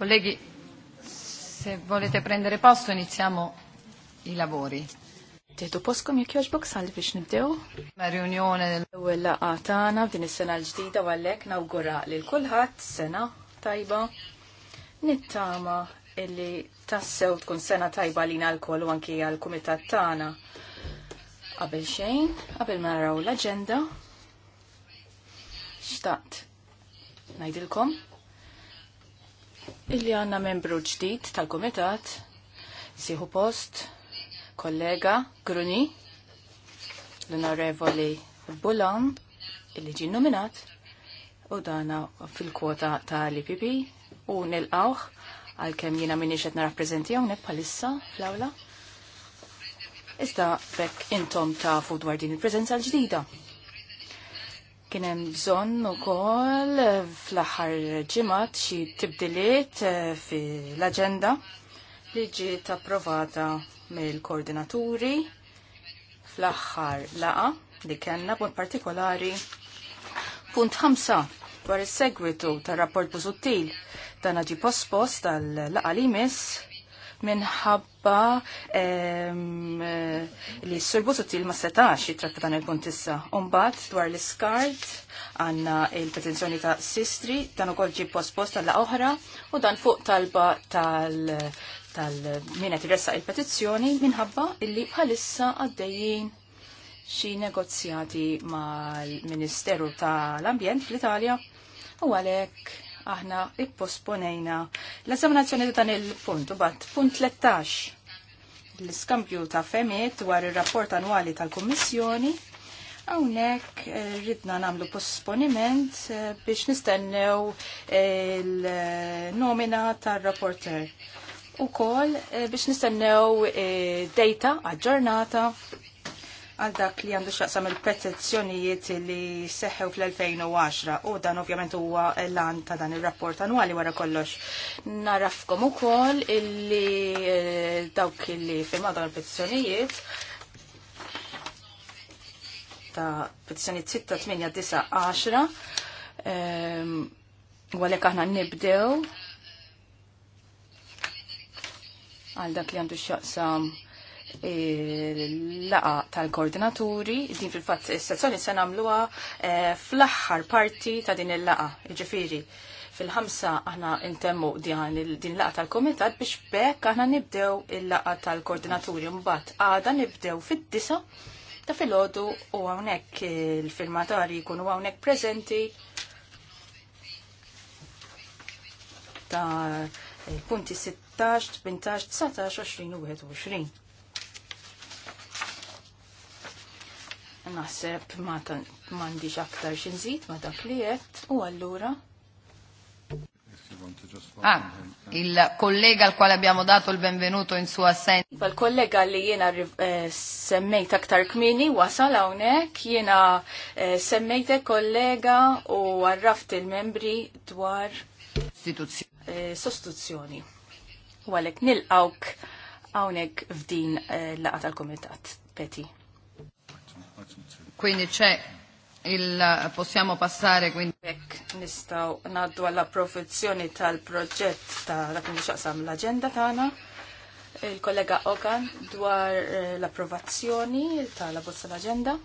Colleghi, se volete prendere posto iniziamo i lavori. Tieħdu poskom jekk jogħġbok salli biex nibdew. riunjoni l-ewwel għatana tagħna f'din is-sena l-ġdida u għalhekk nawgura lil kulħadd sena tajba. Nittama illi tassew tkun sena tajba lina lkoll u anki għall-kumitat tagħna. Qabel xejn, qabel ma naraw l-aġenda, xtaqt ngħidilkom illi għanna membru ġdid tal-komitat, siħu post, kollega Gruni, l-onorevoli Bulan, illi ġin nominat, u dana fil-kwota tal-IPP, u nil-qawħ għal-kem jina minni xetna rappresenti għonek palissa fl-awla. Iżda bekk intom ta' dwar din il-prezenza l-ġdida. Kien hemm bżonn ukoll fl-aħħar ġimat xi tibdiliet eh, fil-aġenda li ġiet approvata mill-koordinaturi fl-aħħar laqa li kellna b'mod partikolari punt 5 dwar is-segwitu tar-rapport Busuttil dan ġi pospost tal-laqa li mis minħabba eh, li s-surbu sottil ma setax jitratta dan il-punt issa. Umbat dwar l skart għanna il pretenzjoni ta' Sistri dan ukoll post post tal oħra u dan fuq talba tal tal-mina tirressa il-petizzjoni minħabba illi bħalissa għaddejjien xi negozjati mal-Ministeru tal-Ambjent fl-Italja u għalhekk aħna ipposponejna l-esaminazzjoni ta' dan il-punt u bat punt 13 l-iskambju ta' femiet dwar ir-rapport annwali tal-Kummissjoni Hawnhekk eh, ridna nagħmlu posponiment eh, biex nistennew eh, il-nomina tar-rapporter. Ukoll biex nistennew data aġġornata għal dak li għandu xaqsam il-petizzjonijiet li seħħew fl-2010 u dan ovvjament huwa l-an ta' dan il-rapport annwali wara kollox. Narafkom ukoll illi eh, dawk li firmaw dan il-petizzjonijiet ta' petizzjonijiet 6, 8, 9, 10 u għalek aħna nibdew għal dak li għandu xaqsam laqa tal-koordinaturi, din fil-fatt is-sessjoni se nagħmluha eh, fl-aħħar parti ta' din il-laqa, jiġifieri fil-ħamsa aħna intemmu din laqa tal-komitat biex bekk aħna nibdew il-laqa tal-koordinaturi mbagħad għada nibdew fid-disa ta' filgħodu u hawnhekk il-firmatari jkunu hawnhekk preżenti ta' eh, punti 16, 18, 19, 20 u 21. naħseb m'għandix aktar xi ma dak li qed u allura. Ah, il kollega al quale abbiamo dato il benvenuto in sua assenza. Bal iva, kollega li jiena eh, semmejt aktar kmini wasal hawnhekk jiena eh, semmejt kollega u għarraft il-membri dwar eh, sostituzzjoni. U għalhekk nilqawk hawnhekk f'din laqgħa tal-Kumitat Peti. Quindi c'è il possiamo passare quindi nistaw naddu alla approfizzjoni tal-proġett ta' la li xaqsam l-aġenda tagħna il-kollega Ogan dwar eh, l-approvazzjoni la bozza l-aġenda.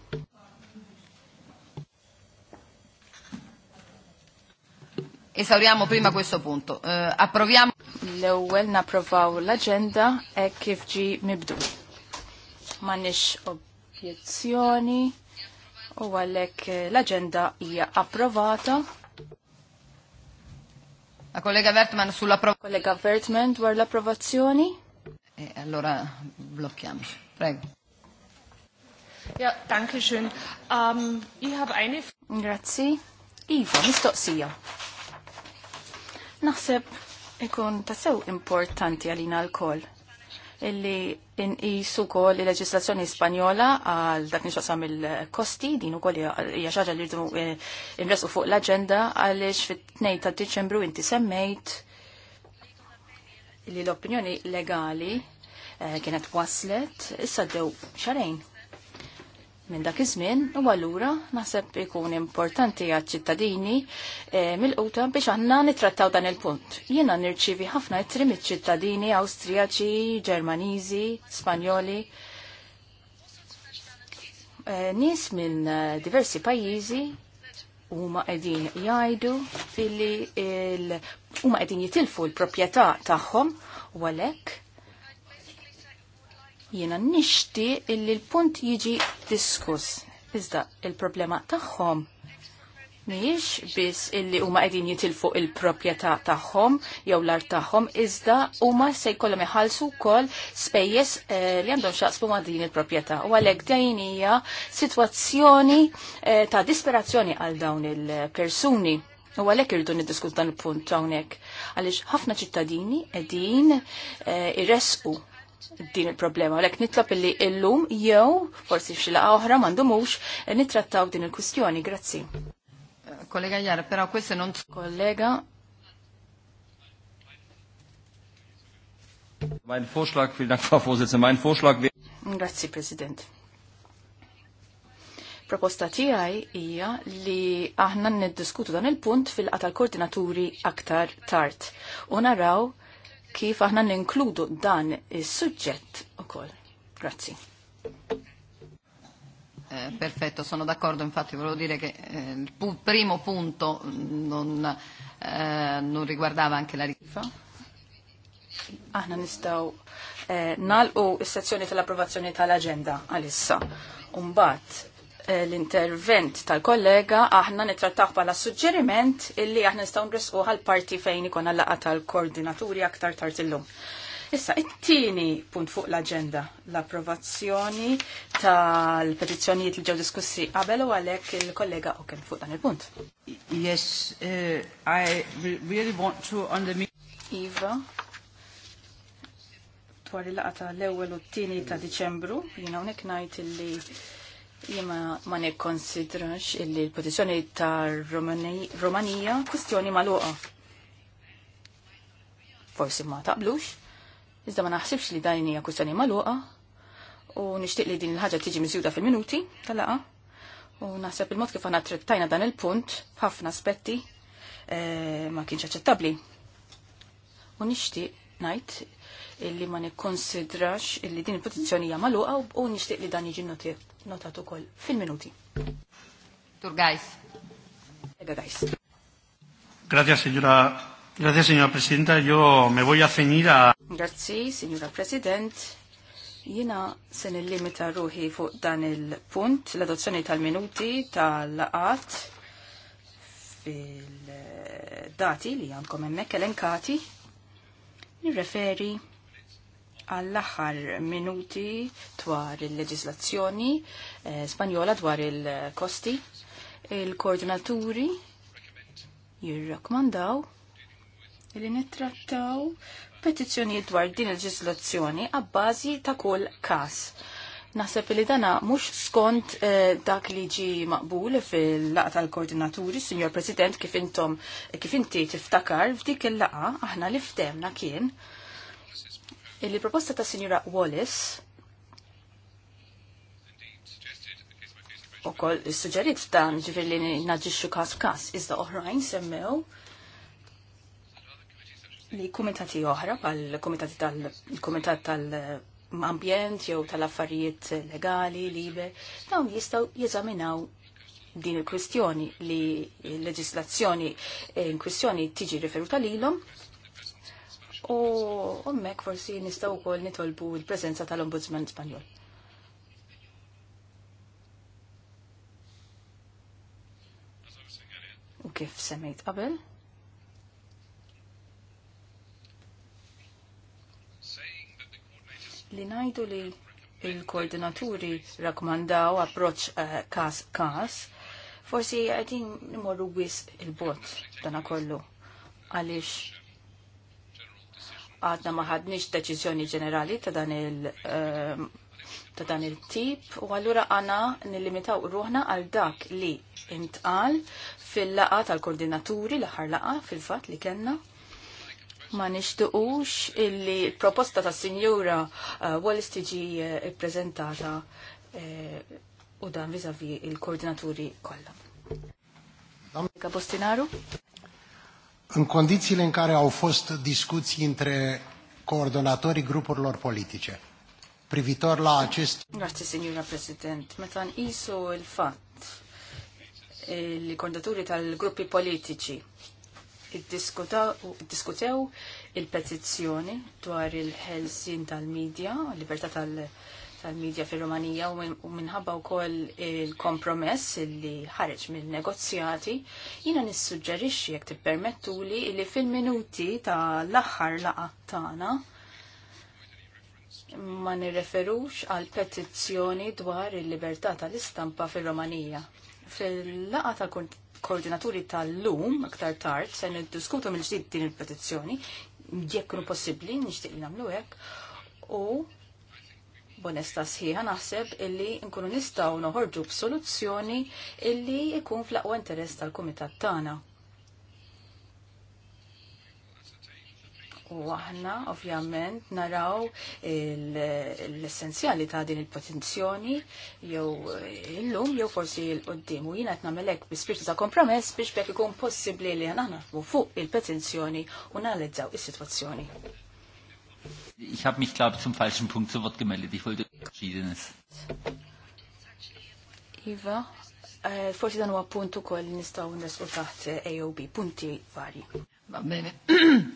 Esauriamo prima questo punto. Uh, approviamo l-ewwel napprovaw l-aġenda e kif ġi mibdu. M'għandniex objezzjoni u għallek eh, l-agenda hija approvata. La kollega Vertman sulla prova. Kollega Vertman dwar l-approvazzjoni? E allora blocchiamo. Prego. Ja, danke schön. Um, ich habe eine Grazie. Iva, mistoqsija. Naħseb ikun tassew importanti għalina l-koll illi inqisu kol il-leġislazzjoni Spanjola għal dak nixqasam il-kosti din ukoll hija xaġa li rridu eh, imresqu fuq l-aġenda għaliex fit-2 ta' Diċembru inti semmejt li l-opinjoni legali eh, kienet waslet issa dew xarejn minn dak iż-żmien u allura naħseb ikun importanti għaċ-ċittadini e, mill-quta biex aħna nittrattaw dan il-punt. Jiena nirċivi ħafna ittri mill-ċittadini Awstrijaċi, Ġermaniżi, Spanjoli. E, nies minn eh, diversi pajjiżi huma qegħdin jgħidu illi huma qegħdin jitilfu l-proprjetà tagħhom u għalhekk Jiena nishti illi l-punt jiġi diskuss. Iżda il-problema tagħhom mhijiex biss illi huma qegħdin jitilfu il-proprjetà tagħhom jew l-art tagħhom, iżda huma se jkollhom iħallsu wkoll spejjeż eh, li għandhom xaqsbu ma' din il-proprjetà. U għalhekk dejn hija sitwazzjoni eh, ta' disperazzjoni għal dawn il-persuni. U għalhekk irridu niddiskut dan il-punt hawnhekk għaliex ħafna ċittadini qegħdin eh, irresqu din il-problema. Lek nitlop illi illum jew forsi xila oħra mandu mux nitrattaw din il-kustjoni. Grazzi. Kollega Jara, però questo non... Kollega... Mein Vorschlag, vielen Dank, Frau Vorsitzende, mein Vorschlag... wäre. Grazie, Präsident. Proposta tiegħi hija li aħna niddiskutu dan il-punt fil-qatal koordinaturi aktar tard u naraw kif aħna ninkludu dan is u koll. Grazzi. Eh, perfetto, sono d'accordo, infatti volevo dire che eh, il pu primo punto non, eh, non riguardava anche la rifa. Aħna nistaw eh, nal is-sezzjoni tal-approvazzjoni tal-agenda għalissa. Umbat, Eh, l-intervent tal-kollega, aħna nitrattaħ bħala suġġeriment illi aħna nistgħu nresqu għal-parti fejn ikun laqa tal-koordinaturi aktar tard illum. Issa, it-tieni punt fuq l-agenda, l-approvazzjoni tal-petizzjonijiet li ġew diskussi qabel u għalhekk il-kollega Oken fuq dan il-punt. Yes, uh, I really want to on the Iva, dwar il-laqa tal-ewwel u t-tieni ta' Diċembru, jiena hawnhekk ngħid illi Jema ma konsidrax illi l-pozizjoni ta' Romanija kwistjoni luqa. Forsi ma taqblux, iżda ma naħsibx li dan hija kwistjoni luqa, u nixtieq li din il-ħaġa tiġi miżjuda fil-minuti tal-laqa. U naħseb il-mod kif aħna trittajna dan il-punt ħafna aspetti eh, ma kienx aċċettabbli. U nixtieq ngħid illi ma nikkonsidrax illi din il-petizzjoni hija magħluqa u nixtieq li dan jiġi notat ukoll fil-minuti. Turgajs. Grazie signora, grazie signora Presidenta, io me voy a a... Grazie signora President, jina se nillimita ruħi fuq dan il-punt, l-adozzjoni tal-minuti tal-laqat fil-dati li għandkom emmek elenkati, nirreferi għall-aħħar minuti dwar il-leġislazzjoni eh, Spanjola dwar il-kosti. Il-koordinaturi jirrakmandaw li nittrattaw petizzjonijiet dwar din il-leġislazzjoni għabbażi ta' kull kas. Naħseb li dana mhux skont eh, dak li ġi maqbul fil-laqa tal-koordinaturi, Signor President, kif intom kif inti tiftakar f'dik il-laqa aħna li ftemna kien il-proposta ta' Sinjura Wallace u koll suġġerit dan ġifir li naġiċu kas kas, iżda oħrajn semmew li kumitati oħra, pal kumitati tal-kumitat tal-ambjent jew tal-affarijiet legali, libe, dawn jistaw jeżaminaw din il-kwistjoni li l-leġislazzjoni eh, in kwistjoni tiġi riferuta lilhom u ommek forsi nistaw kol nitolbu il-prezenza tal-Ombudsman Spanjol. U kif semmejt qabel? Li najdu li il-koordinaturi rakmandaw approċ eh, kas-kas, forsi għedin nimorru wis il-bot dana kollu. Għalix għadna ma ħadniex deċiżjoni ġenerali ta' dan il- ehm, ta' dan il-tip u għallura għana nillimitaw ruħna għal dak li intqal fil-laqa tal-koordinaturi l-aħħar laqa fil-fat li kellna ma nixtuqux illi l-proposta ta' sinjura uh, Wallis tiġi eh, prezentata eh, u dan vizavi il-koordinaturi kollha. Bostinaru. În condițiile în care au fost discuții între coordonatorii grupurilor politice privitor la acest... Grazie, signora President. Meta iso il-fatt e li kondaturi tal-gruppi politiċi id-diskutew il petizioni tuar il-ħelsin tal media libertà tal tal-medja fir romanija u minħabba wkoll il-kompromess li ħareġ mill-negozjati, jiena nissuġġerixxi jekk tippermettuli li fil-minuti tal-aħħar laqa tagħna ma nirreferux għal petizzjoni dwar il-libertà tal-istampa fil-Romanija. Fil-laqa tal-koordinaturi tal-lum, aktar tard, se niddiskutu mill-ġdid din il-petizzjoni, jekk possibbli, nixtieq li nagħmlu hekk, u bonesta sħiħa naħseb illi nkunu nistaw noħorġu b'soluzzjoni illi ikun fl-aqwa interess tal-kumitat tagħna. U aħna ovvjament naraw l-essenzjali ta' din il-potenzjoni jew illum jew forsi l-qoddim u jiena qed nagħmel hekk bi spirtu ta' kompromess biex bekk ikun possibbli li aħna naħdmu fuq il-petenzjoni u nalizzaw is-sitwazzjoni. Ich habe mich, glaube ich, zum falschen Punkt zu Wort gemeldet. Ich wollte Verschiedenes. Iva, eh, forsi dan huwa punt ukoll nistgħu neslu taħt eh, AOB, punti vari. Va bene.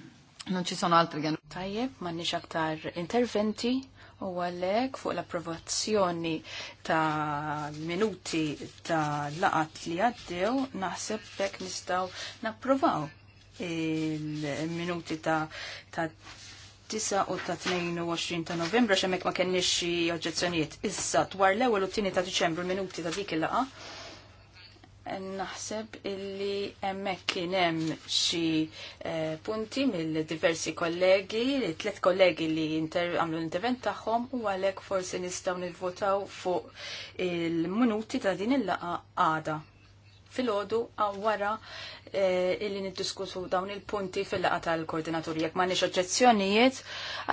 Non ci sono altri għan. Tajjeb, m'għandniex aktar interventi u għalhekk fuq l-approvazzjoni ta' minuti ta' laqat li għaddew naħseb hekk nistgħu napprovaw il-minuti ta 9 u ta' 22 ta' novembra xemmek ma kenniex xi oġġezzjonijiet. Issa dwar l-ewwel u t-tieni ta' Diċembru minuti ta' dik il-laqa. Naħseb illi hemmhekk kien hemm xi eh, punti mill-diversi kollegi, tliet kollegi li għamlu l-intervent tagħhom u għalhekk forsi nistgħu nivvotaw fuq il-minuti ta' din il-laqa għada fil-ħodu għaw wara eh, illi niddiskutu dawn il-punti fil-laqa tal-koordinaturi. Ma nix oġġezzjonijiet,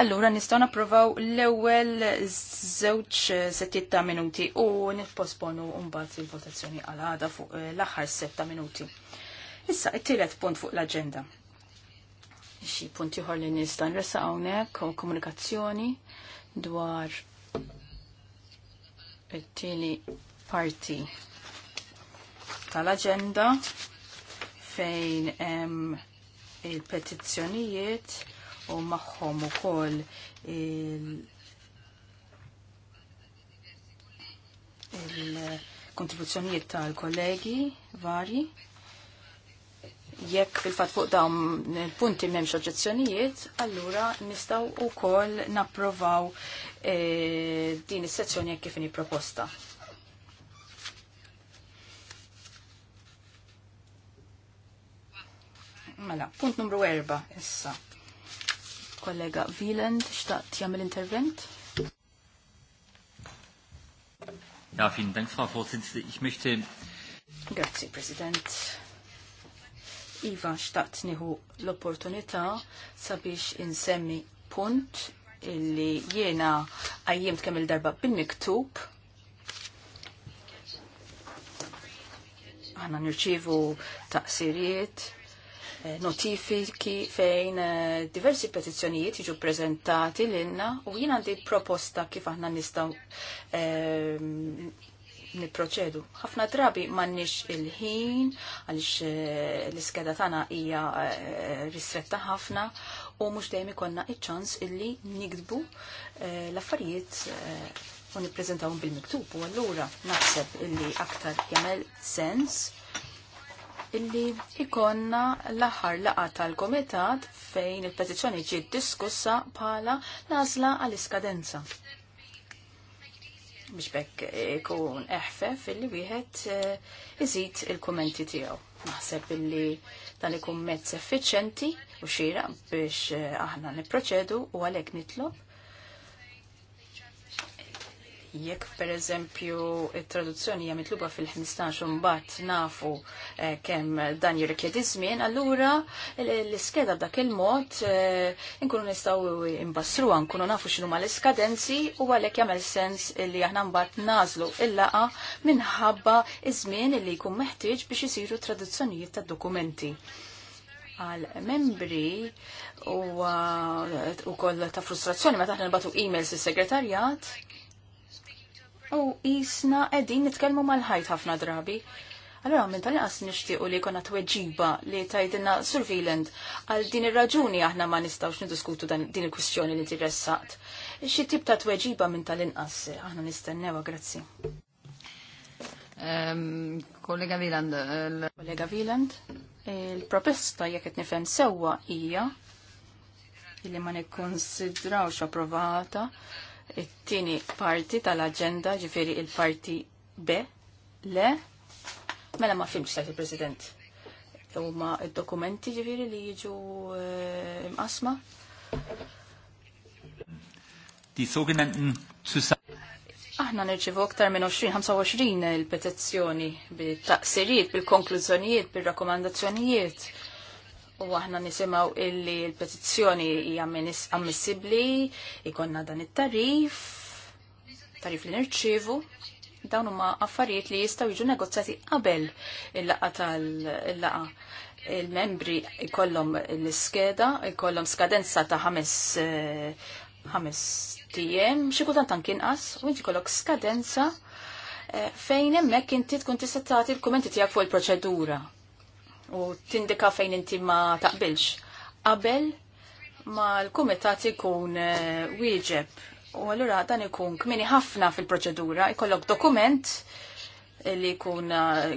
allura nistgħu napprovaw l-ewwel żewġ eh, settiet ta' minuti u nipposponu mbagħad il-votazzjoni għal għada fuq eh, l-aħħar setta minuti. Issa it-tielet punt fuq l-aġenda. Xi punti ieħor li nista' nresa hawnhekk u komunikazzjoni dwar it-tieni parti tal-agenda fejn hemm il-petizzjonijiet u magħhom ukoll il- il-kontribuzzjonijiet tal-kollegi varji. Jekk fil-fat fuq dawn il-punti m'hemmx oġġezzjonijiet, allura nistgħu wkoll napprovaw e, din is-sezzjoni jekk kif proposta. Mela, punt numru erba' issa. Kollega Wieland, xtaqt jagħmel intervent? Ja, vielen Dank, Frau Vorsitzende. Ich möchte... Grazie, President. Iva, xtaqt nieħu l-opportunità sabiex insemmi punt illi jiena għajjimt kemm il-darba bil-miktub għanna nirċivu taqsiriet notifiki fejn eh, diversi petizzjonijiet jiġu prezentati l-inna u jien għandi proposta kif aħna nistaw eh, niproċedu. ħafna drabi mannix il-ħin għalix eh, l-iskeda tagħna hija eh, ristretta ħafna u mhux dejjem ikonna iċ-ċans illi nikdbu eh, l-affarijiet u nippreżentawhom bil-miktub u allura naħseb illi aktar jamel sens illi ikonna l-aħħar laqa tal-komitat fejn il-petizzjoni ġiet diskussa bħala nasla għall-iskadenza. Biex bekk ikun eħfef illi wieħed eh, iżid il-kummenti tiegħu. Naħseb illi dan ikun mezz effiċenti u xira biex eh, aħna niproċedu u għalhekk nitlob jekk per eżempju traduzzjoni hija mitluba fil-15 mbagħad nafu eh, kemm dan jirrikjedi żmien, allura l-iskeda b'dak il-mod eh, nkunu nistgħu imbassruha, nkunu nafu x'inhu ma l-iskadenzi u għalhekk jagħmel sens li aħna mbagħad nażlu il-laqa minħabba iż-żmien li jkun meħtieġ biex isiru traduzzjonijiet tad-dokumenti għal membri u, eh, u koll ta' frustrazzjoni ma taħna nbatu e-mails is segretarjat u jisna edin nitkelmu mal-ħajt ħafna drabi. Allora, minn tal qas nixtiequ li jkollna tweġiba li tajdilna surveillant għal din ir-raġuni aħna ma nistgħux niddiskutu din il-kwistjoni li tirressaqt. Xi tip ta' tweġiba minn tal-inqas aħna nistennewa. grazzi. Ehm, kollega Wieland. Kollega Wieland, il-proposta jekk qed nifhem sewwa hija li ma nikkonsidrawx approvata it-tieni parti tal-aġenda ġifieri il-parti B le mela ma fimx tajt il-President. Huma il dokumenti ġifiri li jiġu eh, imqasma. Die sogenannten Aħna nirċivu aktar minn 20-25 il-petizzjoni bit-taqsirijiet, bil-konklużjonijiet, bil-rakkomandazzjonijiet u aħna nisimaw illi l-petizzjoni hija ammissibbli, ikonna dan it-tarif, tarif li nirċievu, dawn huma affarijiet li jistgħu jiġu negozjati qabel il-laqa tal-laqa. Il-membri jkollhom l-iskeda, jkollhom skadenza ta' ħames eh, ħames tiem, xi kultant anke inqas, u inti kollok skadenza eh, fejn hemmhekk inti tkun tista' tagħti l-kumenti tiegħek fuq il-proċedura u tindika fejn inti ma taqbilx. Qabel ma l-kumitat ikun eh, wieġeb u allura dan ikun kmini ħafna fil-proċedura, ikollok dokument li kun eh,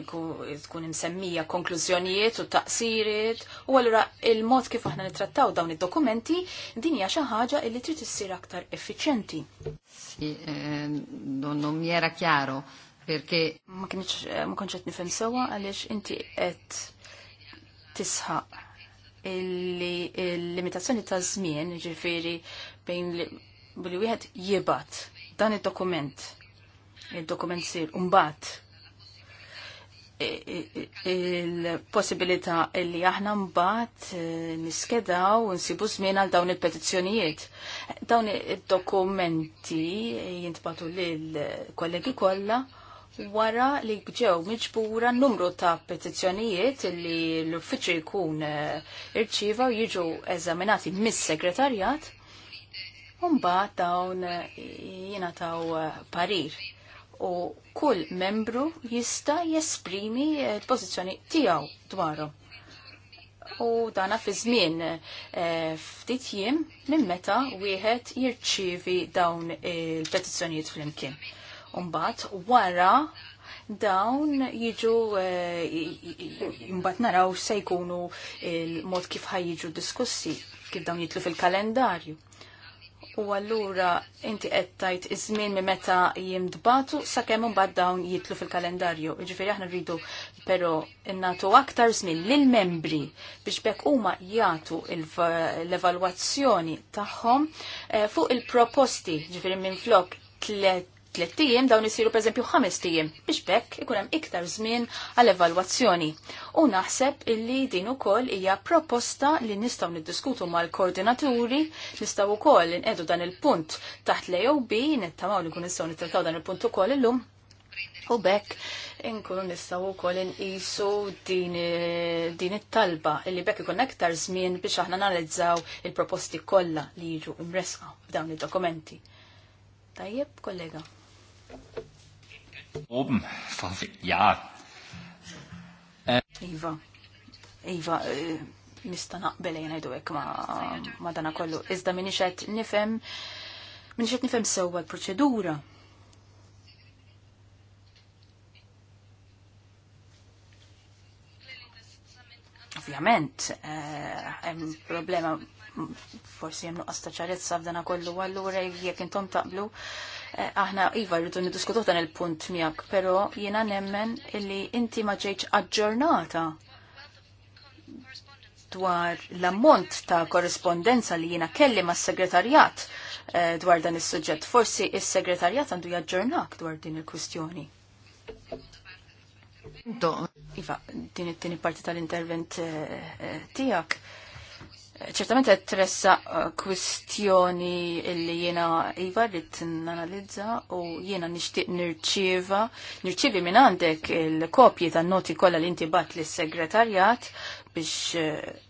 tkun imsemmija konklużjonijiet u taqsirit u allura il-mod kif aħna nittrattaw dawn id-dokumenti din hija xi ħaġa li trid issir aktar effiċjenti. Si, ehm, non mi era chiaro perché ma kienx eh, ma kontx qed nifhem sewwa għaliex inti qed tisħaq illi il-limitazzjoni ta' żmien, ġifiri bejn li wieħed jibat dan id-dokument, il-dokument sir umbat il-possibilità li aħna mbagħad eh, niskedaw u nsibu żmien għal dawn il-petizzjonijiet. Dawn id-dokumenti jintbatu lil kollegi kollha wara li ġew miġbura numru ta' petizzjonijiet li l-uffiċċju jkun eh, irċiva u jiġu eżaminati mis-segretarjat, mbagħad dawn eh, jingħataw eh, parir u kull membru jista' jesprimi l pozizjoni tiegħu dwaru. U dana fi żmien ftit jiem minn meta wieħed jirċievi dawn il-petizzjonijiet flimkien. Umbat, wara dawn jiġu eh, imbat naraw se jkunu il-mod kif ħaj jiġu diskussi, kif dawn jitlu fil-kalendarju. U allura inti qed izmin iż-żmien minn meta jimdbatu sakemm imbagħad dawn jitlu fil-kalendarju. Jiġifieri aħna rridu pero innatu aktar żmien lill-membri biex bekk huma jagħtu l-evalwazzjoni tagħhom eh, fuq il-proposti, ġifieri minn flok tliet tliet dawn isiru pereżempju ħames tiem biex bekk ikun hemm iktar żmien għal evalwazzjoni. U naħseb illi din ukoll hija proposta li nistgħu niddiskutu mal-koordinaturi, nistgħu wkoll inqedu dan il-punt taħt l-AOB, nittamaw li kun nistgħu nittrattaw dan il-punt ukoll illum. U bekk inkunu nistgħu wkoll inqisu din, din it-talba illi bekk ikun aktar żmien biex aħna analizzaw il-proposti kollha li jiġu imresqa f'dawn id-dokumenti. Tajjeb, kollega. Oben, ja. Ähm. Iva, Iva, äh, nista naqbel jena jdu ma, ma dana kollu. Iżda minni xed nifem, minni xed nifem sewa l-proċedura. Ovvjament, eh, hemm problema forsi hemm nuqqas ta' ċarezza f'dana kollu allura jek intom taqblu eh, aħna iva rridu niddiskutu dan il-punt miegħek, però jiena nemmen li inti ma ġejtx aġġornata dwar l-ammont ta' korrespondenza li jiena kelli mas segretarjat eh, dwar dan is-suġġett. Forsi is-segretarjat għandu jaġġornak dwar din il-kwistjoni. Iva, din it-tieni parti tal-intervent eh, tiegħek ċertament qed tressa eh, kwistjoni illi jiena iva rrid nanalizza u jiena nixtieq nirċieva, nirċievi minn għandek il-kopji tan-noti kollha li inti bat lis-segretarjat biex eh,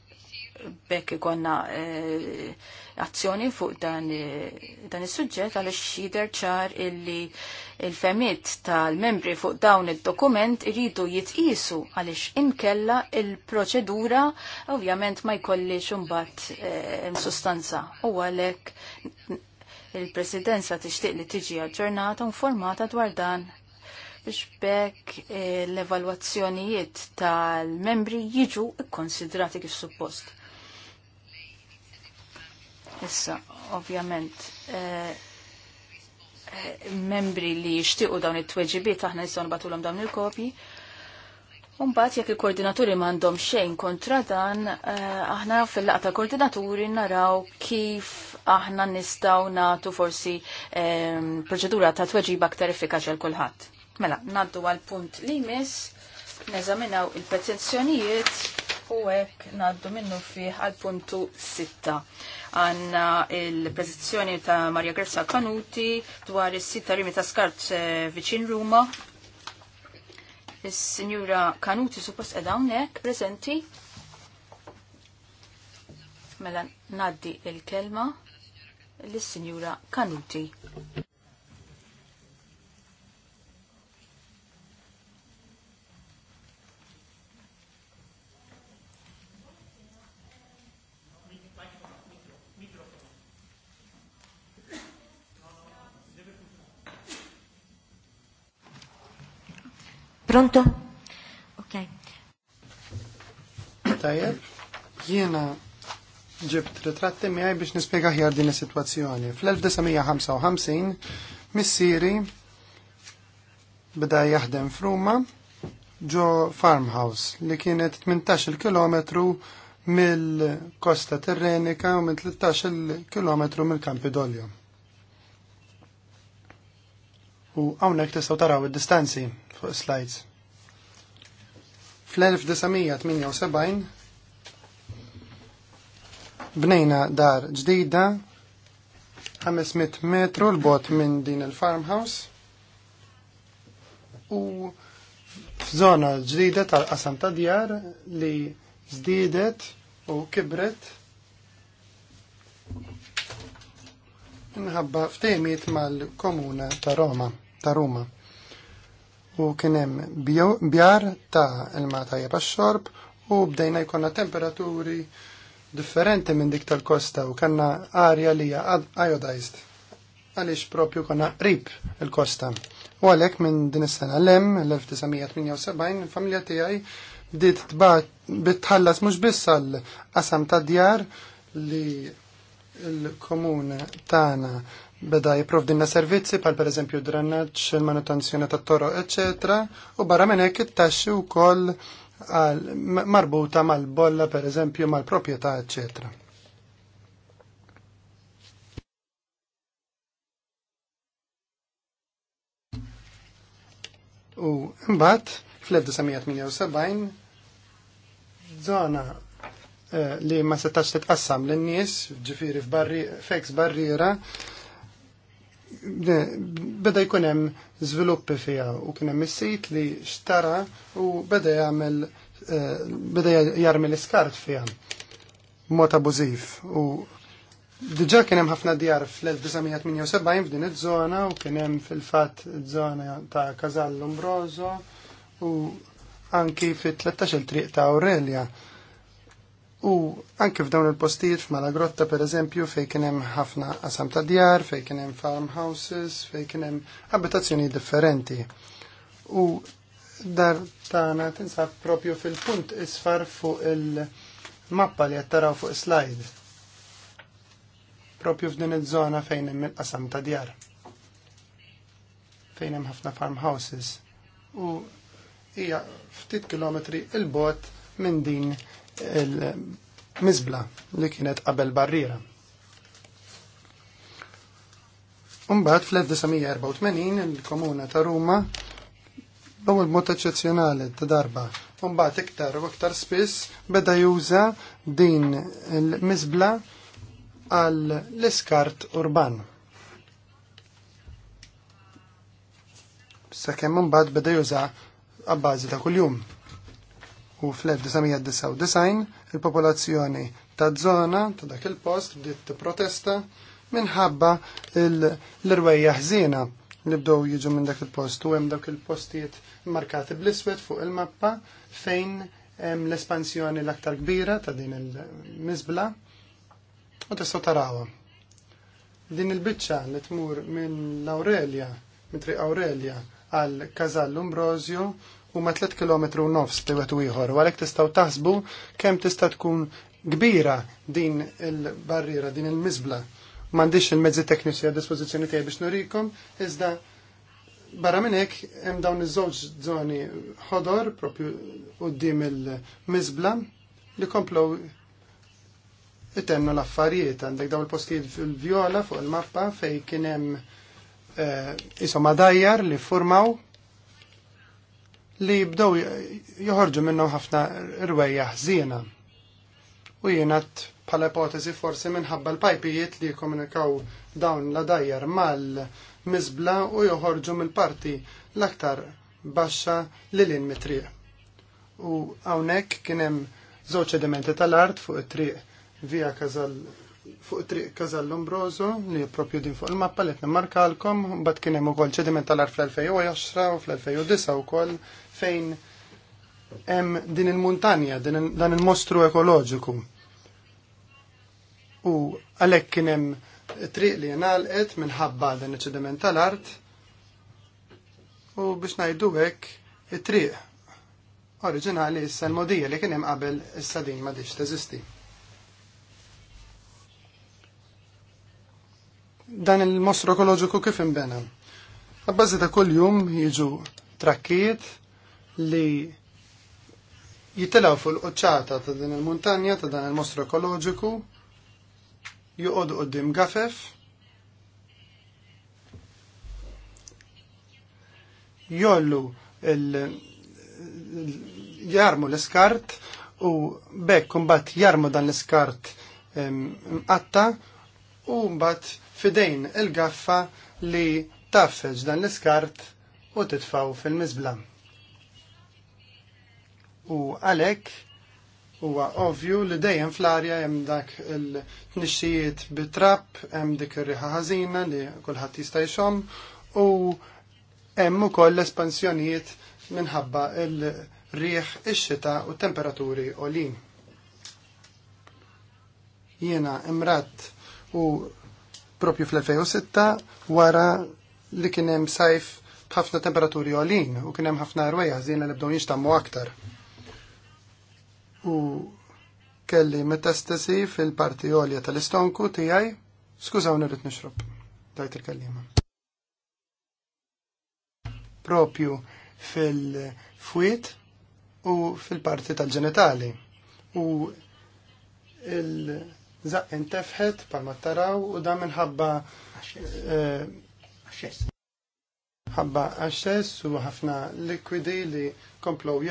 bekk ikonna eh, azzjoni fuq dan, eh, dan is-suġġett għaliex jidher ċar illi il-femiet tal-membri fuq dawn id-dokument iridu jitqisu għaliex inkella il-proċedura ovvjament ma jkollix imbagħad eh, sustanza u għalhekk il-presidenza tixtieq li tiġi aġġornata u informata dwar dan biex bekk eh, l-evalwazzjonijiet tal-membri jiġu kkonsidrati kif suppost. Issa, ovvjament, eh, eh, membri li jixtiequ dawn it-tweġibiet aħna jisson batulom dawn il-kopji. Umbat jekk il-koordinaturi m'għandhom xejn kontra dan, eh, aħna fil-laqta koordinaturi naraw kif aħna nistgħu nagħtu forsi proċedura ta' tweġiba aktar effikaċi għal kulħadd. Mela, naddu għal punt li jmiss, neżaminaw il-petizzjonijiet u hekk naddu minnu fih għal puntu sitta għanna il prezizjoni ta' Maria Gersa Kanuti dwar is sita rimi ta' skart eh, viċin Ruma. Is-Sinjura Kanuti suppost edha hawnhekk preżenti. Mela naddi il-kelma lis-Sinjura Kanuti. Pronto? Ok. Tajer, jiena ġibt ritratti miħaj biex nispjega ħjar din is-sitwazzjoni. Fl-1955 missieri beda jaħdem f'Ruma ġo farmhouse li kienet 18 km mill-Kosta Terrenika u mill 13 km mill-Kampidolju u hawnhekk tistaw taraw id-distanzi fuq slides. Fl-1978 bnejna dar ġdida 500 metru l-bot minn din il-farmhouse u f'żona ġdida tal-qasam ta' djar li żdiedet u kibret minħabba f'temiet mal-komuna ta' Roma ta' Ruma. U kien hemm bjar ta' il tajjeb għax-xorb u bdejna jkollna temperaturi differenti minn dik tal-kosta u kanna arja li hija iodized għaliex propju konna qrib il-kosta. U għalek minn din is-sena l-em, l-1978, familja tiegħi bdiet bitħallas mhux biss għal qasam ta' djar li l-komune tagħna beda dinna servizzi pal per eżempju drannaċ, il-manutenzjoni ta' toro, eccetera, u barra minn hekk it-taxxi wkoll marbuta mal-bolla per eżempju mal-proprjetà, eccetera. U mbagħad fl-1978 żona eh, li ma setax titqassam lin-nies, ġifieri f'barri feks barriera, beda jkun hemm żviluppi fiha u kien hemm is-sit li xtara u beda jagħmel eh, beda jarmi l-iskart fiha mod abużiv u diġà kien hemm ħafna djar fl-1978 f'din iż-żona u kien hemm fil-fatt iż-żona ta' Casal Lombroso u anki fit-13 il-triq ta' Aurelia U anke f'dawn il-postijiet f'Mala Grotta per eżempju fej kien hemm ħafna qasam ta' djar, fej kien hemm farmhouses, fej kien hemm abitazzjoni differenti. U dar tagħna tinsab propju fil-punt isfar fuq il-mappa li qed taraw fuq slide. Propju f'din iż-żona fejn hemm il-qasam ta' djar. Fejn hemm ħafna farmhouses. U hija ftit kilometri il-bot minn din il-mizbla li kienet qabel barriera. Umbat fl-1984 il-komuna ta' Ruma l mod eċċezzjonali ta' darba. Umbat iktar u iktar spiss beda juża din il-mizbla għal l-iskart urban. Sakemm imbagħad beda juża għabbażi ta' kuljum u fl-1999 il-popolazzjoni ta' zona ta' dak il-post bdiet protesta minħabba l-irwejja ħżina li bdew jiġu minn dak il-post u hemm dak il-postijiet markati bl-iswed fuq il-mappa fejn hemm l-espansjoni l-aktar kbira ta' din il-miżbla u tistgħu tarawha. Din il-biċċa li tmur minn Awrelja, minn Triq Awrelja għal Kazall Umbrosio u ma 3 km nofs bejwet u ieħor, u għalhekk tistgħu taħsbu kemm tista' tkun kbira din il-barriera, din il-miżbla. M'għandix il-mezzi tekniċi għad dispożizzjoni tiegħi biex norikom, iżda barra minn hekk hemm dawn iż-żewġ żoni ħodor propju quddiem il-miżbla li komplow itennu l-affarijiet għandek dawn il-postijiet fil-vjola fuq il-mappa fej kien hemm eh, isom dajjar li formaw li jibdow joħorġu minnhom ħafna rwejja ħżiena. U jienat bħala ipotezi forsi minħabba l-pajpijiet li jikkomunikaw dawn la dajjar mal-miżbla u joħorġu mill-parti l-aktar baxxa li l-in mitriq. U hawnhekk kien hemm żewġ edimenti tal-art fuq it-triq via Kazal fuq triq Kazal l-umbrozo li propju din fuq il-mappa li tnemmarkalkom, bat kien hemm ukoll ċediment tal-art fl-2010 u fl-2009 wkoll fejn hemm din il-muntanja, dan il-mostru ekoloġiku. U għalhekk kien hemm triq li ngħalqet minħabba dan iċ-ċediment tal-art u biex ngħidu hekk it-triq oriġinali issa l-modija li kien hemm qabel issa din m'għadix teżisti. Dan il-mostru ekoloġiku kif imbena? Għabbażi ta' kull jum jiġu trakkiet, li jitilaw fuq l-qoċċata ta' din il-muntanja ta' dan il-mostru ekoloġiku juqodu qoddim gafef jollu jarmu l-iskart u bekk kumbat jarmu dan l-iskart mqatta u mbagħad fidejn il-gaffa li taffeġ dan l-iskart u titfaw fil miżbla U għalhekk huwa ovvju li dejjem fl-arja hemm dak il-tnixxijiet bit-trapp, hemm dik ir-riħa ħażina li kulħadd jista' jxomm u hemm ukoll l-espansjonijiet minħabba il-riħ ix-xita u temperaturi olin. Jiena imrat u propju fl-2006 wara li kien hemm sajf b'ħafna temperaturi olin u kien hemm ħafna rwejja ħażin li nibdew nixtammu aktar u kelli metastasi fil-parti olja tal-istonku tijaj, skużaw nirrit nixrob, dajt il-kallima. Propju fil-fwit u fil-parti tal-ġenitali. U il-zaqqin tefħet palma taraw u da minħabba eh, ħabba għaxess u ħafna likwidi li komplow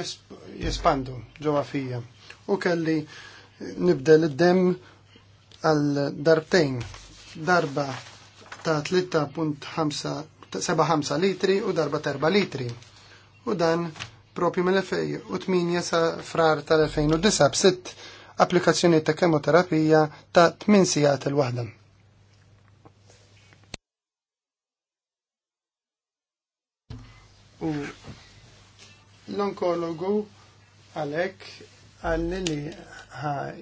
jespandu ġewwa fija u kelli nibdel id-dem għal darbtejn. Darba ta' 3.75 litri u darba ta' 4 litri. U dan propju mill-2008 sa frar tal-2009 b'sitt applikazzjoni ta' kemoterapija ta' 8 sigħat il-waħda. U l-onkologu għalek għalli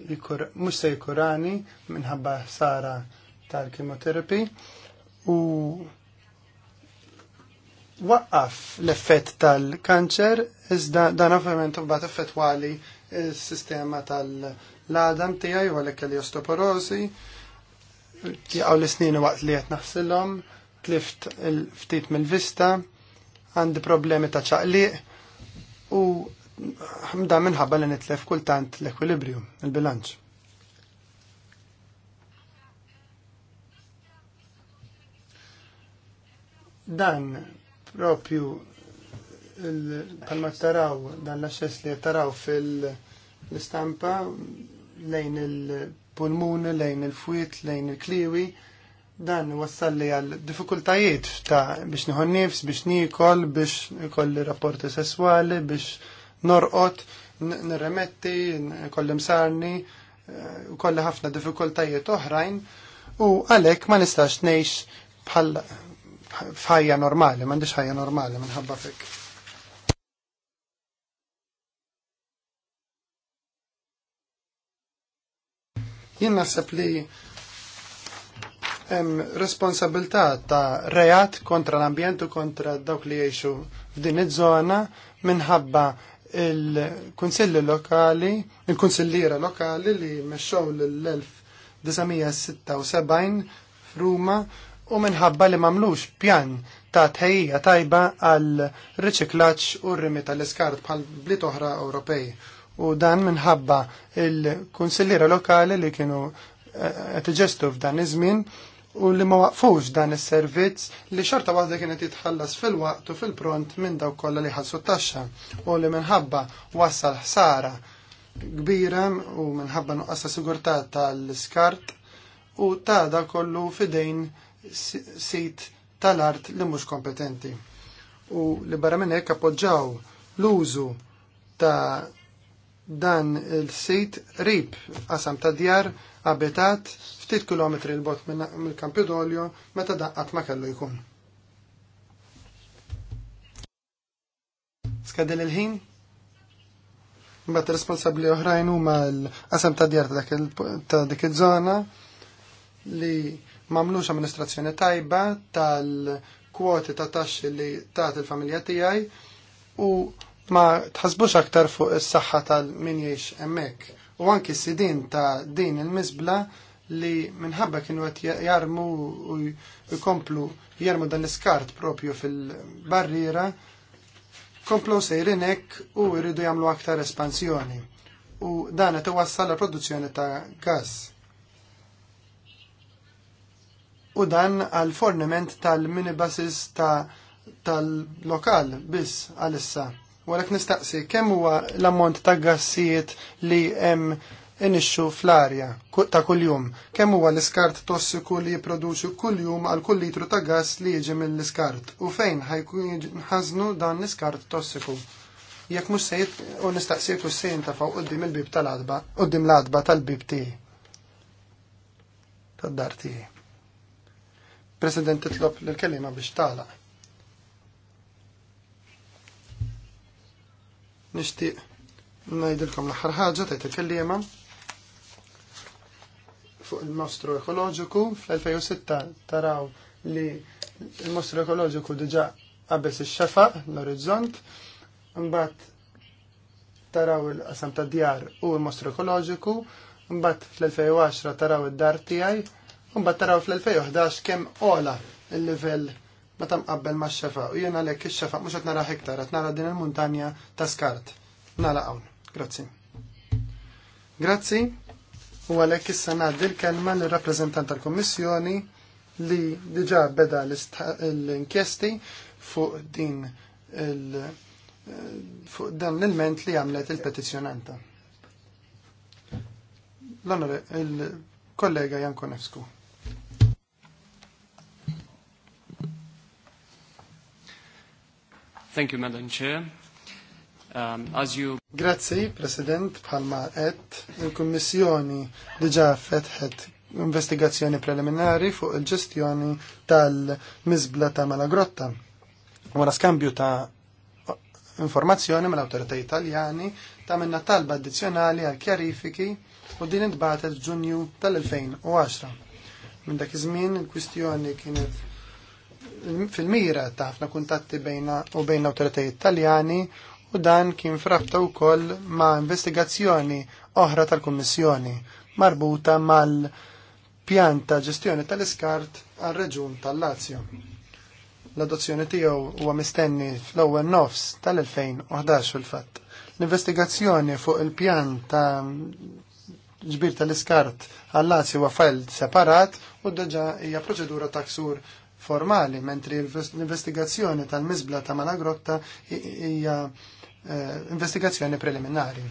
li mux se jkurani minħabba sara tal kemoterapi u waqqaf l-effett tal-kanċer iżda dan ovvjament bat effettwali s-sistema tal-ladam tiegħi u għalek li osteoporosi jaqgħu l-snin waqt li qed naħsilhom tlift ftit mill-vista għandi problemi ta' ċaqliq u ħamda minħabba li nitlef kultant l-ekwilibrju, il-bilanċ. Dan propju palma taraw dan l-axess li taraw fil-istampa lejn il-pulmuni, lejn il-fwit, lejn il-kliwi, dan wassalli għal diffikultajiet ta' biex nħon nifs, biex nikol, biex nikolli rapporti sessuali, biex norqot, nirremetti, kollim sarni, eh, u kolli ħafna diffikultajiet oħrajn, u għalek ma nistax neħx bħal f'ħajja normali, m'għandix ħajja normali minħabba fik. Jien naħseb li hemm responsabilità ta' rejat kontra l-ambjent u kontra dawk li jgħixu f'din iż-żona minħabba il-kunsilli lokali, il-kunsilliera lokali li mexxew l-1976 f'Ruma u minħabba li mamlux pjan ta' tħejja tajba għal riċiklaċ u rrimi tal-iskart bħal bliet oħra Ewropej. U dan minħabba il-kunsilliera lokali li kienu eh, qed iġestu f'dan iż-żmien u li ma waqfux dan is-servizz li xorta waħda kienet jitħallas fil-waqt u fil-pront minn daw kollha li ħassu t-taxxa u li minħabba wassal ħsara kbira u minħabba nuqqas sigurtà tal-iskart u tada kollu fidejn sit tal-art li mhux kompetenti. U li barra minn hekk appoġġaw l-użu ta' dan il-sit rib qasam ta' djar abitat ftit kilometri l-bot mill kampidolio meta daqqat ma kellu jkun. Skadil il-ħin? Mbagħad responsabbli oħrajn huma l qasem ta' djar ta' dik iż-żona li m'għamlux amministrazzjoni tajba tal-kwoti ta' taxxi li ta' il-familja tiegħi u ma tħasbux aktar fuq is-saħħa tal-min jgħix hemmhekk u anki sidin ta' din il-misbla li minħabba kienu għet jarmu u jkomplu jarmu dan l-iskart propju fil-barriera, komplu sejrinek u jridu jamlu aktar espansjoni. U dan qed iwassal produzzjoni ta' gas. U dan għal forniment tal-minibuses ta' tal-lokal biss U Walek nistaqsi kemm huwa l-ammont ta' gassijiet li hemm inixxu fl-arja ta' kuljum, kemm huwa l-iskart tossiku li jipproduċu kuljum għal kull litru ta' gas li jiġi mill-iskart u fejn ħażnu dan l-iskart tossiku. Jekk mhux sejt u nistaqsik u se jintafgħu qudiem il-bib tal-adba, qudiem l-adba tal-bib tiegħi. Tad-dar tiegħi. President titlob l-kelima biex tagħlaq. Nixtieq ngħidilkom l-aħħar ħaġa tajt il-kelliema fuq il-mostru ekoloġiku fl-2006 taraw li il-mostru ekoloġiku diġa qabeż ix xefa l-orizzont, mbatt taraw il-qasam ta' djar u l-mostru ekoloġiku, mbagħad fl-2010 taraw id-dar tiegħi, u mbagħad taraw fl-2011 kemm ola il-livell meta mqabbel ma' xefa u jena lek ix-xefa mhux qed nara iktar qed nara din il-muntanja ta' skart. nala hawn. Grazzi. Grazzi u għalhekk issa ngħaddi l-kelma l rappreżentant tal kommissjoni li diġà beda l-inkjesti fuq din il fuq dan l-ilment li għamlet il-petizjonanta. L-onore, il-kollega Janko Nefsku. Thank you, Madam Chair. Um, as you... Grazzi, President, bħalma et il-Kummissjoni diġa fetħet investigazzjoni preliminari fuq il-ġestjoni tal-mizbla ta' Malagrotta. Wara skambju ta' informazzjoni mal autorità Italjani ta' minna talba addizzjonali għal kjarifiki u din intbatet ġunju tal-2010. Minn dak iż-żmien il-kwistjoni kienet fil-mira ta' kuntatti bejna u bejn autorità italjani Taljani u dan kien frabta wkoll ma' investigazzjoni oħra tal-Kummissjoni marbuta mal-pjan ta' ġestjoni tal-iskart għal-Reġun tal-Lazio. L-adozzjoni tiegħu huwa mistenni fl-ewwel nofs tal-2011 fil-fatt. L-investigazzjoni fuq il-pjan ta' ġbir tal-iskart għal-Lazio huwa separat u deġa hija proċedura taksur formali, mentri l-investigazzjoni tal-mizbla ta' Malagrotta hija eh, investigazzjoni preliminari.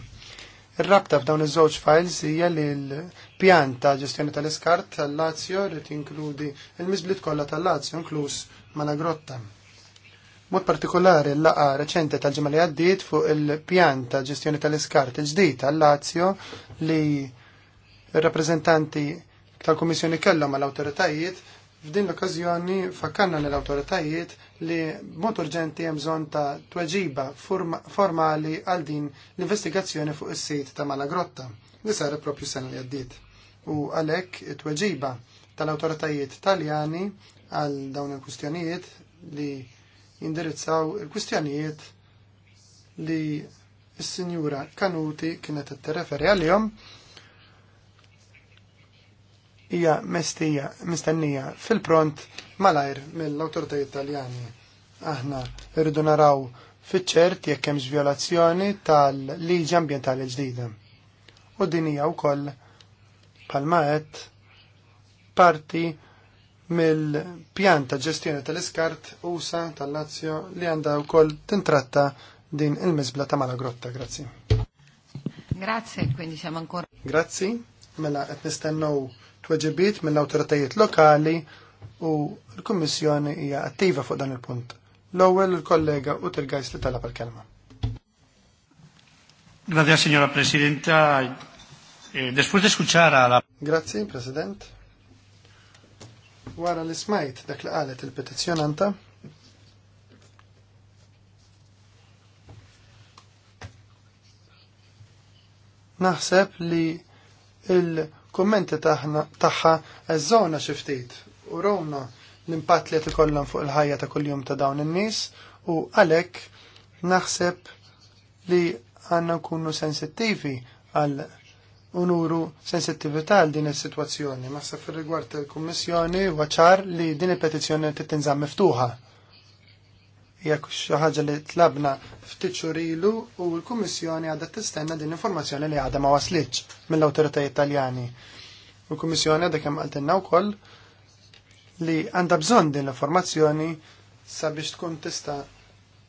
Ir-rabta f'dawn iż-żewġ files hija li l-pjan ta' ġestjoni tal-iskart tal-Lazio rrid jinkludi l-miżbliet kollha tal-Lazio inkluż Malagrotta. Mod partikolari l-laqa reċente tal-ġimgħa li għaddiet fuq il-pjan ta' ġestjoni tal-iskart il-ġdid tal-Lazio li r-rappreżentanti tal-Kummissjoni kellhom mal awtoritajiet F'din l-okkażjoni fakkanna l-awtoritajiet li mod urġenti hemm bżonn ta' tweġiba formali għal din l-investigazzjoni fuq is-sit ta' Malagrotta li saret propju sena li għaddiet. U għalhekk it-tweġiba tal-awtoritajiet taljani għal dawn il-kwistjonijiet li jindirizzaw il-kwistjonijiet li s-sinjura Kanuti kienet t-referi għal-jom hija mestija mistennija fil-pront malajr mill-awtoritajiet italjani. Aħna rridu naraw fiċ-ċert jekk hemmx violazzjoni tal-liġi ambjentali ġdida. U din hija wkoll bħalma qed parti mill-pjan ta' ġestjoni tal-iskart usa tal-Lazio li għandha wkoll tintratta din il-mizbla ta' Mala Grotta. Grazzi. Grazie, quindi siamo ancora. Grazzi, mela qed nistennew tweġibiet minn awtoritajiet lokali u l-Kummissjoni hija attiva fuq dan il-punt. L-ewwel il-kollega u tilgajs li talab il-kelma. Grazie, signora Presidenta. Eh, después de escuchar a la... Grazie, President. Wara li smajt dak li qalet il-petizzjonanta, naħseb li il- kummenti tagħha eżżona xi ftit u rowna l-impatt li qed ikollhom fuq il-ħajja ta' kuljum ta' dawn in-nies u għalhekk naħseb li għandna nkunu sensittivi għal unuru sensittività għal din is-sitwazzjoni. Naħseb fir rigward il-Kummissjoni waċar li din il-petizzjoni tittinżamm miftuħa jekk xi ħaġa li tlabna ftit ilu u l-Kummissjoni għadha tistenna din informazzjoni li għadha ma waslitx mill-awtoritajiet Taljani. U l-Kummissjoni għadha kemm qaltilna wkoll li għandha bżonn din l-informazzjoni sabiex tkun tista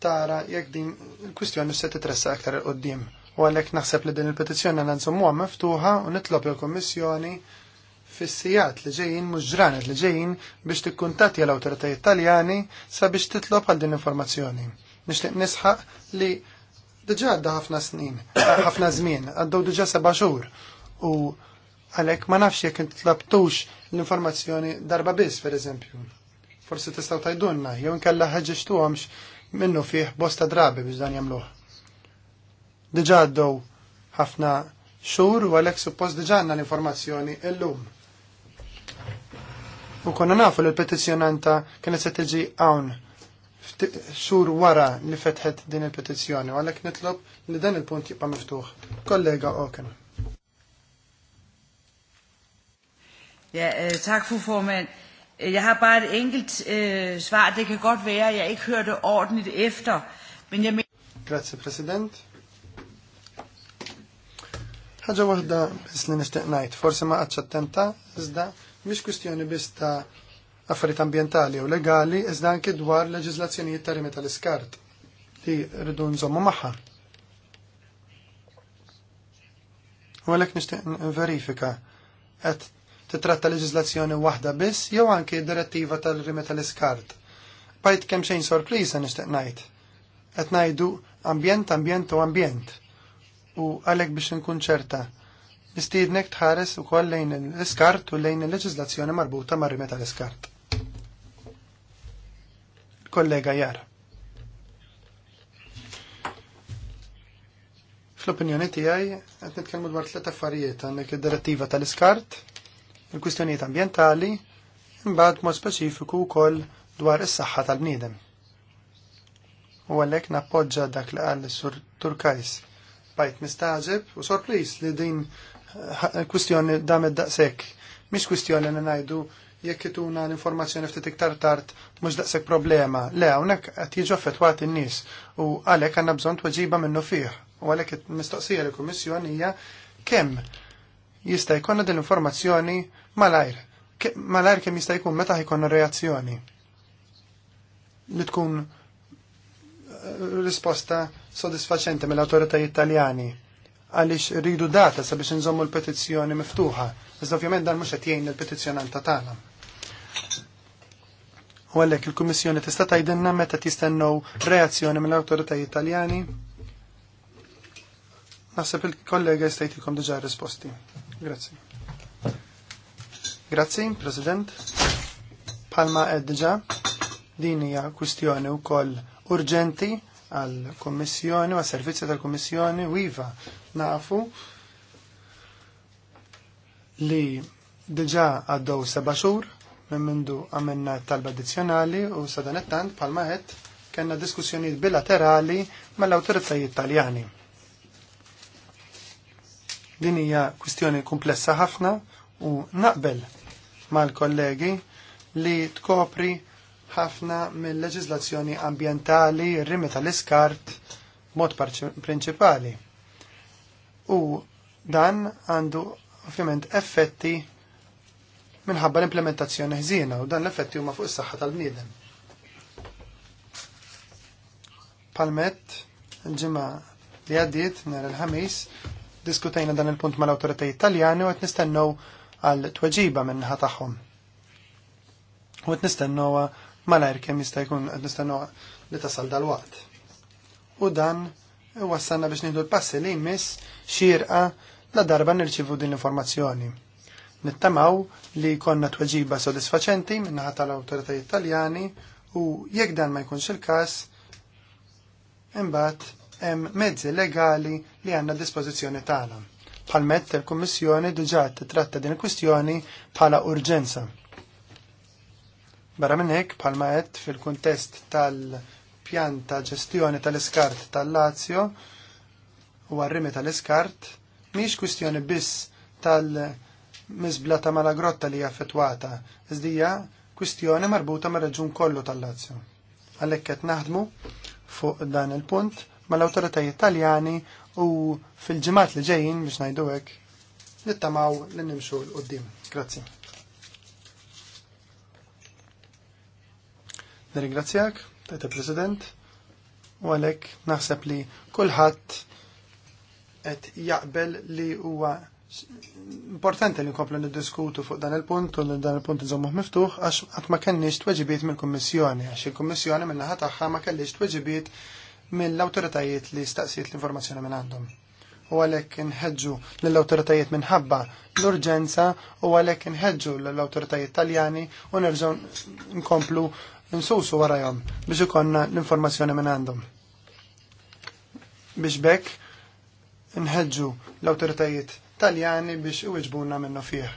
tara jekk din il-kwistjoni se titressa aktar il-qoddim. U għalhekk naħseb li din il-petizzjoni għandha nsommuha miftuħa u nitlob il-Kummissjoni fissijat sijat li ġejjin mhux ġranet li ġejjin biex tikkuntatja l-awtoritajiet Taljani sabiex titlob għal din l-informazzjoni. Nixtieq nisħaq li diġà għadda ħafna snin, ħafna żmien, għaddew diġà seba' xhur u għalhekk ma nafx jekk intlabtux l-informazzjoni darba biss pereżempju. Forsi tistgħu tajdunna jew inkella ħeġġixtuhomx minnu fih bosta drabi biex dan jagħmluh. Diġà għaddew ħafna xhur u għalhekk suppost għandna l-informazzjoni illum. U konna nafu li l-petizjonanta kienet se tiġi hawn sur wara li fetħet din il-petizzjoni, u għalhekk nitlob li dan il-punt jibqa' miftuħ. Kollega Oken. Eh, tak fru formand. Jeg har bare et enkelt øh, svar. Det kan godt være, at jeg ikke hørte ordentligt efter, men jeg mener... Grazie, President. Ħaġa wahda hvis li nishtiq najt, forse ma għadx attenta, iżda mhix kwistjoni biss ta' affarijiet ambjentali u legali iżda anke dwar leġiżlazzjonijiet ta' rimi tal-iskart li rridu nżommu magħha. U għalhekk nixtieq verifika qed titratta leġiżlazzjoni waħda biss jew anke direttiva tal-rimi tal-iskart. Bajt kemm xejn sorpriża nixtieq ngħid. Qed ngħidu ambjent, ambjent u ambjent. U għalhekk biex inkun ċerta nistiednek tħares ukoll lejn l-iskart u lejn il leġizlazzjoni marbuta mar rimeta l-iskart. Kollega Jar. Fl-opinjoni tiegħi qed nitkellmu dwar tliet affarijiet għandek id-direttiva tal-iskart, il-kwistjonijiet ambjentali, imbagħad mod speċifiku wkoll dwar is-saħħa tal-bniedem. U għalhekk nappoġġa dak li qal sur Turkajs bajt mistaġib u sorpriż li din kwistjoni damed daqsek, mhix kwistjoni li ngħidu jekk ituna l-informazzjoni ftit iktar tard mhux daqshekk problema. Le hawnhekk qed jiġu affettwati n-nies u għalhekk għandna bżonn tweġiba minnu fih. U għalhekk mistoqsija li kummissjoni hija kemm jista' jkollna din l-informazzjoni malajr. Malajr kemm jista' jkun meta ħajkun reazzjoni li tkun eh, risposta sodisfaċenti mill-awtoritajiet Taljani għaliex rridu data sabiex nżommu l-petizzjoni miftuħa. Iżda ovvjament dan mhux qed jgħin il ta' tagħna. U għalhekk il-Kummissjoni tista' tgħidilna meta tistennew reazzjoni mill-awtoritajiet Italjani? Naħseb il-kollega jistajtikom diġà risposti. Grazzi. Grazzi, President. Palma qed diġà din hija kwistjoni wkoll urġenti għal kummissjoni u għas servizzi tal kummissjoni u iva nafu li diġa għaddew seba' xhur minn mindu għamenna talba addizzjonali u sadan it-tant bħalma kellna diskussjonijiet bilaterali mal-awtoritajiet Taljani. Din hija kwistjoni komplessa ħafna u naqbel mal-kollegi li tkopri ħafna mill-leġiżlazzjoni ambjentali, rimi tal-iskart, mod prinċipali u dan għandu ovvjament effetti minħabba l-implementazzjoni ħżiena u dan l-effetti huma fuq is-saħħa tal-bniedem. Palmet, ġimgħa li għaddiet nhar il-ħamis, diskutejna dan il-punt mal-awtoritajiet Taljani u qed nistennew għal tweġiba minnaħa tagħhom. U qed nistennewha malajr kemm jista' jkun qed nistennewha li tasal dal-waqt. U dan wassanna biex nidu l-passi li jmiss xirqa la darba nirċivu din l-informazzjoni. Nittamaw li konna tweġiba sodisfaċenti minnaħat tal-autoritajiet Italjani u jekk dan ma jkunx il-każ, imbagħad hemm mezzi legali li għandna dispożizzjoni tagħna. Palmet il-Kummissjoni diġà titratta din il-kwistjoni bħala urġenza. Barra minn hekk bħalma fil-kuntest tal- pjanta ġestjoni tal-iskart tal-Lazio u għarrimi tal-iskart miex kwistjoni biss tal mizblata malagrotta li jaffetwata, iżdija kwistjoni marbuta ma' raġun kollu tal-Lazio. Għalekket qed naħdmu fuq dan il-punt mal-awtoritajiet taljani u fil-ġimat li ġejjin biex ngħidu nittamaw li nimxu l-qoddim. Grazzi. Nirringrazzjak tajt president u għalek naħseb li kullħat qed jaqbel li huwa importanti li nkomplu niddiskutu fuq dan il-punt u dan il-punt nżommuh miftuħ għax qatt ma kenniex tweġibiet mill-Kummissjoni għax il-Kummissjoni min-naħa tagħha ma kellix tweġibiet mill-awtoritajiet li staqsiet l-informazzjoni minn għandhom u għalek nħedġu l-autoritajiet minħabba l-urġenza u għalek nħedġu l-autoritajiet taljani u nerżgħu nkomplu imsusu warajhom biex ikonna l-informazzjoni minn għandhom. Biex bekk nħedġu l-awtoritajiet taljani biex iwiġbuna minnu fih.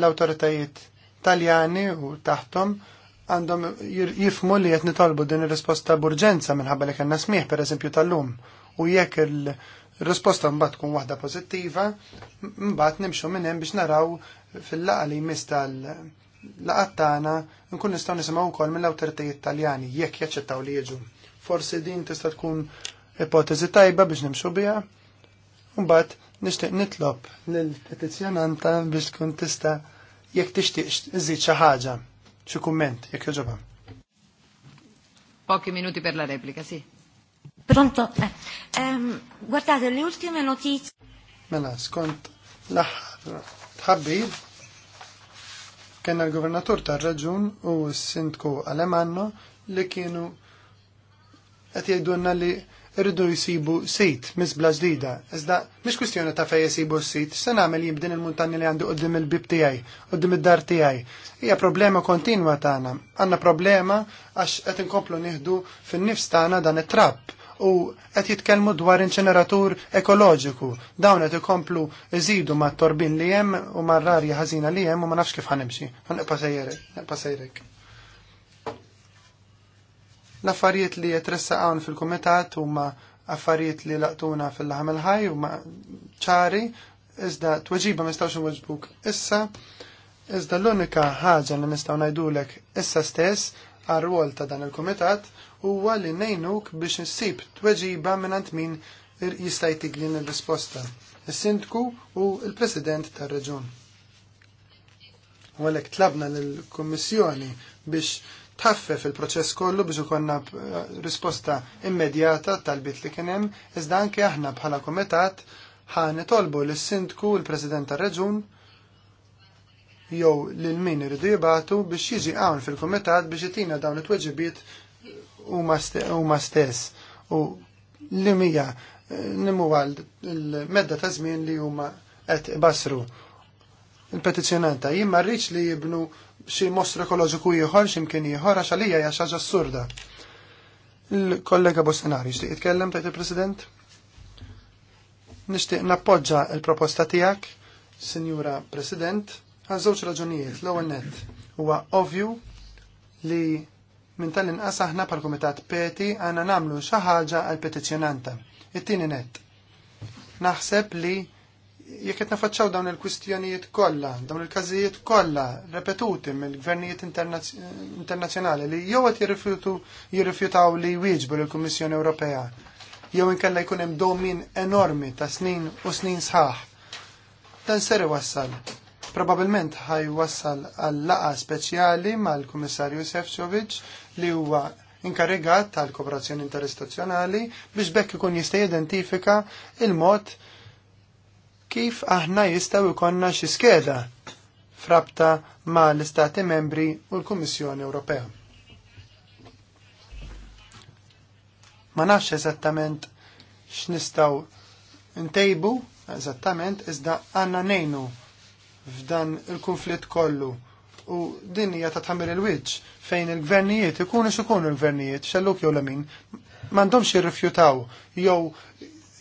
L-awtoritajiet taljani u taħtom għandhom jifmu li qed nitolbu din ir-risposta b'urġenza minħabba li kellna smih pereżempju tal-lum u jekk il-risposta mbagħad tkun waħda pożittiva, mbagħad nimxu minn hemm biex naraw fil-laqa li jmiss laqat tagħna nkun nistgħu nisimgħu wkoll mill-awtoritajiet Taljani jekk jaċċettaw li jiġu. Forsi din tista' tkun ipotezi tajba biex nimxu biha. Mbagħad nixtieq nitlob lill-petizzjonanta biex tkun tista' jekk tixtieq iżid xi ħaġa, xi kumment jekk jogħġobha. Pochi minuti per la replica, sì. Pronto? Eh, ehm, guardate, le ultime notizie... Mela, skont l-aħħar tħabbir kena l-Governatur tar-Raġun u s-Sindku Alemanno li kienu qed jgħidulna li rridu jisibu sit mis ġdida. Iżda mhix kwistjoni ta' fej jisibu sit, se nagħmel jibdin il-muntanni li għandu għoddim il-bib tiegħi, għoddim id-dar tiegħi. Hija problema kontinwa tagħna. Għandna problema għax qed inkomplu nieħdu fin-nifs tagħna dan it-trapp u qed jitkellmu dwar inċeneratur ekoloġiku. Dawn qed ikomplu iżidu mat-torbin li hemm u mar-rarja ħażina li hemm u ma nafx kif ħanimxi. sejrek. L-affarijiet li qed hawn fil-kumitat huma affarijiet li laqtuna fil-ħamel ħaj huma ċari, iżda tweġiba ma nistgħux issa. Iżda l-unika ħaġa li nistgħu ngħidulek issa stess għar-rwol ta' dan il-kumitat huwa li nejnuk biex nsib tweġiba minn min jista' jtik li risposta Sintku u l-President tar-Reġun. U għalhekk tlabna lill-Kummissjoni biex tħaffe fil proċess kollu biex ikonna eh, risposta immedjata tal-bit li kien hemm, iżda anke aħna bħala kumitat ħane tolbu l-sindku l-President tar-Reġun jew lil min irridu jibatu biex jiġi hawn fil-kumitat biex jitina dawn it-tweġibiet huma stess u li mija nimu għal il-medda ta' żmien li huma qed basru Il-petizzjonanta jien ma li jibnu xi mostru ekoloġiku ieħor x'imkien ieħor għax għalija hija xi ħaġa assurda. Il-kollega Bostanari xtieq jitkellem tajt il-President? Nixtieq nappoġġa l-proposta tiegħek, Sinjura President, għazzoċ raġunijiet. L-ewwel nett huwa ovju li Min tal-inqas aħna pal kumitat Peti għana namlu xaħġa għal petizjonanta. It-tieni net. Naħseb li jekk qed nafaċċaw dawn il-kwistjonijiet kollha, dawn il-każijiet kollha repetuti mill-gvernijiet internazzjonali li jew qed jirrifjutu jirrifjutaw li jwieġbu lill-Kummissjoni Ewropea jew inkella jkun hemm domin enormi ta' snin u snin sħaħ. Dan seri wassal. Probabilment ħaj wassal għal-laqa speċjali mal-Kummissarju Sefcovic li huwa inkarigat tal-kooperazzjoni interistituzzjonali biex bekk ikun jista' jidentifika il-mod kif aħna jistgħu jkollna xi skeda frabta ma l-Istati membri u l-Kummissjoni Ewropea. Ma nafx eżattament x'nistgħu ntejbu eżattament iżda għandna ngħinu f'dan il-konflitt kollu u din hija ta' tagħmel il-wiċċ fejn il-gvernijiet ikunu x'ikunu l-gvernijiet xelluk jew lemin m'għandhomx jirrifjutaw jew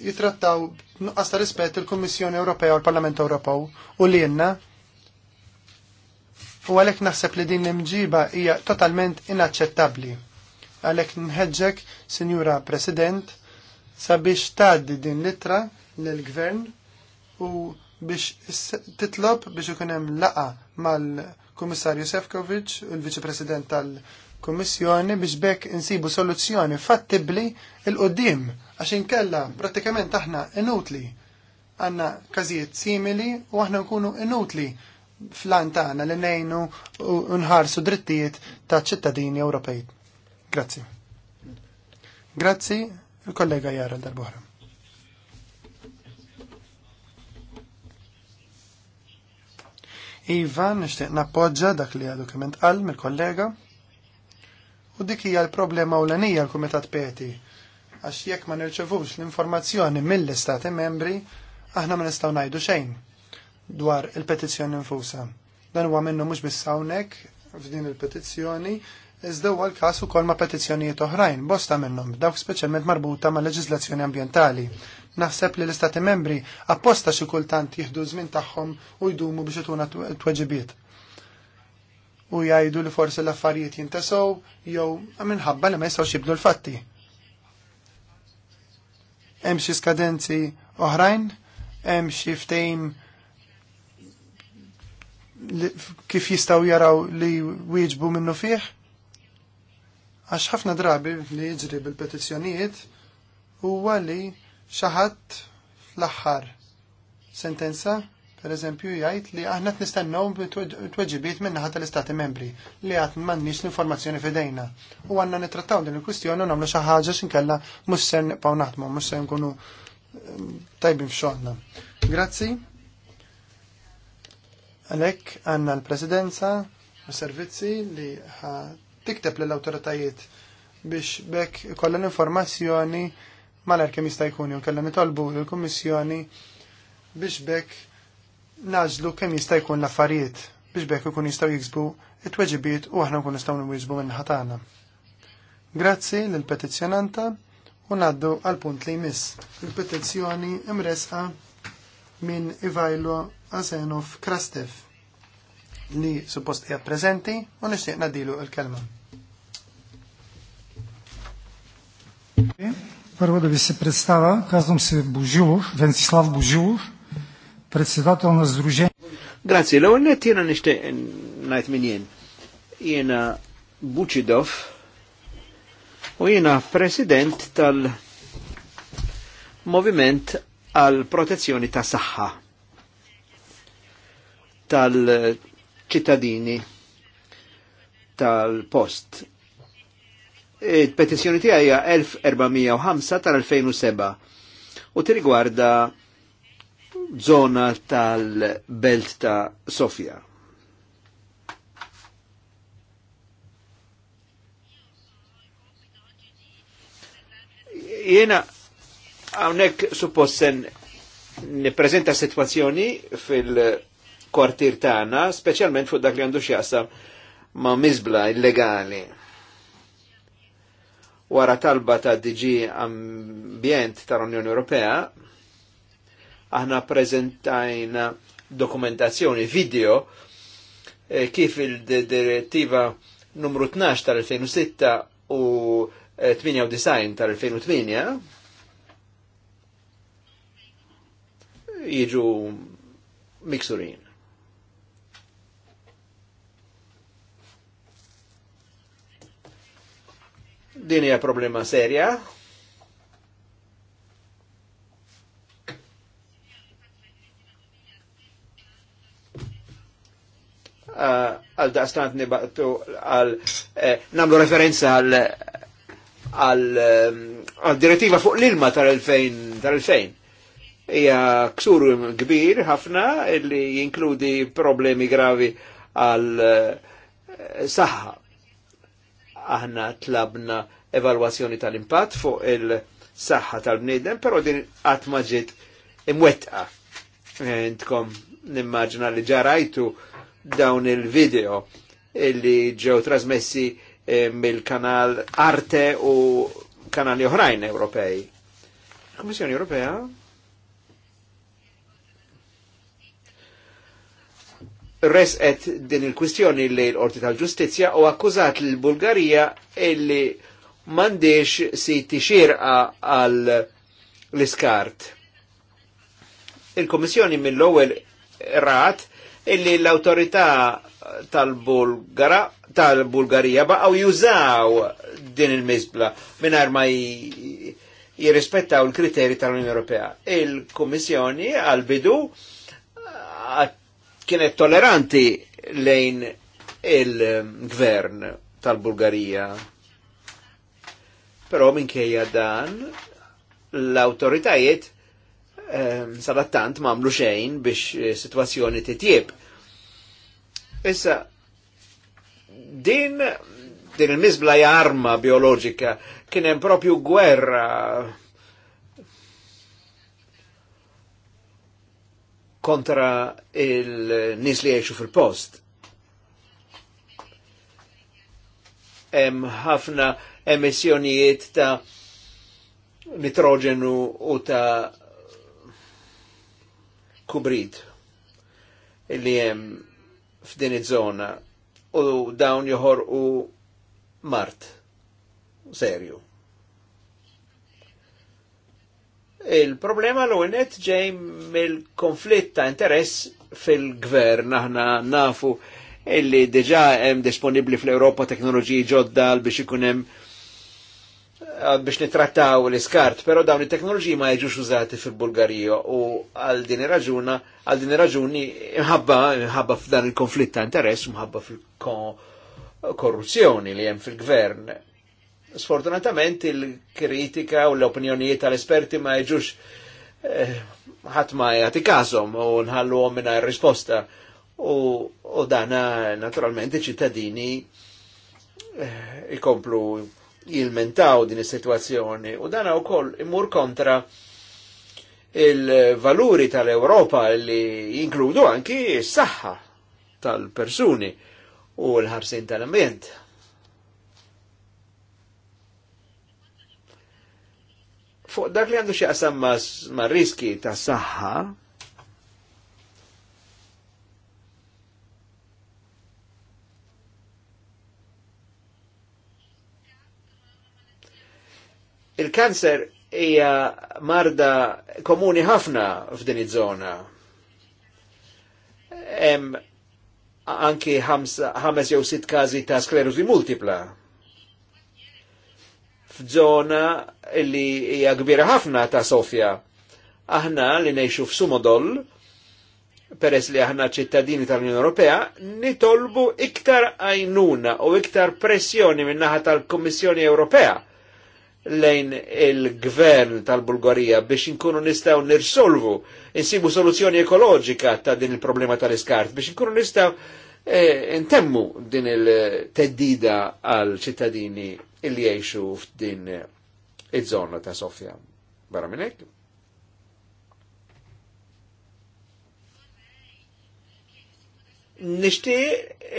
jitrattaw nuqqas ta' rispett il-Kummissjoni Ewropea u l-Parlament Ewropew u li jenna u għalhekk naħseb li din l-imġiba hija totalment inaċċettabbli. Għalhekk nħeġġek, Sinjura President, sabiex tgħaddi din litra lill-Gvern u biex titlob biex ikun hemm laqa mal-Kummissarju Sefcovic, il-Viċi President tal-Kummissjoni biex bekk insibu soluzzjoni fattibli il-qoddim għax inkella prattikament aħna inutli għanna każijiet simili u aħna nkunu inutli fl tagħna li ngħinu u nħarsu drittijiet ta' ċittadini Ewropej. Grazzi. Grazzi, il-kollega Jara darbohra. Iva, nixtieq nappoġġa dak li għadu dokument għal mill-kollega. U dik hija l-problema u l-Kumitat Peti għax jekk ma nirċevux l-informazzjoni mill-istati membri, aħna ma nistgħu ngħidu xejn dwar il-petizzjoni nfusa. Dan huwa minnu mhux biss hawnhekk f'din il-petizzjoni iżda huwa l-każ ukoll ma' petizzjonijiet oħrajn bosta minnhom dawk speċjalment marbuta ma' leġiżlazzjoni ambjentali. Naħseb li l-Istati membri apposta xi kultant jieħdu żmien tagħhom u jdumu biex ituna t-tweġibiet. U jgħidu li forsi l-affarijiet jintasow jew minħabba li ma jistgħux jibdu l-fatti. Hemm xi skadenzi oħrajn, hemm xi ftehim kif jistgħu jaraw li wieġbu minnu fih, Għax ħafna drabi li jiġri bil-petizzjonijiet huwa li xaħat fl-aħħar sentenza per eżempju jgħid li aħna t t tweġibiet minna naħa tal-Istati membri li għat m'għandniex l-informazzjoni fidejna. U għandna nittrattaw din il-kwistjoni u nagħmlu xi ħaġa x'inkella mhux se nibqgħu naħdmu, ehm, tajbin f'xogħolna. Grazzi. Għalhekk għandna l-Presidenza u servizzi li ħat tikteb lill awtoritajiet biex bekk kollan l-informazzjoni malar kemm jista' jkun jew kellha nitolbu l-Kummissjoni biex bekk naġlu kemm jista' jkun l-affarijiet biex bekk ikun jistgħu jiksbu it-tweġibiet u aħna nkun nistgħu nwieġbu minn ħatana. Grazzi lill-petizzjonanta u ngħaddu għal punt li jmiss. Il-petizzjoni imresqa minn Ivajlo Asenov Krastev li suppost hija preżenti u nixtieq nadilu l-kelma. Първо да ви се представя. Казвам се Божилов, Венцислав Божилов, председател на Сдружение. Grazie, l-għu jena nishtiq najt minn Jena Buċidov u jena president tal-Moviment għal protezzjoni ta' saħħa tal-ċittadini tal-post Il-petizjoni tiegħi hija 1405 tal-2007 u tirigwarda zona tal-belt ta' Sofia. Jena għawnek supposen niprezenta situazzjoni fil-kwartir tagħna, speċjalment fuq dak li għandu xjaqsam ma' mizbla illegali wara talba ta' DG Ambjent tal-Unjoni Ewropea, aħna prezentajna dokumentazzjoni video eh, kif il-direttiva numru 12 tal-2006 u 98 eh, tal-2008 jiġu miksurin. Din hija problema serja. Ah, għal da stant nibattu għal eh, namlu referenza għal għal ehm, direttiva fuq l-ilma tal-2000 tal-2000 hija ksur kbir ħafna illi jinkludi problemi gravi għal eh, saħħa aħna tlabna evalwazzjoni tal-impatt fuq il-saħħa tal-bniedem, però din qatt ma ġiet eh, Intkom nimmaġna li ġarajtu dawn il-video illi ġew trasmessi eh, mill-kanal Arte u kanali oħrajn Ewropej. Komissjoni kommissjoni Ewropea resqet din il-kwistjoni li l-Orti tal-Ġustizja u akkużat l-Bulgarija illi mandiex si tixirqa għal l-iskart. Il-Komissjoni mill-ewwel rat illi l-autorità tal-Bulgara tal-Bulgarija baqgħu jużaw din il-mizbla mingħajr ma jirrispettaw il-kriteri tal-Unjoni Ewropea. il komissjoni għal bidu kienet tolleranti lejn il-gvern tal-Bulgarija Però minkejja dan l-autoritajiet eh, sabattant mamlu xejn biex eh, situazzjoni titjib. Issa, din din il mizbla arma biologika kienem propju gwerra kontra il-nis li jiexu fil-post. Hemm ħafna emissjonijiet ta' nitrogenu u ta' kubrit li jem f'din iż-żona u dawn joħor u mart serju. Il-problema l għinet ġej mill-konflitt ta' interess fil-gvern. Aħna nafu illi diġa hemm disponibbli fl-Europa teknoloġiji ġodda biex ikun hemm biex nitrattaw l-iskart, pero dawn it-teknoloġiji ma jiġux użati fil-Bulgarija u għal din raġuna, għal din raġuni mħabba, mħabba f'dan il-konflitt ta' interess, mħabba fil-korruzzjoni li jem fil-gvern. Sfortunatament il-kritika u l-opinjonijiet tal-esperti ma jiġux eh, ħadd eh, ma jagħti kasom u nħalluhom mingħajr risposta. U, u dana naturalment iċ-ċittadini eh, ikomplu jilmentaw din is-sitwazzjoni u dana koll imur kontra il-valuri tal-Europa li jinkludu anki s-saħħa tal-persuni u l-ħarsin tal-ambjent. Fuq dak li għandu xieqsam ma' riski ta' saħħa, Il-kanser hija marda komuni ħafna f'din iż-żona. Hemm anki ħames jew sitt każi ta' sklerosi multipla. F'żona li hija kbira ħafna ta' Sofja. Aħna li ngħixu f'Sumodol, peress li aħna ċittadini tal-Unjoni Ewropea, nitolbu iktar għajnuna u iktar pressjoni min-naħa tal-Kommissjoni Ewropea lejn il-gvern tal-Bulgarija biex inkunu nistaw nirsolvu, insibu soluzzjoni ekoloġika ta' din il-problema tal-iskart, biex inkunu nistaw e, intemmu din il-teddida għal ċittadini il-li jiexu f'din il żona ta' Sofja. Barra minnek? Nishti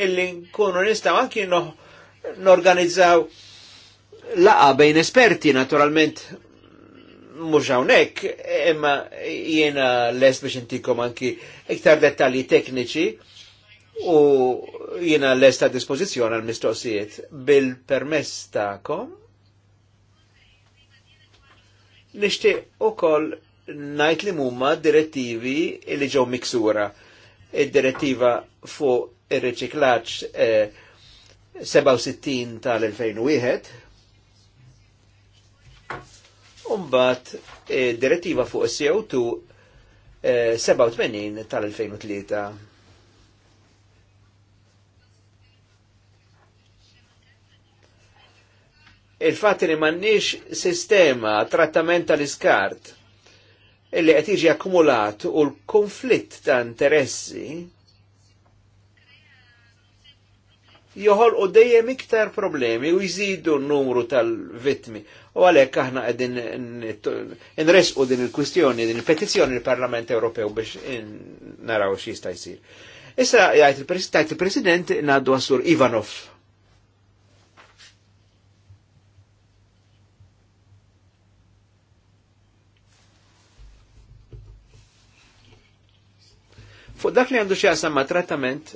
il-li nkunu nistaw anki norganizzaw no laqa bejn esperti naturalment mhux hawnhekk, imma jiena lest biex intikom anki iktar dettalji tekniċi u jiena lest ta' dispożizzjoni għal mistoqsijiet bil-permess ta'kom. Nixtieq ukoll ngħid li huma direttivi li ġew miksura. Id-direttiva fuq ir-riċiklaġġ eh, 67 tal-2001 Umbat, eh, direttiva fuq CO2 87 eh, tal-2003. Il-fat li mannix sistema trattament tal-iskart illi qed akkumulat u l-konflitt ta' interessi joħol u dejjem iktar problemi u jżidu n-numru tal-vittmi. U għalek aħna għedin nresqu din il-kwistjoni, din il-petizjoni il-Parlament Ewropew biex naraw x'jista' jisir. Issa jgħajt il-President naddu għasur Ivanov. Fuq dak li għandu xie għasamma trattament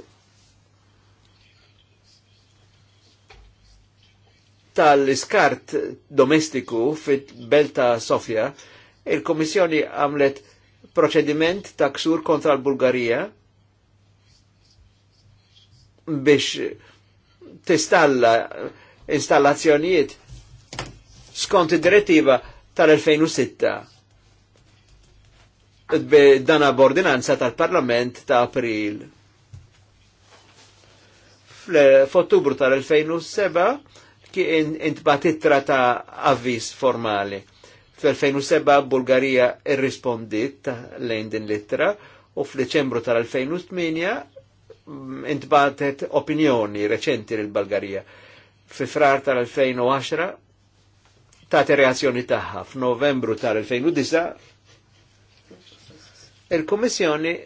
tal-iskart domestiku fit-belta Sofja, il-Komissjoni għamlet proċediment ta' ksur kontra l-Bulgarija biex testalla installazzjonijiet skont id-direttiva tal-2006 dana b'ordinanza tal-Parlament ta' April. F'Ottubru tal-2007 intbat intbatitra ta' avvis formali. Fl-2007 Bulgarija irrispondit lejn din litra u fl-Deċembru tal-2008 mm, intbatet opinjoni reċenti l-Bulgarija. Fi frar tal-2010 ta' reazzjoni tagħha. F'Novembru tal-2009 il komissjoni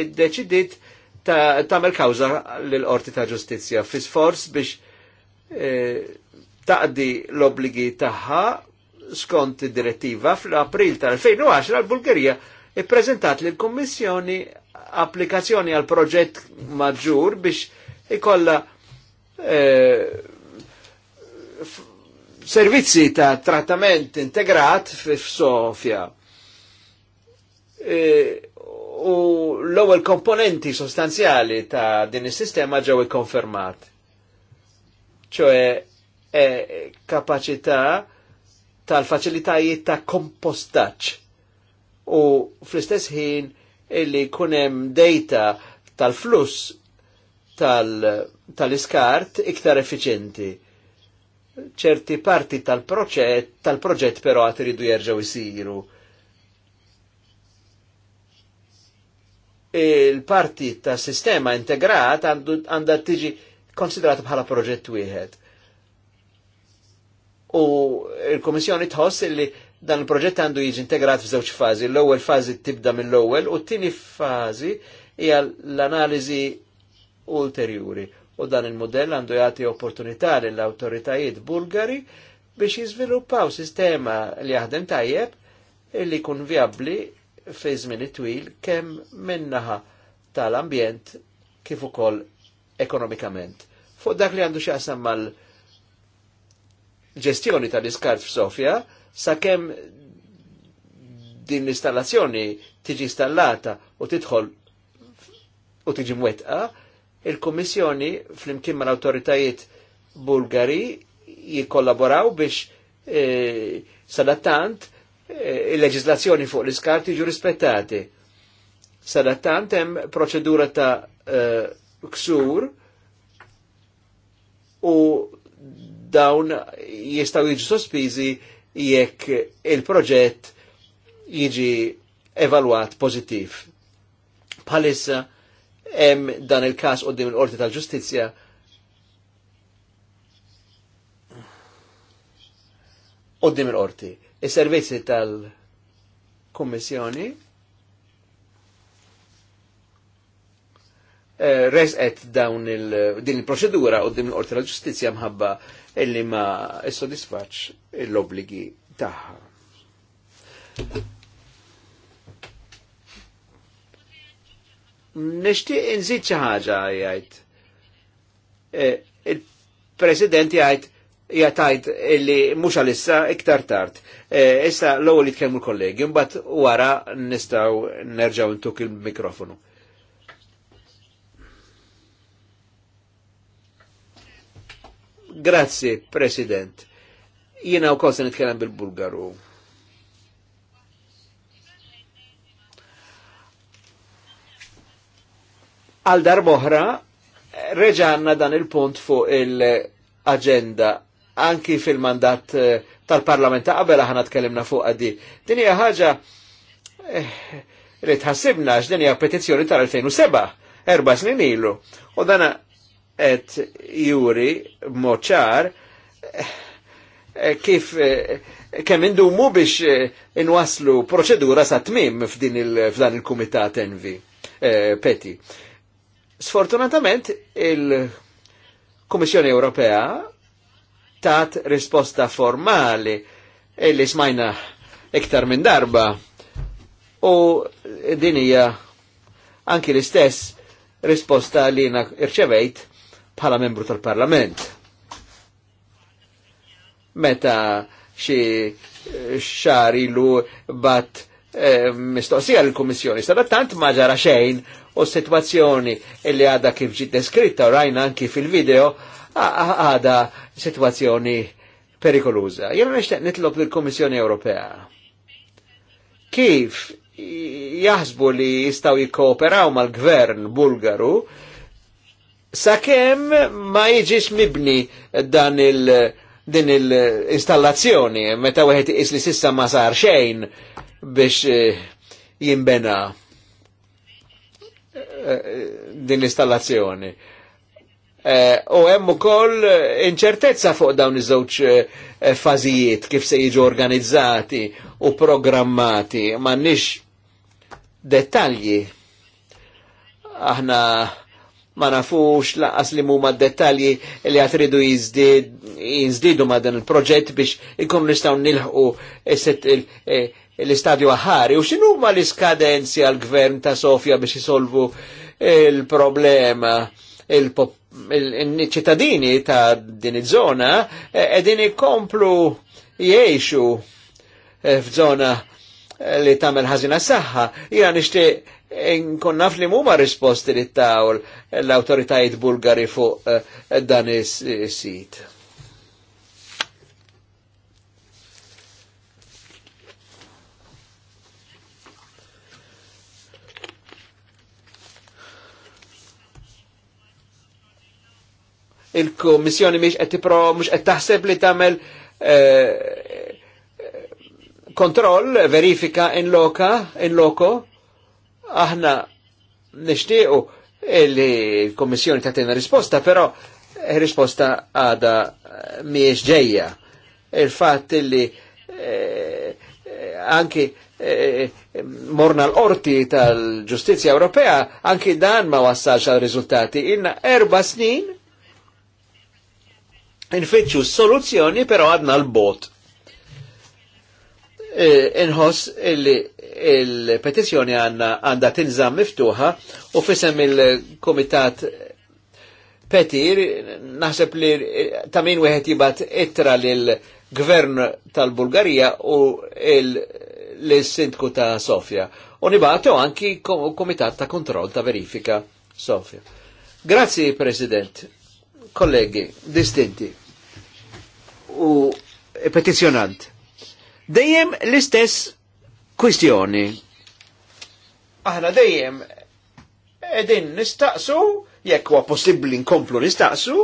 id-deċidit ta' tamel kawza l-Qorti ta' Ġustizzja fi sfors biex eh, taqdi l-obligi tagħha skont direttiva fl-April tal-2010 l-Bulgerija ippreżentat lil kummissjoni applikazzjoni għal proġett maġġur biex ikolla eh, servizzi ta' trattament integrat f'Sofja. Eh, u l-ewwel komponenti sostanzjali ta' din is-sistema ġew ikkonfermat. ċoe eh, kapacità tal-faċilitajiet ta' kompostaċ u fl-istess ħin illi kunem data tal-fluss tal-iskart tal iktar effiċenti. ċerti parti tal-proġett tal, proġett però għat iridu jerġaw jisiru. Il-parti tas sistema integrat għandha tiġi konsiderata bħala proġett wieħed u il-Komissjoni tħoss li dan il-proġett għandu jiġi integrat f'żewġ fażi. L-ewwel fażi tibda mill-ewwel u t-tieni fażi hija l-analiżi ulterjuri. U dan il-modell għandu jagħti opportunità lill-awtoritajiet Bulgari biex jiżviluppaw sistema li jaħdem tajjeb li jkun vjabbli fi żmien twil kemm minnaħa tal-ambjent kif ukoll ekonomikament. Fuq dak li għandu xi mal- ġestjoni tal diskart f'Sofja sakemm din l-installazzjoni tiġi installata u tidħol u tiġi mwetqa, il-Kummissjoni fl-imkien mal autoritajiet Bulgari jikollaboraw biex e, eh, sadattant e, eh, il-leġislazzjoni fuq l-iskart jiġu rispettati. Sadattant hemm proċedura ta' e, ksur u dawn jistaw jiġi sospiżi jekk il-proġett jiġi evalwat pozittiv. Palissa hemm dan il-każ qudiem il-Qorti tal-Ġustizzja qoddim il-qorti. Is-servizzi tal-Kummissjoni eh, resqet dawn il, din il-proċedura qoddim il-qorti tal-ġustizja mħabba illi ma s-sodisfaċ l-obligi taħħa. Nishti nżid xi ħaġa jgħid. E, Il-President jgħid jgħatajt illi mhux għalissa iktar tard. E, issa l-ewwel jitkellmu l-kollegi, mbagħad wara nistgħu nerġgħu ntuk il-mikrofonu. Grazzi, President. Jiena u kosa nitkellem bil-Bulgaru. Għal darboħra, reġanna dan il-punt fuq il-agenda anki fil-mandat eh, tal-parlament ta' qabel ħana tkellimna fuq għaddi. Din hija ħaġa eh, li tħassibna x'din hija petizzjoni tal-2007, erba' snin ilu. U dana et juri moċar eh, kif eh, kemm indumu biex eh, inwaslu proċedura sa tmim f'din il-fdan il-kumitat envi peti. Sfortunatament il-Kummissjoni Ewropea tat risposta formali illi e smajna iktar minn darba u din hija anki l-istess risposta li na irċevejt bħala membru tal-Parlament. Meta xi xar ilu bat eh, mistoqsija l-Komissjoni, sada tant ma ġara xejn u situazzjoni li għada kif ġit deskritta u rajna anki fil-video għada situazzjoni perikoluza. Jena nishtaq nitlob l-Komissjoni Ewropea. Kif jaħsbu li jistaw jikkooperaw mal-gvern bulgaru sakem ma jiġix mibni dan il- din il-installazzjoni, meta wieħed is li sissa ma sar xejn biex eh, jimbena eh, din l-installazzjoni. Eh, u hemm ukoll inċertezza fuq dawn iż-żewġ fażijiet kif se jiġu organizzati u programmati, m'għandniex dettalji aħna ma nafux laqas li ma' dettalji li għatridu jizdidu ma dan il-proġett biex ikun nistaw nilħu eh, l-istadju aħari u xinu ma l-iskadenzi għal-gvern ta' Sofja biex jisolvu il-problema il-ċittadini ta' din iż-żona eh, edin ikomplu jiexu eh, f'żona li tamel ħazina s-saħħa, jgħan nkun naf li mumma risposti li tawl l-autoritajiet bulgari fuq eh, dan is-sit. il komissjoni miex qed tipro mhux qed taħseb li tagħmel eh, eh, kontroll, verifika in loka, in loko, Aħna nishtiqu li l-Kommissjoni tatina risposta, però risposta għada miex ġejja. Il-fat li eh, anki eh, morna l-orti tal-ġustizja Ewropea, anki dan ma wassalx għal riżultati. Inna erba snin infittxu soluzzjoni, però għadna l-bot Eh, inħoss illi il-petizjoni għanna għanda tinżam miftuħa u fisem il-komitat petir naħseb li tamin wieħed jibat ittra l gvern tal-Bulgarija u l-sindku ta' Sofja. U nibatu anki komitat ta' kontroll ta' verifika Sofja. Grazzi, President, kollegi, distinti u petizjonant Dejjem l-istess kwistjoni. Aħna dejjem edin nistaqsu, jekk huwa possibbli nkomplu nistaqsu,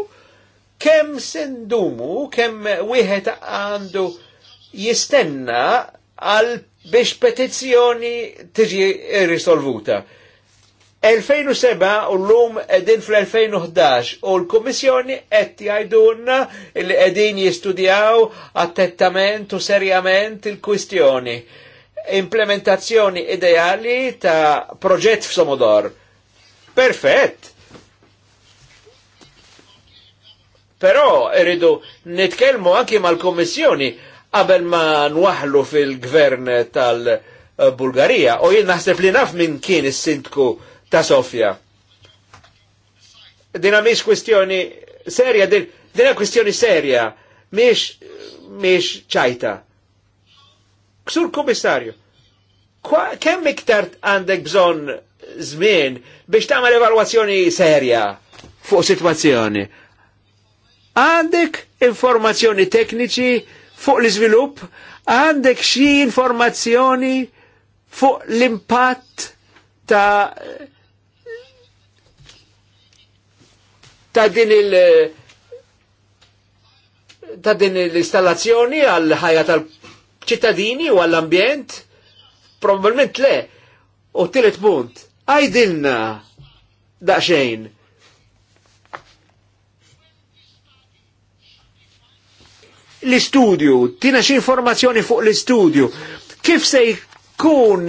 kemm sendumu, kemm wieħed għandu jistenna għal biex petizzjoni tiġi risolvuta. 2007 u l-lum edin fl-2011 u l-Komissjoni qed jgħidulna il edin jistudjaw attettament u serjament il-kwistjoni. Implementazzjoni ideali ta' proġett f'Somodor. Perfett! Però irridu nitkellmu anki mal-Komissjoni qabel ma nwaħlu fil-gvern tal-Bulgarija u jien naħseb li naf minn kien is-sindku ta' Sofja. Dina miex kwestjoni serja, dina kwestjoni serja, miex, miex ċajta. Ksur komissarju, kemm iktar għandek bżon żmien biex tagħmel evalwazzjoni serja fuq situazzjoni? Għandek informazzjoni tekniċi fuq l-iżvilupp, għandek xi informazzjoni fuq l-impatt ta' ta' din il- ta' din l-installazzjoni għal ħajja tal-ċittadini u għall-ambjent? Probabilment le. U tillet punt, għajdilna daqxejn. L-istudju, tina xi informazzjoni fuq l-istudju. Kif se jkun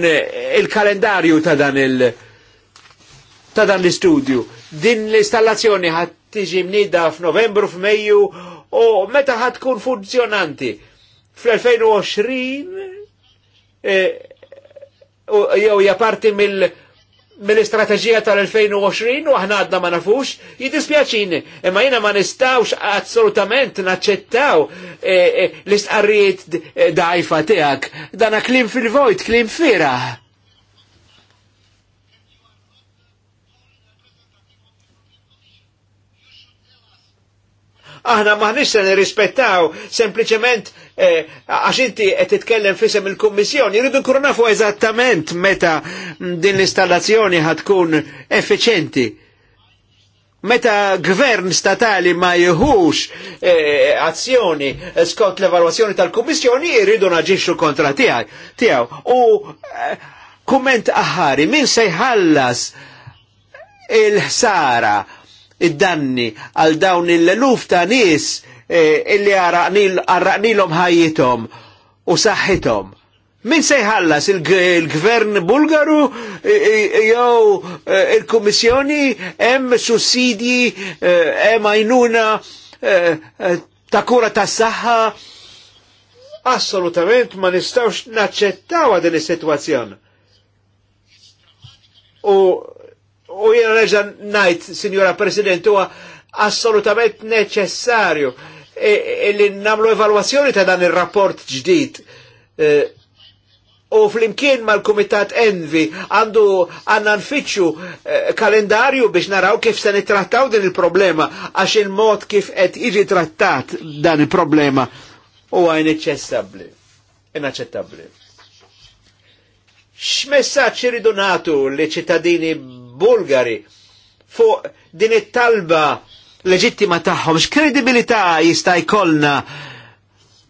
il-kalendarju ta' dan il- ta' dan l-istudju? Din l-installazzjoni ħat tiġi mnida f'Novembru f'Mejju u meta ħad tkun funzjonanti. Fl-2020 e, jew hija parti mill istrateġija tal-2020 u aħna għadna ma nafux, jidispjaċini, imma jina ma nistawx assolutament naċċettaw e, e, l-istqarrijiet dajfa tiegħek. Dana klim fil-vojt, klim firaħ aħna maħnix se nirrispettaw sempliċement eh, għax inti qed titkellem fisem il-Kummissjoni, jridu nkunu nafu eżattament meta din l-installazzjoni ħatkun effiċenti. Meta gvern statali ma jħux eh, azzjoni eh, skont l-evalwazzjoni tal-Kummissjoni, jridu naġixxu kontra tiegħu. U eh, kumment aħari, min se jħallas il-ħsara id-danni għal dawn il-luf ta' nis eh, illi għarraqnilom ħajjitom u saħħitom. Min se jħallas il-gvern bulgaru eh, jew eh, il-Kummissjoni hemm sussidji hemm għajnuna ta' kura tas saħħa assolutament ma nistawx naċċettaw din is-sitwazzjon. U u jena najt, Signora President, huwa assolutament neċessarju illi e, e, namlu evalwazzjoni ta' dan il-rapport ġdid. E, u fl-imkien mal-Komitat Envi għandu għanna nfittxu kalendarju biex naraw kif se nittrattaw din il-problema għax il-mod kif qed iġi trattat dan il-problema u għajn inaċċettabli. Inaċċettabli. x iridu natu li ċittadini Bulgari fuq din it-talba leġittima x x'kredibilità jista' jkollna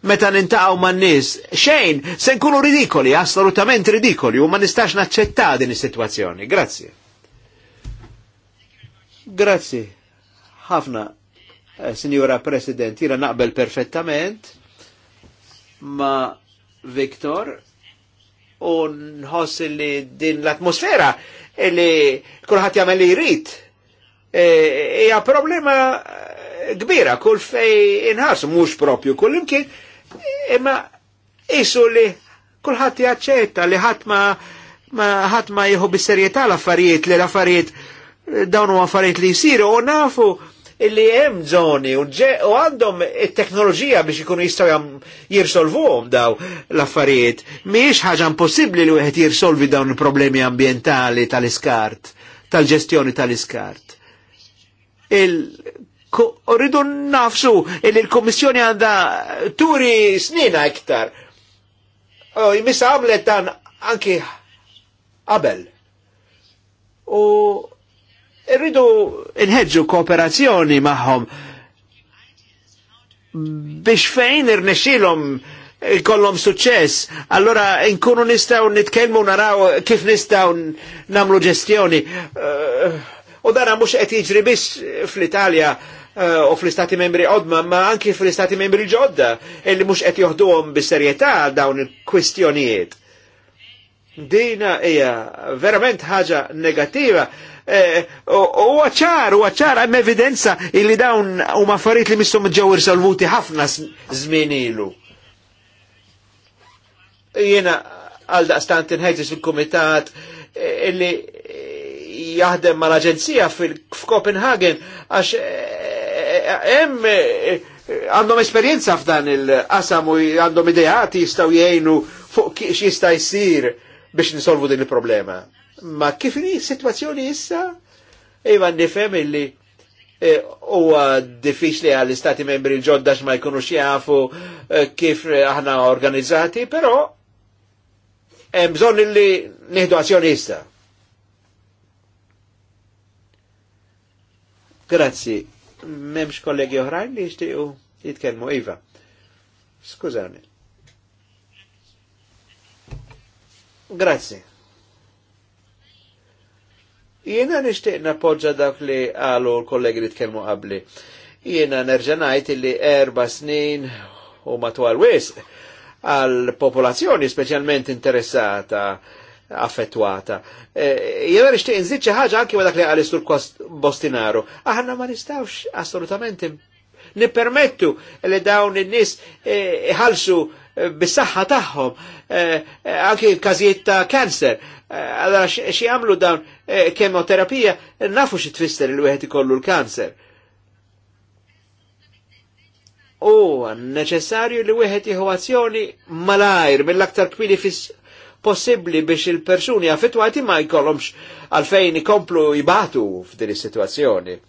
meta nintaqgħu man-nies xejn se nkunu ridikoli, assolutament ridikoli u ma nistax naċċetta din is-sitwazzjoni. Grazzi. Grazzi. Ħafna, eh, Signora President, jira naqbel perfettament ma Viktor u nħoss li din l-atmosfera li kullħat jagħmel li jrid. E, hija e, problema kbira kull fej inħarsu mhux propju kull imkien imma e, isu li kulħadd jaċċetta li ħadd ma ma ħadd ma jieħu bis-serjetà l-affarijiet li l-affarijiet dawn huma affarijiet li jsiru u nafu illi hemm zoni u għandhom it-teknoloġija biex ikunu jistgħu jirsolvuhom daw l-affarijiet. Mhijiex ħaġa impossibbli li wieħed jirsolvi dawn il-problemi ambientali tal-iskart, tal-ġestjoni tal-iskart. Rridu nafsu illi l-Kommissjoni għandha turi snina iktar. Jmissa għamlet dan anki qabel. U Irridu inħedġu kooperazzjoni maħħom biex fejn irnexxilhom kollom suċċess, allora inkunu nistaw nitkellmu naraw kif nistaw namlu ġestjoni. Uh, u uh, dara mhux qed jiġri biss fl-Italja uh, u fl-istati membri odma, ma anki fl-istati membri ġodda, illi mhux qed joħduhom bis-serjetà dawn il-kwistjonijiet. Dina hija verament ħaġa negattiva Eh, u ċar, u ċar, għem evidenza illi dawn u maffariet li mistum ġawir salvuti ħafna zminilu. ilu. Jena għal daqstant inħedġis il-komitat eh, illi jaħdem mal-Aġenzija f'Kopenhagen għax eh, hemm għandhom esperjenza f'dan il-qasam u għandhom ideati jistgħu jgħinu fuq kiex jista' jsir biex nisolvu din il-problema. Ma kif li situazzjoni issa? Iva nifem illi e, huwa e, diffiċli għall-istati membri l ġoddax ma jkunux jafu e, kif aħna organizzati, però hemm bżonn illi nieħdu azzjoni issa. Grazzi. Memx kollegi oħrajn li jixtiequ jitkellmu iva. Skużani. Grazie. Jiena nixtieq nappoġġa dak li għalu l-kollegi li tkellmu qabli. Jiena nerġa' ngħid li erba' snin u matwar wisq għal popolazzjoni speċjalment interessata affettwata. E, Jena nixtieq nżid xi ħaġa anki dak li qal sur Bostinaru. Aħna ma nistgħux assolutament nippermettu li dawn in-nies e, iħallsu eh, bis-saħħa tagħhom, eh, eh, anki każijiet ta' kanser. Eh, allora xi jagħmlu dawn kemoterapija nafu xi twister il wieħed ikollu l-kanser. U neċessarju li wieħed jieħu azzjoni malajr mill-aktar kmini fis possibbli biex il-persuni affettwati ma jkollhomx għalfejn ikomplu jibatu f'din is-sitwazzjoni.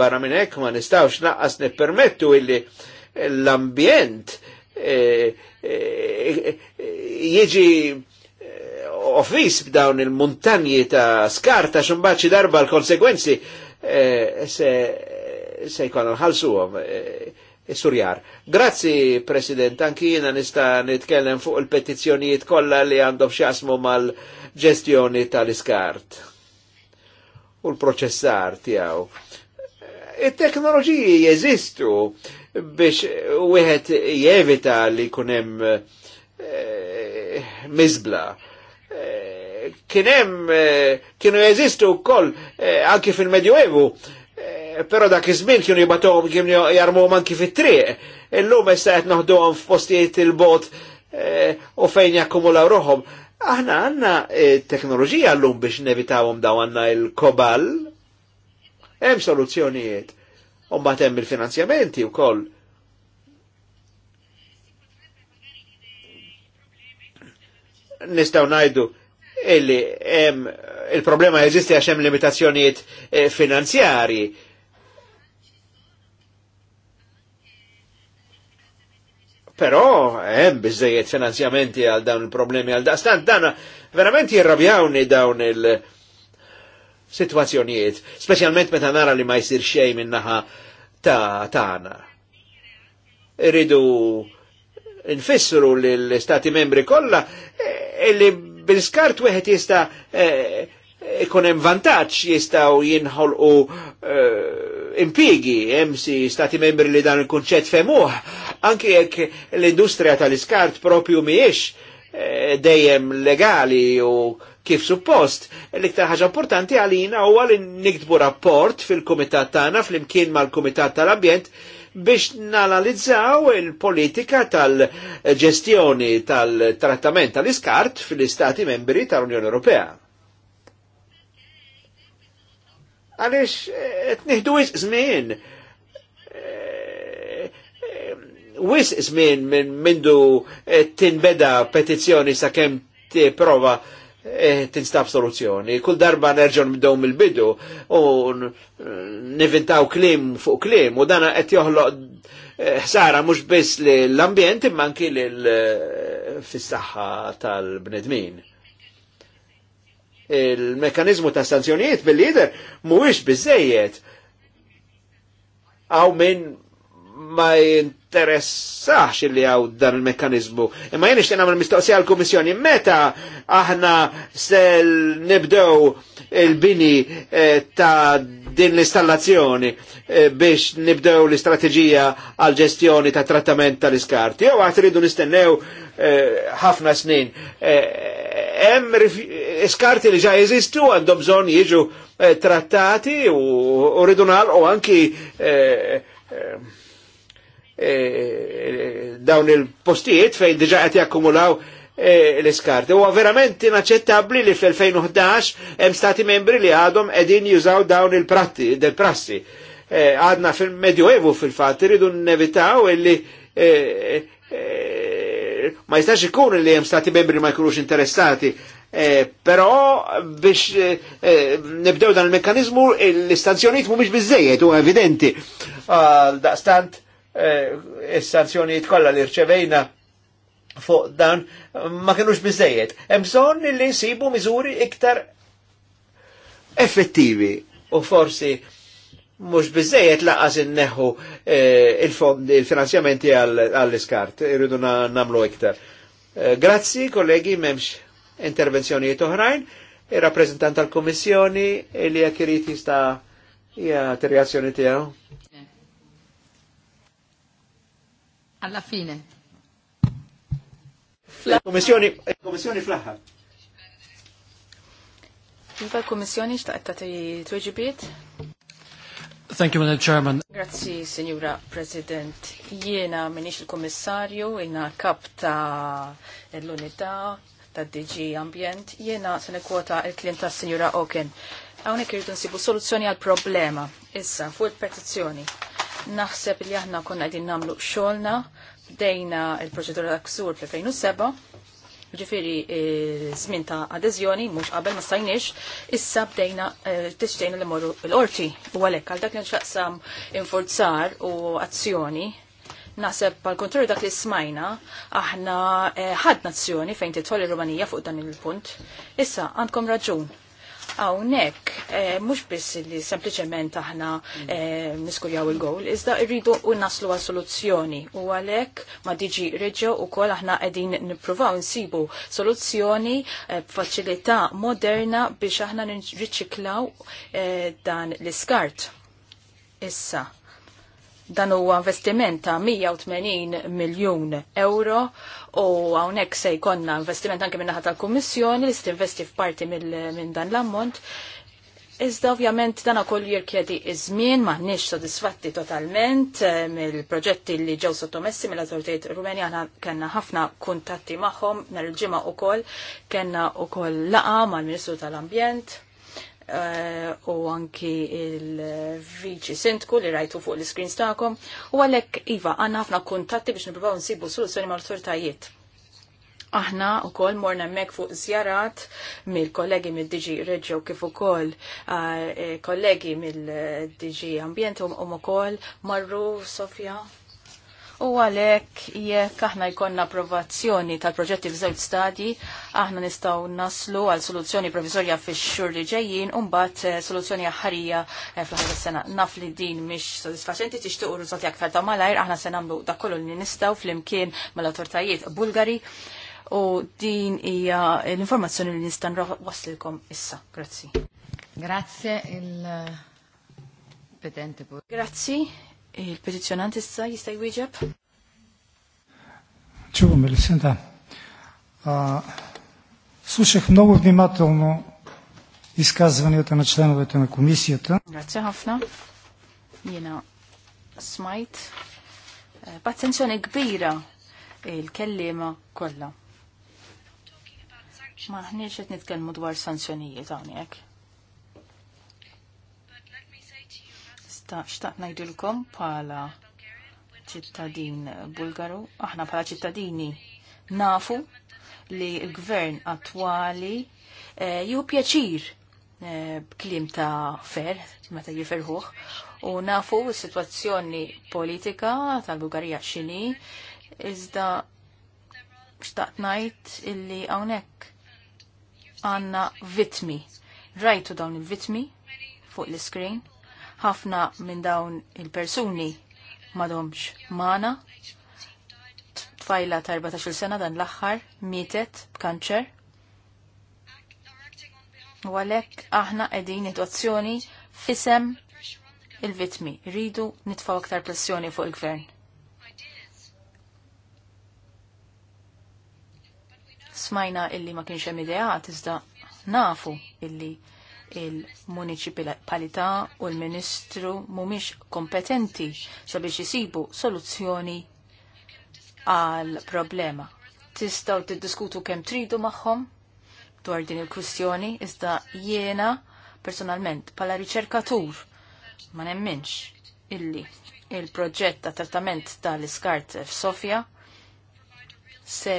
Barra minn hekk ma nistawx naqqas nippermettu illi l-ambjent E, e, jieġi e, offis b'dawn il-muntanji ta' skarta xumbaċi darba l-konsekwenzi se jkun l-ħalsu għom surjar. Grazzi, President, anki jina nista nitkellem fuq il-petizjonijiet kollha li għandhom xasmu mal-ġestjoni tal-iskart u l-proċessar tiegħu. it teknoloġiji jeżistu biex wieħed jevita li kunem eh, mizbla. Eh, kienem, eh, kienu jeżistu wkoll eh, anki fil-Medjuevu, eh, però dak iż-żmien kienu jibatuhom kienu jarmuhom anki fit-triq. Illum issa qed f f'postijiet il-bot u fejn jakkumulaw ruħhom. Aħna għandna eh, l llum biex nevitawhom daw għanna il-kobal. Hemm soluzzjonijiet U mbagħad bil-finanzjamenti u koll. Nistaw najdu illi il-problema jeżisti għax hemm limitazzjonijiet eh, finanzjarji. Però hemm biżejjed finanzjamenti għal dawn il-problemi għal daqstant dan verament jirrabjawni dawn il- situazzjonijiet, specialment meta nara li ma jsir xej minnaħa ta' tana. Iridu nfissru li l-Stati membri kollha eh, li bil-skart weħet jista' eh, ikun hemm vantaġġ jistgħu jinħolqu eh, impigi, hemm si Stati membri li dan il-kunċett femuh, anki jekk l-industrija tal-iskart propju mhijiex dejjem legali u kif suppost. L-iktar ħaġa importanti għalina huwa li niktbu rapport fil-kumitat tagħna fl-imkien mal-kumitat tal-ambjent biex nanalizzaw il-politika tal-ġestjoni tal-trattament tal-iskart fil-istati membri tal-Unjoni Ewropea. Għalix, etniħdu eh, wis zmin. Eh, wis zmin minn mindu eh, tinbeda petizjoni sa' kem prova prova E, tinstab soluzzjoni. Kull darba nerġon mibdew mill-bidu u nivintaw klim fuq klim u dana qed joħloq e, ħsara mhux biss l-ambjent imma anki e, fis-saħħa tal-bnedmin. Il-mekanizmu ta' sanzjonijiet bil-lider mhuwiex biżejjed għaw minn ma jinteressax li għaw dan il mekanizmu Imma jenix jena għamil mistoqsija għal-Komissjoni, meta aħna sel nibdew il-bini eh, ta' din l-installazzjoni eh, biex nibdew l istrategija għal-ġestjoni ta' trattament tal-iskarti. Jew għat ridu nistennew eh, ħafna snin. Hemm iskarti li ġa jeżistu għandhom bżonn jiġu trattati u ridu u anki Eh, dawn il-postijiet fej diġa għati akkumulaw eh, l-iskarti. U verament inaċċettabli li fl-2011 hemm stati membri li għadhom edin jużaw dawn il-pratti, del-prassi. Eh, għadna fil-Medjuevu fil fat iridu nevitaw illi ma jistax ikun li hemm stati membri ma jkunux interessati. Però biex nibdew dan il-mekkanizmu l-istanzjoniet biex bizzejiet, u evidenti. Daqstant Eh, s sanzjonijiet kollha li rċevejna fuq dan ma kienux biżejjed. Hemm bżonn li sibu miżuri iktar effettivi u forsi mhux biżejjed laqas inneħħu eh, il-fondi, il-finanzjamenti għall-iskart, irridu namlu iktar. Eh, grazzi, kollegi, memx intervenzjonijiet oħrajn, il-rappresentant tal-Komissjoni, Elia Kiriti sta' Ja, reazzjoni tijaw. alla fine. Il-Komissjoni, il Iva l xtaqt ta' tweġibiet? Thank you, Madam Chairman. Grazzi, Signora President. Jiena minix il-Komissarju, jiena kap ta' l-Unità ta' DG Ambient, jena se kwota il-klient ta' Signora Oken. Hawnhekk irridu nsibu soluzzjoni għal problema. Issa, fuq il-petizzjoni. Naħseb li aħna konna qegħdin nagħmlu xolna, bdejna il-proċedura ta' ksur fl-2007, ġifiri żmien e, ta' adeżjoni mhux qabel ma stajniex, issa bdejna e, tixtejna li morru l-qorti u għalhekk għal dak li nxaqsam infurzar u azzjoni Naħseb pal kontrolli dak li smajna, aħna e, ħad nazzjoni fejn titħol ir-Rumanija fuq dan il-punt. Issa, għandkom raġun Hawnhekk mux eh, mhux biss li sempliċement aħna eh, niskurjaw il-gowl, iżda rridu u naslu għal soluzzjoni u għalhekk ma diġi u kol aħna qegħdin nippruvaw nsibu soluzzjoni eh, b'faċilità moderna biex aħna nirriċiklaw eh, dan l-iskart. Issa, Dan huwa investiment ta' 180 miljun euro u hawnhekk se jkollna investiment anke min-naħa tal-Kummissjoni li tinvesti f'parti minn dan l-ammont. Iżda ovvjament dana kollu jirkjedi iż-żmien m'għandniex sodisfatti totalment eh, mill-proġetti li ġew sottomessi mill-awtoritajiet Rumeni aħna kellna ħafna kuntatti magħhom nhar il-ġimgħa wkoll kellna wkoll laqa mal-Ministru tal-Ambjent Eh, u anki il-viċi sintku li rajtu fuq l-screens ta'kom u għalek Iva għanna ħafna kontatti biex nipruvaw nsibu soluzzjoni mal sortajiet Aħna u kol morna mek fuq zjarat mill-kollegi mill diġi Reġo kif u kol eh, kollegi mill diġi Ambient u kol marru Sofja U għalhekk jekk aħna jkollna approvazzjoni tal-proġetti f'żewġ stadji, aħna nistgħu naslu għal soluzzjoni provizorja fix-xhur li ġejjin u mbagħad eh, soluzzjoni aħħarija eh, fl-aħħar sena Naf li din mhix sodisfaċenti tixtieq riżulti aktar ta' malajr, aħna se nagħmlu dak kollu li nistgħu flimkien mal-awtoritajiet Bulgari u din hija l-informazzjoni li nista' waslilkom issa. Grazzi. Eh, Grazzi il petente. Grazzi il petizjonanti sa jista' jwieġeb? il-sinta. Чувам, Елисинда. А, слушах много внимателно изказванията на членовете на комисията. Grazie, Hafna. Jena smajt. Eh, b'attenzjoni kbira il-kellima kolla. Ma ħniex nitkelmu nitkellmu dwar sanzjonijiet hawnhekk. xtaqt ngħidilkom bħala ċittadin Bulgaru, aħna bħala ċittadini nafu li l-gvern attwali eh, ju pjaċir eh, b'klim ta' fer, meta jiferħuħ, u nafu s-situazzjoni politika tal-Bulgarija xini, iżda xtaqt najt illi għawnek għanna vitmi. Rajtu dawn il-vitmi fuq l-screen ħafna minn dawn il-persuni madomx mana. Tfajla ta' 14 sena dan l-axħar mietet b'kanċer. U għalek aħna edin situazzjoni fisem il-vitmi. Ridu nitfaw aktar pressjoni fuq il-gvern. Smajna illi ma kienx hemm ideat iżda nafu illi il-municipalità u l-ministru mhumiex kompetenti sabiex isibu soluzzjoni għal problema. Tistaw tiddiskutu kemm tridu magħhom dwar din il-kwistjoni, iżda jiena personalment pala riċerkatur ma nemminx illi il-proġett ta' trattament tal-iskart f'Sofja se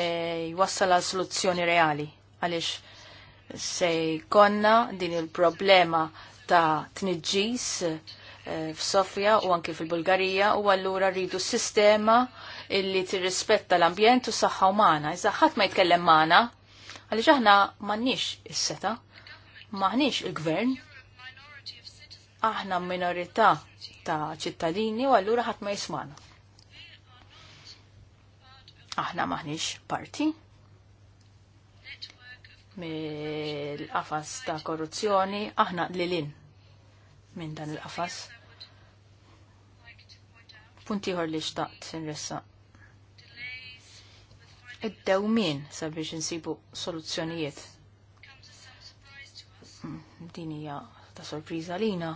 jwassal għal soluzzjoni reali għaliex se jkonna din il-problema ta' tniġġis eh, f'Sofja u anke fil-Bulgarija u allura rridu sistema illi tirrispetta l-ambjent u saħħa umana. Iżda ħadd ma jitkellem magħna għaliex aħna m'għandniex is-seta, m'aħniex il-gvern, aħna minorità ta' ċittadini u allura ħadd ma jismana. Aħna m'aħniex parti mill-qafas ta' korruzzjoni aħna lilin minn dan il-qafas. Punti ħor li xtaqt sinressa. Id-dewmin sabiex insibu soluzzjonijiet. Mm, din hija ta' sorpriża lina.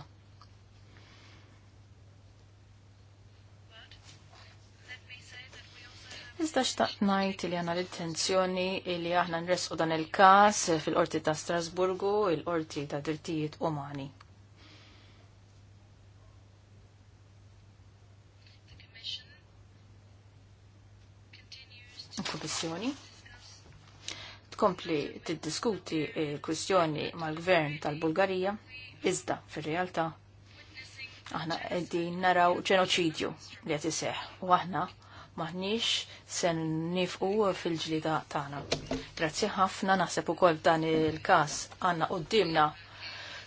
Iżda xtaqt ngħid li għandna l-intenzjoni li aħna nresqu dan il-każ fil-Qorti ta' Strasburgu, il-Qorti ta' Drittijiet Umani. Kummissjoni tkompli tiddiskuti kwistjoni mal-gvern tal-Bulgarija iżda fir-realtà aħna qegħdin naraw ġenoċidju li qed iseħħ u aħna maħniex sen nifqu fil-ġlida tagħna. Grazzi ħafna naħseb ukoll dan il-każ għandna dimna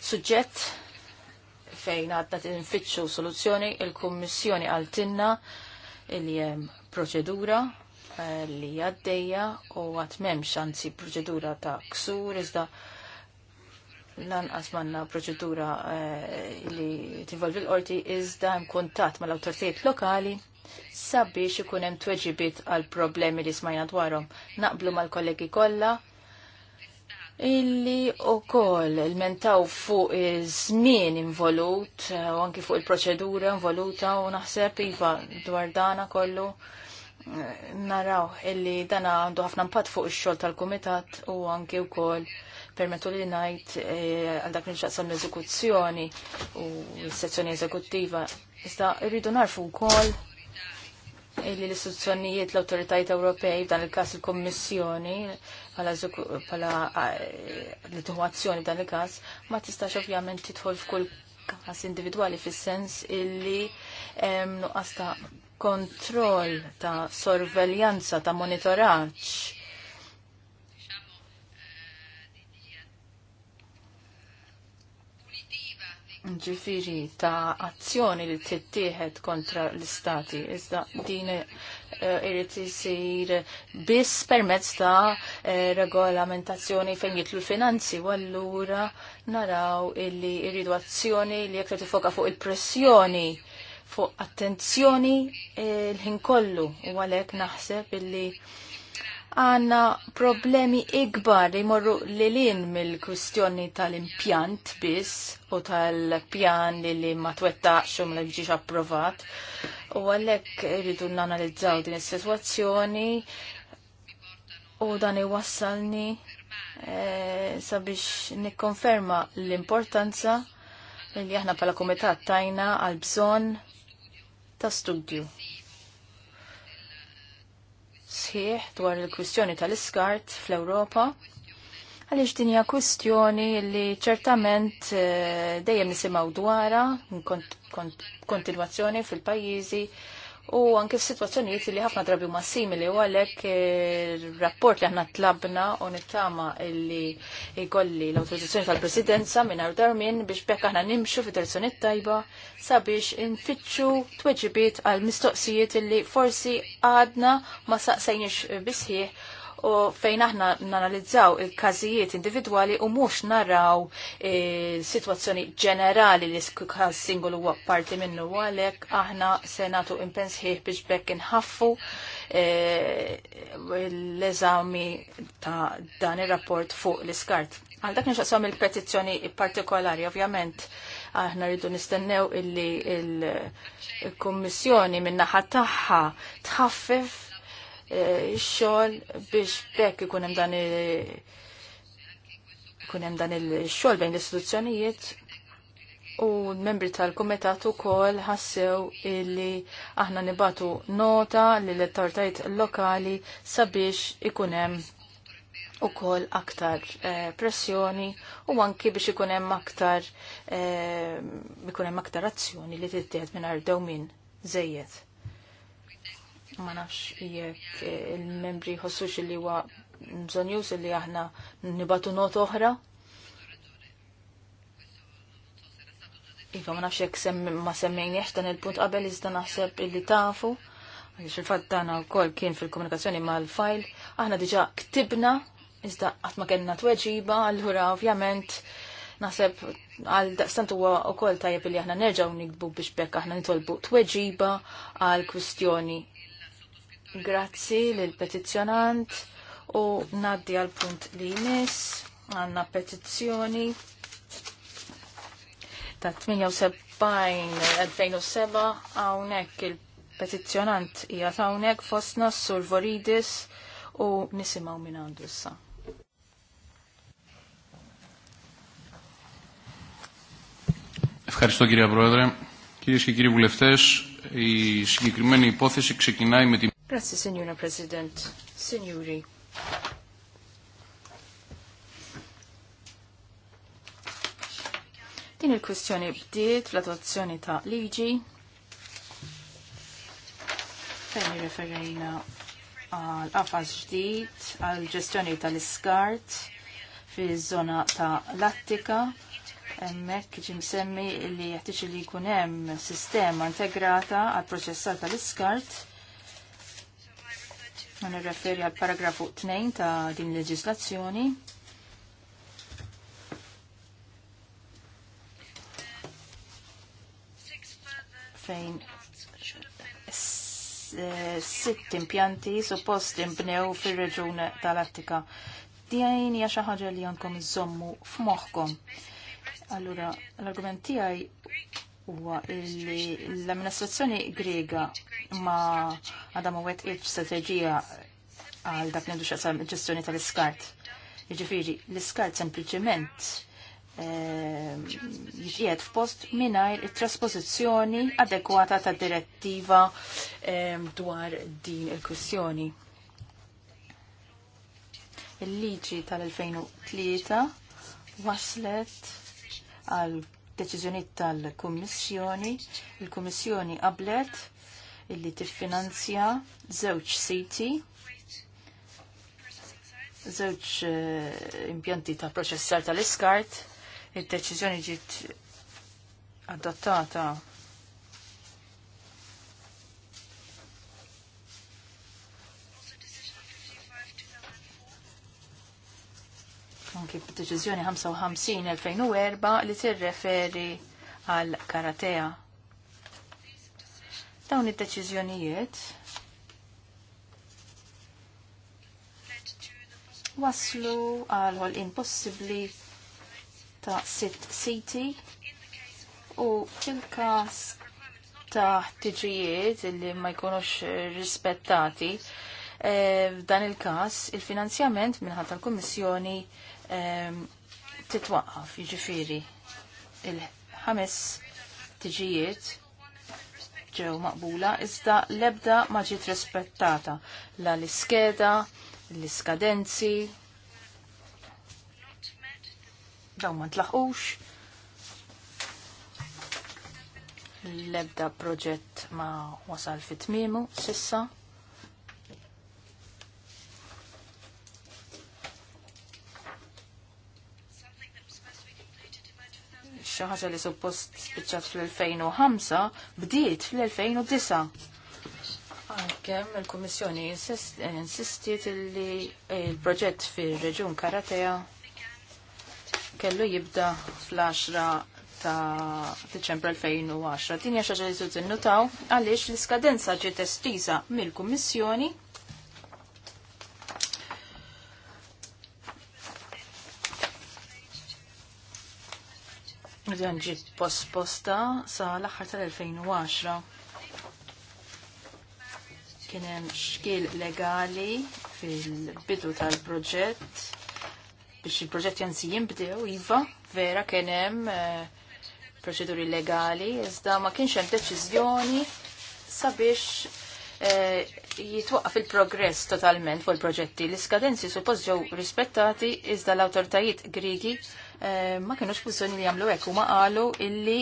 suġġett fejn għadna tinfittxu soluzzjoni il-Kummissjoni għaltinna li jem proċedura eh, li għaddejja u għat memx anzi proċedura ta' ksur iżda lanqas għasmanna proċedura eh, li tinvolvi l-qorti iżda hemm kuntatt mal-awtoritajiet lokali sabiex ikun hemm tweġibiet għal problemi li smajna dwarhom. Naqblu mal-kollegi kollha illi u koll il-mentaw fuq iż-żmien involut eh, u anki fuq il-proċedura involuta u naħseb iva dwar dana kollu eh, naraw illi dana għandu ħafna impatt fuq ix-xogħol tal-kumitat u anki wkoll permettu li ngħid eh, għal dak nixaqsam l-eżekuzzjoni u s-sezzjoni eżekuttiva. Iżda rridu narfu wkoll li l-istituzzjonijiet l-autoritajiet Ewropej dan il-kas il-Kommissjoni pala l-ituazzjoni dan il-kas ma tistax ovvjament titħol f'kull kas individwali fis-sens illi nuqqas ta' kontroll ta' sorveljanza ta' monitoraġġ ġifiri ta' azzjoni li tittieħed kontra l-istati. Iżda din eh, irrid isir biss permezz ta' eh, regolamentazzjoni fejn jitlu l-finanzi u allura naraw illi irridu azzjoni li jekk tifoka fuq il-pressjoni fuq attenzjoni eh, l-ħin kollu u għalhekk naħseb illi għanna problemi ikbar li morru li lin mill-kwistjoni tal-impjant biss u tal-pjan li li ma xum u ma ġiġ approvat. U għallek rridu nanalizzaw din is-sitwazzjoni u dan iwassalni eh, sabiex nikkonferma l-importanza li aħna pala komitat tajna għal bżon ta' studju sħiħ dwar il-kwistjoni tal-iskart fl-Ewropa għaliex din hija kwistjoni li ċertament eh, dejjem nisimgħu dwarha kontinuazzjoni fil-pajjiżi u anke f'sitwazzjonijiet li ħafna drabi ma simili u għalhekk il rapport li aħna tlabna u nittama li jgolli l-awtorizzazzjoni tal-Presidenza mingħajr darmin biex bekk aħna nimxu f direzzjoni tajba sabiex nfittxu tweġibiet għal mistoqsijiet li forsi għadna ma saqsejniex bisħieħ u fejn aħna nanalizzaw il-każijiet individwali u mhux naraw e, situazzjoni ġenerali li każ singolu huwa parti minnu għalhekk aħna se nagħtu biex bekkin ħaffu e, l-eżami ta' dan ir-rapport fuq l-iskart. Għal dak nixaqsam il-petizzjoni partikolari, ovvjament aħna rridu nistennew illi il-Kummissjoni minna tagħha tħaffif E, xogħol biex bekk ikun hemm dan il- hemm dan il-xogħol bejn l-istituzzjonijiet u l-membri tal-kumitat ukoll ħassew illi aħna nibatu nota l autoritajiet lokali sabiex ikun hemm ukoll aktar e, pressjoni u anki biex ikun hemm aktar e, ikun aktar azzjoni li tittieħed mingħajr dewmin żejjed ma nafx jekk eh, il-membri ħossux li huwa bżonjus li aħna nibatu not oħra. Iva ma nafx jekk ma semmejniex dan il-punt qabel iżda naħseb illi tafu. Għaliex il-fatt tagħna wkoll kien fil-komunikazzjoni mal-fajl, aħna diġà ktibna iżda qatt ma kellna tweġiba, allura ovvjament naħseb għal daqstant huwa wkoll tajjeb li aħna nerġgħu nikbu biex bekk aħna nitolbu tweġiba għal kwistjoni Grazzi l-petizjonant u naddi għal punt li jmiss għanna petizzjoni ta' 78-2007 għawnek il-petizzjonant hija għawnek fosna sur Voridis u nisimaw minn għandu issa. Ευχαριστώ κύριε Πρόεδρε. Κυρίε και κύριοι βουλευτές, η συγκεκριμένη υπόθεση ξεκινάει με την. Grazzi, Signora President. Signori. Din il kwestjoni bdiet fl-adozzjoni ta' liġi fejn referejna għal qafas ġdid għal ġestjoni tal-iskart fi żona ta' Lattika. Hemmhekk ġim semmi li jeħtieġ li jkun hemm sistema integrata għal proċessar tal-iskart Ma nirreferi għal paragrafu 2 ta' din leġislazzjoni. Fejn eh, sitt impjanti suppost imbnew fir-reġun tal-Attika. Dijajn hija xi ħaġa li għandkom iżommu f'moħħkom. Allura, l-argument tiegħi huwa li l-amministrazzjoni grega ma għadha ma wet strateġija għal dak li xa ġestjoni tal-iskart. Jiġifieri l-iskart sempliċement ehm, jiġiet f'post mingħajr it trasposizjoni adekwata tad direttiva ehm, dwar din il-kwistjoni. Il-liġi tal-2003 waslet għal deċiżjonijiet tal-Kummissjoni. Il-Kummissjoni qablet illi tiffinanzja żewġ siti żewġ eh, impjanti ta' proċessar tal-iskart. Id-deċiżjoni ġiet adottata anki b'deċiżjoni 55-2004 li tirreferi għal karatea. Dawn id-deċiżjonijiet waslu għal għal impossibli ta' sit siti u fil-kas ta' ħtiġijiet li ma jkunux rispettati eh, f'dan il-kas il-finanzjament minħat tal-Kummissjoni titwaqqaf, jiġifieri il-ħames tiġijiet ġew maqbula iżda l-ebda ma ġiet rispettata la l-iskeda, l-iskadenzi, dawn ma tlaħux, L-ebda proġett ma wasal fit tmimu sissa. xi ħaġa li suppost spiċċat fl-2005 bdiet fl-2009. Għalkemm il-Kummissjoni insistiet li il-proġett fir-Reġun Karatea kellu jibda fl-10 ta' Deċembru 2010. Din hija xi ħaġa li għaliex l-iskadenza ġiet estiża mill-Kummissjoni Dan ġiet posposta sa l-aħħar tal-2010. Kien hemm xkil legali fil-bidu tal-proġett biex il-proġett jansi jimbdew, iva, vera kien hemm eh, proċeduri legali, iżda ma kienx hemm deċiżjoni sabiex eh, jitwaqqaf il-progress totalment fuq il-proġetti. L-iskadenzi suppost ġew rispettati iżda l-awtoritajiet Grigi Eh, ma kienux pożizzjoni li jagħmlu hekk ma qalu illi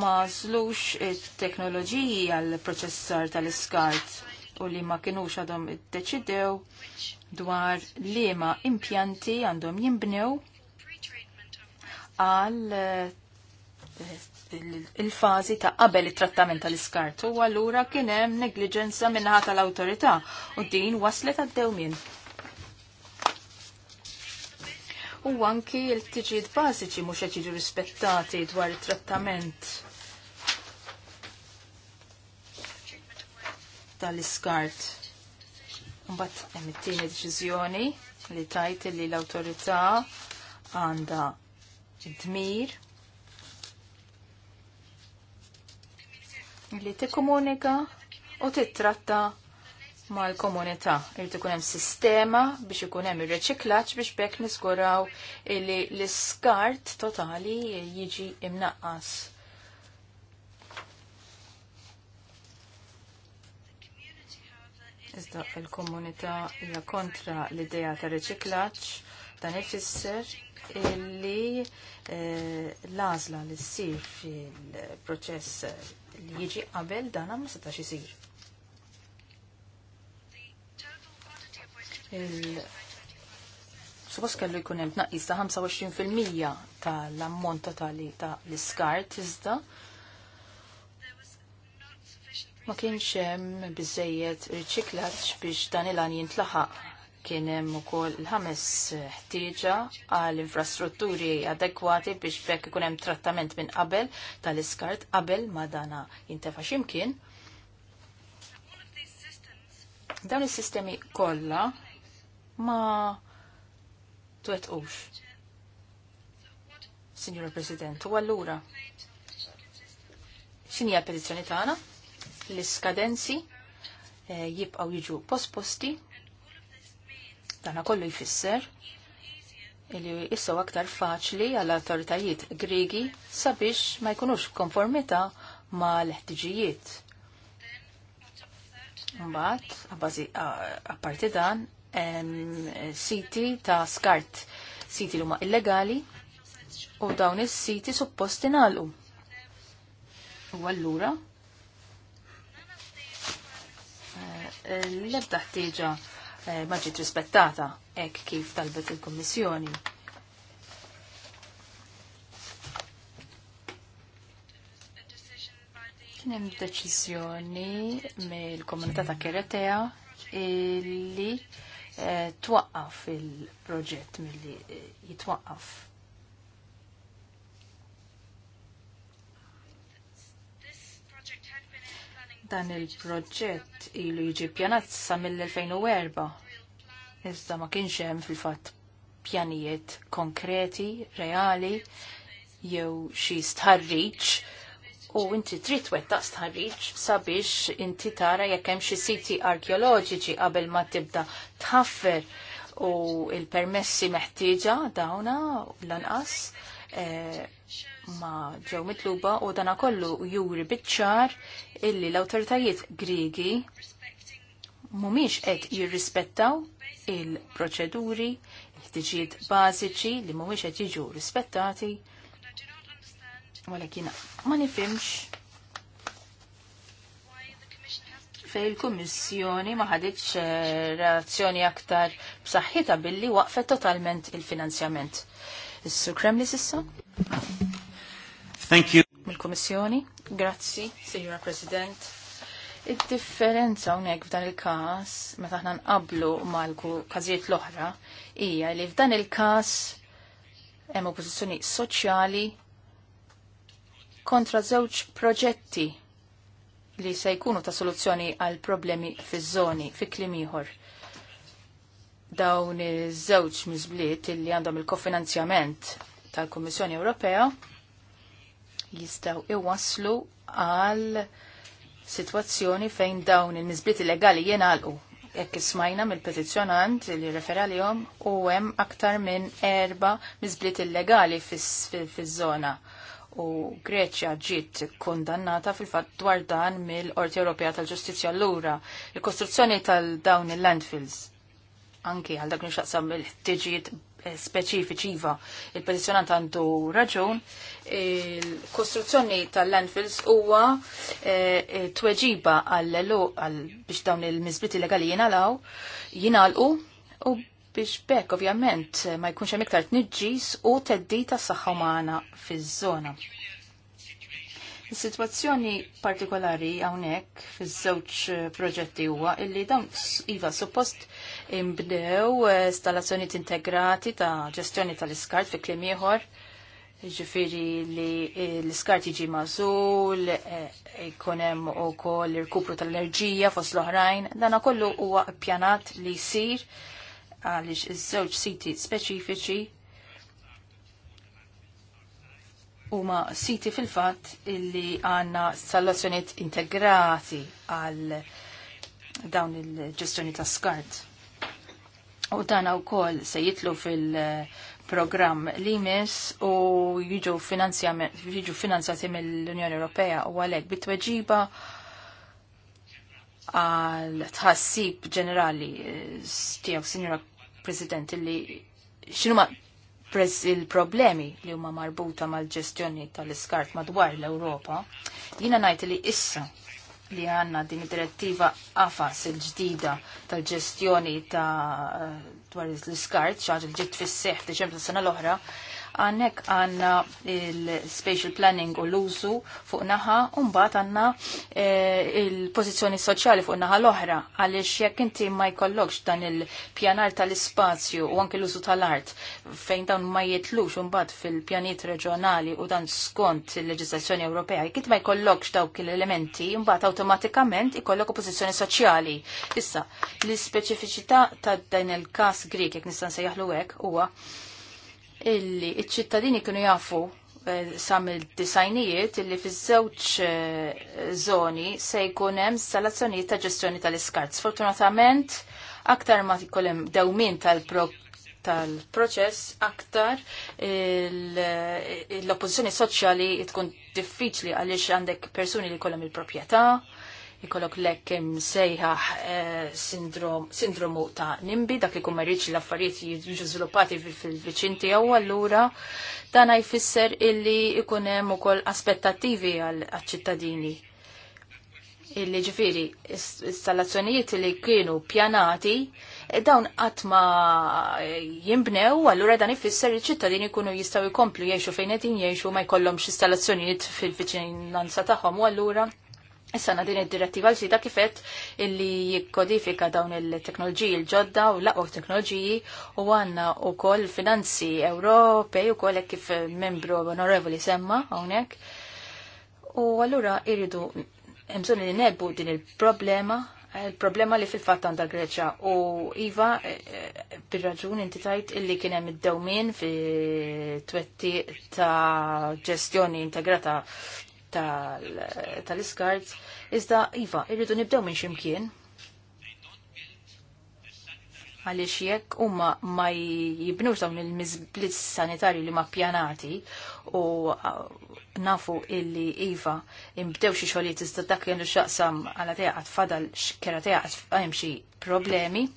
ma zlux it-teknoloġiji għal proċessar tal-iskart u li ma kienux għadhom iddeċidew dwar liema impjanti għandhom jimbnew għal eh, il-fazi ta' qabel it-trattament tal-iskart u allura kien hemm minnaħat tal-awtorità u din waslet għad-dewmien u anki l-tiġijiet bażiċi mhux qed rispettati dwar it-trattament tal-iskart. Mbatt hemm it-tieni deċiżjoni li tajt li l-awtorità għandha dmir li tikkomunika u titratta mal-komunità. Irid ikun hemm sistema biex ikun hemm ir-reċiklaġġ biex bekk niskuraw li l-iskart totali jiġi imnaqqas. Iżda il-komunità hija kontra l-idea ta' riċiklaġġ dan ifisser illi eh, l-għażla li ssir fil-proċess li jiġi qabel dan ma setax isir. Suppost kellu jkun hemm tnaqqis ta' 25% tal-ammont totali ta' l-iskart iżda ma kienx hemm biżejjed riċiklaġġ biex dan il-għan jintlaħaq. Kien hemm ukoll il-ħames ħtieġa għal infrastrutturi adekwati biex b'hekk ikun hemm trattament minn qabel tal-iskart qabel ma dana jintefa' x'imkien. Dawn is-sistemi kollha ma twetqux. Signor President, u allura x'inhi petizzjoni tagħna? L-iskadenzi e, jibqgħu jiġu posposti dana kollu jfisser illi issa aktar faċli għall autoritajiet Gregi sabiex ma jkunux konformita ma l-ħtiġijiet. Mbagħad apparti dan siti ta' skart, siti l-huma illegali u dawn is-siti suppost inalqu. U allura eh, l-ebda ħtieġa eh, ma ġiet rispettata hekk kif talbet il-Kummissjoni. Kien hemm deċiżjoni mill-komunità ta' Keretea illi Eh, twaqqaf il-proġett milli eh, jitwaqqaf. Dan il-proġett ilu jiġi pjanat sa mill-2004. Iżda ma kienx hemm fil-fatt pjanijiet konkreti, reali, jew xi stħarriġ u inti trid wettaq stħarriġ sabiex inti tara jekk hemm xi siti arkeoloġiċi qabel ma tibda tħaffer u il-permessi meħtieġa dawna lanqas eh, ma ġew mitluba u dana kollu juri biċ-ċar illi l-awtoritajiet Griegi mhumiex qed jirrispettaw il-proċeduri, il-ħtiġijiet bażiċi li mhumiex qed jiġu rispettati U għalek jina ma nifimx fej il-Kommissjoni ma ħadiċ eh, reazzjoni aktar b'saħħita billi waqfet totalment il-finanzjament. Is-Sur Kremli sissa? Thank you. Mil-Kommissjoni, grazzi, Signora President. Id-differenza unek f'dan il-kas, meta ħna nqablu mal-każijiet l-oħra, hija li f'dan il-kas hemm oppożizzjoni soċjali kontra żewġ proġetti li se jkunu ta' soluzzjoni għal problemi fiż-żoni fi klim ieħor dawn iż-żewġ miżbliet li għandhom il-kofinanzjament tal-Kummissjoni Ewropea jistgħu iwasslu għal sitwazzjoni fejn dawn il-miżbliet illegali jingħalqu. Jekk ismajna mill-petizzjonant li referalihom u hemm aktar minn erba' miżbliet illegali fiż-żona u Greċja ġiet kondannata fil-fatt dwar dan mill-Qorti Ewropea tal-Ġustizzja allura il-kostruzzjoni tal-dawn il-landfills anki għal dak nixaqsam il-ħtiġijiet eh, speċifiċi iva il-petizjonant għandu raġun il-kostruzzjoni tal-landfills huwa eh, eh, tweġiba għall-elu għal biex dawn il-mizbiti legali jinalaw jinalqu u biex bekk ovvjament ma jkunx hemm iktar tniġġis u teddita s-saħħa umana fiż-żona. Is-sitwazzjoni partikolari hawnhekk fiż-żewġ proġetti huwa illi dawn iva suppost imbdew eh, installazzjonijiet integrati ta' ġestjoni tal-iskart fi kliem ieħor ġifiri li l-iskart jiġi mażul, eh, jkun hemm ukoll irkupru tal-enerġija fost l-oħrajn, dan kollu huwa ppjanat li jsir għaliex iż-żewġ siti speċifiċi huma siti fil-fatt illi għandna installazzjonijiet integrati għal dawn il-ġestjoni ta' skart. U dan kol se jitlu fil-programm l-IMIS u jiġu finanzjati mill-Unjoni Ewropea u għalhekk bitweġiba għal tħassib ġenerali stijaw eh, Sinjora President, li ma prez il-problemi li huma marbuta mal-ġestjoni tal-iskart madwar l-Ewropa, jina najt li issa li għanna din direttiva AFAS il-ġdida tal-ġestjoni ta' eh, dwar l-iskart, xaġ il-ġit fis-seħ deċembru sena l-oħra, għannek għanna il-spatial planning u l-użu fuq naħa, unbat għanna eh, il-pozizjoni soċjali fuq naħa l-oħra, għalix jekk inti ma jkollokx dan il-pjanar tal-ispazju u anke l-użu tal-art fejn dawn ma jitlux unbat fil pjanit reġjonali u dan skont il-leġislazzjoni Ewropea, jekk ma jkollokx dawk il-elementi, unbat automatikament ikollok pozizjoni soċjali. Issa, l ispeċifiċità ta' dan il-kas Grik, jekk nistan sejjaħlu hekk, huwa illi iċ-ċittadini kienu jafu eh, sam il-disajnijiet illi fiż-żewġ eh, zoni se jkun hemm installazzjonijiet ta' ġestjoni tal iskarz Fortunatament aktar ma tikollem dewmin tal-proċess, aktar eh, l-oppożizzjoni soċjali tkun diffiċli għaliex għandek persuni li kollhom il-proprjetà, Jikollok lekk sejħa eh, sindromu ta' nimbi, dak li kummerriċ l-affarijiet jiġu żviluppati fil-viċin tiegħu allura dan jfisser illi ikun hemm ukoll aspettattivi għall-ċittadini. Illi ġifiri, installazzjonijiet li kienu pjanati eh, dawn għatma eh, jimbnew, allura dan ifisser il-ċittadini kunu jistaw jkomplu jiexu fejn qed jiexu ma jkollhomx installazzjonijiet fil-viċinanza tagħhom u allura Issa din id-direttiva l-ġdida kifet illi jikkodifika dawn il-teknoloġiji l-ġodda u laqwa teknoloġiji u għanna u koll finanzi Ewropej u koll kif membru onorevoli semma għonek. U għallura irridu jemżoni li nebbu din il-problema il-problema li fil-fatt għanda Greċa u Iva bir-raġun inti tajt illi kien hemm id-dewmien fi twetti ta' ġestjoni integrata tal-iskart, iżda iva, irridu nibdew minn ximkien. Għaliex jekk huma ma jibnux dawn il-miżblitz sanitarju li ma pjanati u uh, nafu illi iva imbdew xi xoliet iżda dak kienu xaqsam għala teqgħod fadal xkera teqgħod hemm xi problemi.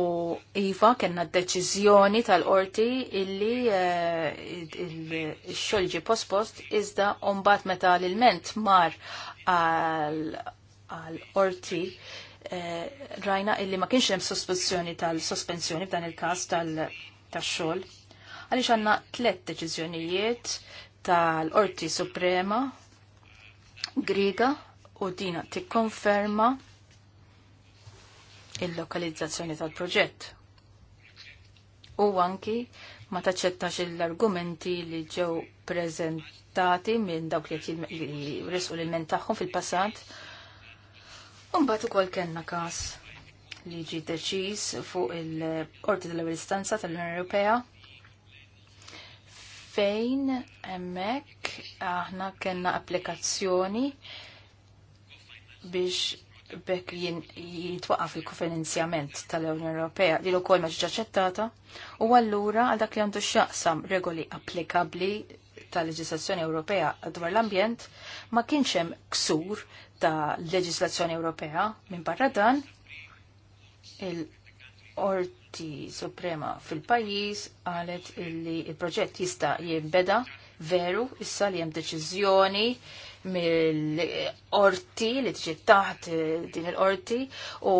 U Iva kena d-deċizjoni tal-qorti illi eh, il-xolġi post-post iżda umbat meta l-ilment mar għal-qorti eh, rajna illi ma kienx hemm sospensjoni tal-sospensjoni f'dan il-każ tal-xogħol. Għaliex għandna tliet deċiżjonijiet tal-Qorti Suprema Griga u dina tikkonferma konferma il-lokalizzazzjoni tal-proġett. U anki ma taċċettax l-argumenti li ġew prezentati minn dawk li jirisqu l-ilment tagħhom fil-passat. Imbagħad ukoll kellna każ li ġi deċiż fuq il-Qorti tal-Istanza tal-Unjoni Ewropea fejn hemmhekk aħna kellna applikazzjoni biex bekk jitwaqaf il-kofinanzjament tal-Unjoni Ewropea li l-ukoll ma ġiġ aċċettata u allura għal dak li għandu x'jaqsam regoli applikabbli tal-leġislazzjoni Ewropea dwar l-ambjent ma kienx hemm ksur ta' leġislazzjoni Ewropea minn barra dan il-Orti Suprema fil-pajjiż qalet illi il-proġett jista' jinbeda veru issa li hemm deċiżjoni mill-orti li tġi taħt eh, din il-orti u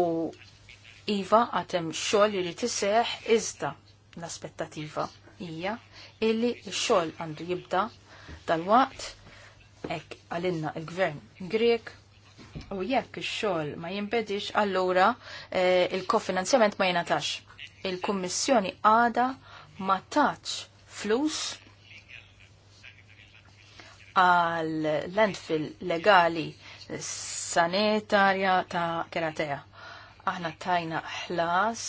Iva għatem xogħol li tiseħ iżda l-aspettativa hija illi x-xogħol għandu jibda dal-waqt hekk għalinna il-gvern Grek u jekk ix-xogħol ma jinbedix allura eh, il-kofinanzjament ma jingħatax. Il-Kummissjoni għada ma taċ flus għal landfill legali sanitarja ta' Keratea. Aħna tajna ħlas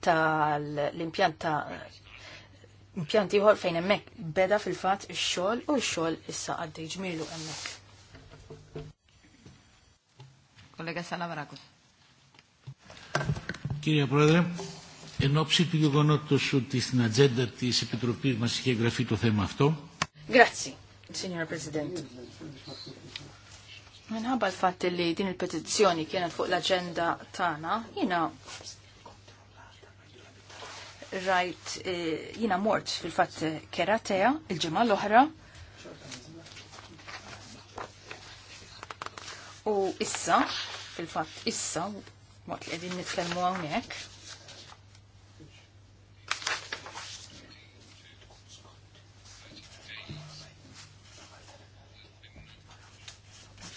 tal l-impjanta impjanti ieħor fejn hemmhekk beda fil-fatt ix-xogħol u x-xogħol issa għaddej ġmielu hemmhekk. Kollega Salavraku. Κύριε Πρόεδρε, εν ώψη του γεγονότος ότι στην ατζέντα της Επιτροπής μας είχε εγγραφεί grafito θέμα afto. Grazie. Signor President. Minħabba l-fatt li din il-petizzjoni kienet fuq l-agenda tagħna, jina rajt eh, jina mort fil-fatt keratea il-ġimgħa l-oħra. U issa, fil-fatt issa, mort li qegħdin nitkelmu hawnhekk,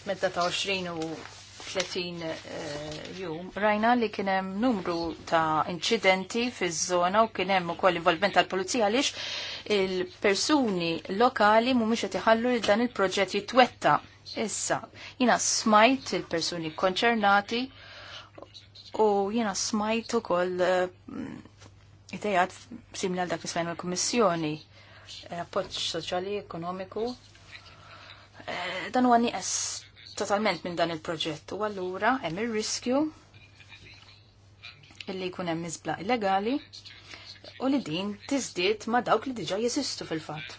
medda ta' 20 u 30 eh, jum, rajna li kienem numru ta' incidenti fiż-żona u kienem u koll involvent tal-polizija għaliex il-persuni lokali mu qed iħallu li dan il-proġett jitwetta. Issa, jina smajt il-persuni konċernati u jina smajt ukoll uh, idejat simili għal dak li l-Kummissjoni eh, appoġġ soċjali, ekonomiku. Dan huwa nieqes totalment minn dan il-proġett u allura hemm ir-riskju illi jkun hemm miżbla illegali u li din tiżdied ma' dawk li diġà jeżistu fil-fatt.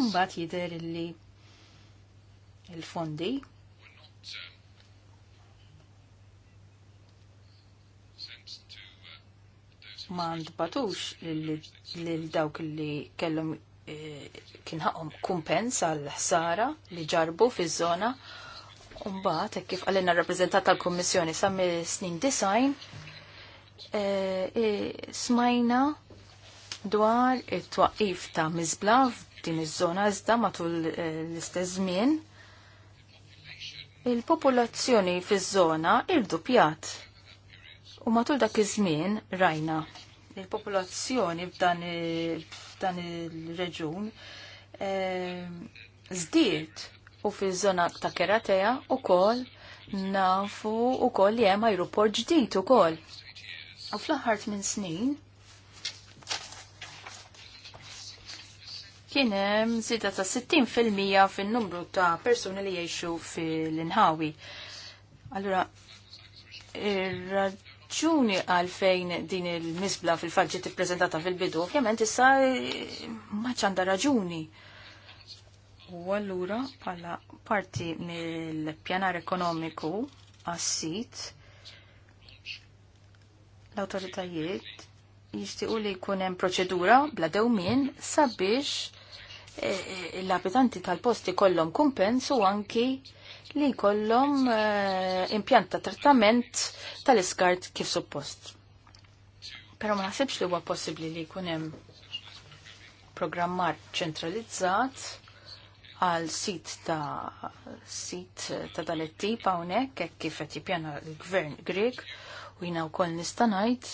Mbagħad jidher illi il-fondi ma ntbatux lil dawk li kellhom E, kien ħaqhom kumpens għal ħsara li ġarbu fiż-żona. Umbaħt, kif għalina rappresentat tal-Kommissjoni sammi snin design, e, e, smajna dwar it-twaqif ta' mizblav f'din iż-żona iżda matul l-istess żmien. Il-popolazzjoni fiż-żona irdupjat. U matul dak iż-żmien rajna il-popolazzjoni f'dan il- f'dan il-reġun eh, zdiet u fil-żona ta' Keratea u kol nafu u kol li jem aeroport ġdid u kol. U fl-aħħar minn snin kien hemm zida ta' 60% fin-numru ta' persuni li jgħixu fil-inħawi. Allura, raġuni għalfejn din il-misbla fil t-prezentata fil-bidu, ovvjament issa eh, maċ raġuni. U allura bħala parti mill-pjanar ekonomiku għas-sit l-autoritajiet jixtiequ li jkun hemm proċedura bla dewmien sabiex eh, eh, l-abitanti tal-posti kollom kumpensu u anki li jkollhom eh, impjant ta' trattament tal-iskart kif suppost. Però ma nasibx li huwa possibbli li jkun hemm programmar ċentralizzat għal sit ta' sit ta' dal-tip hawnhekk hekk kif qed jippjana l-Gvern Grek u jiena wkoll nista' ngħid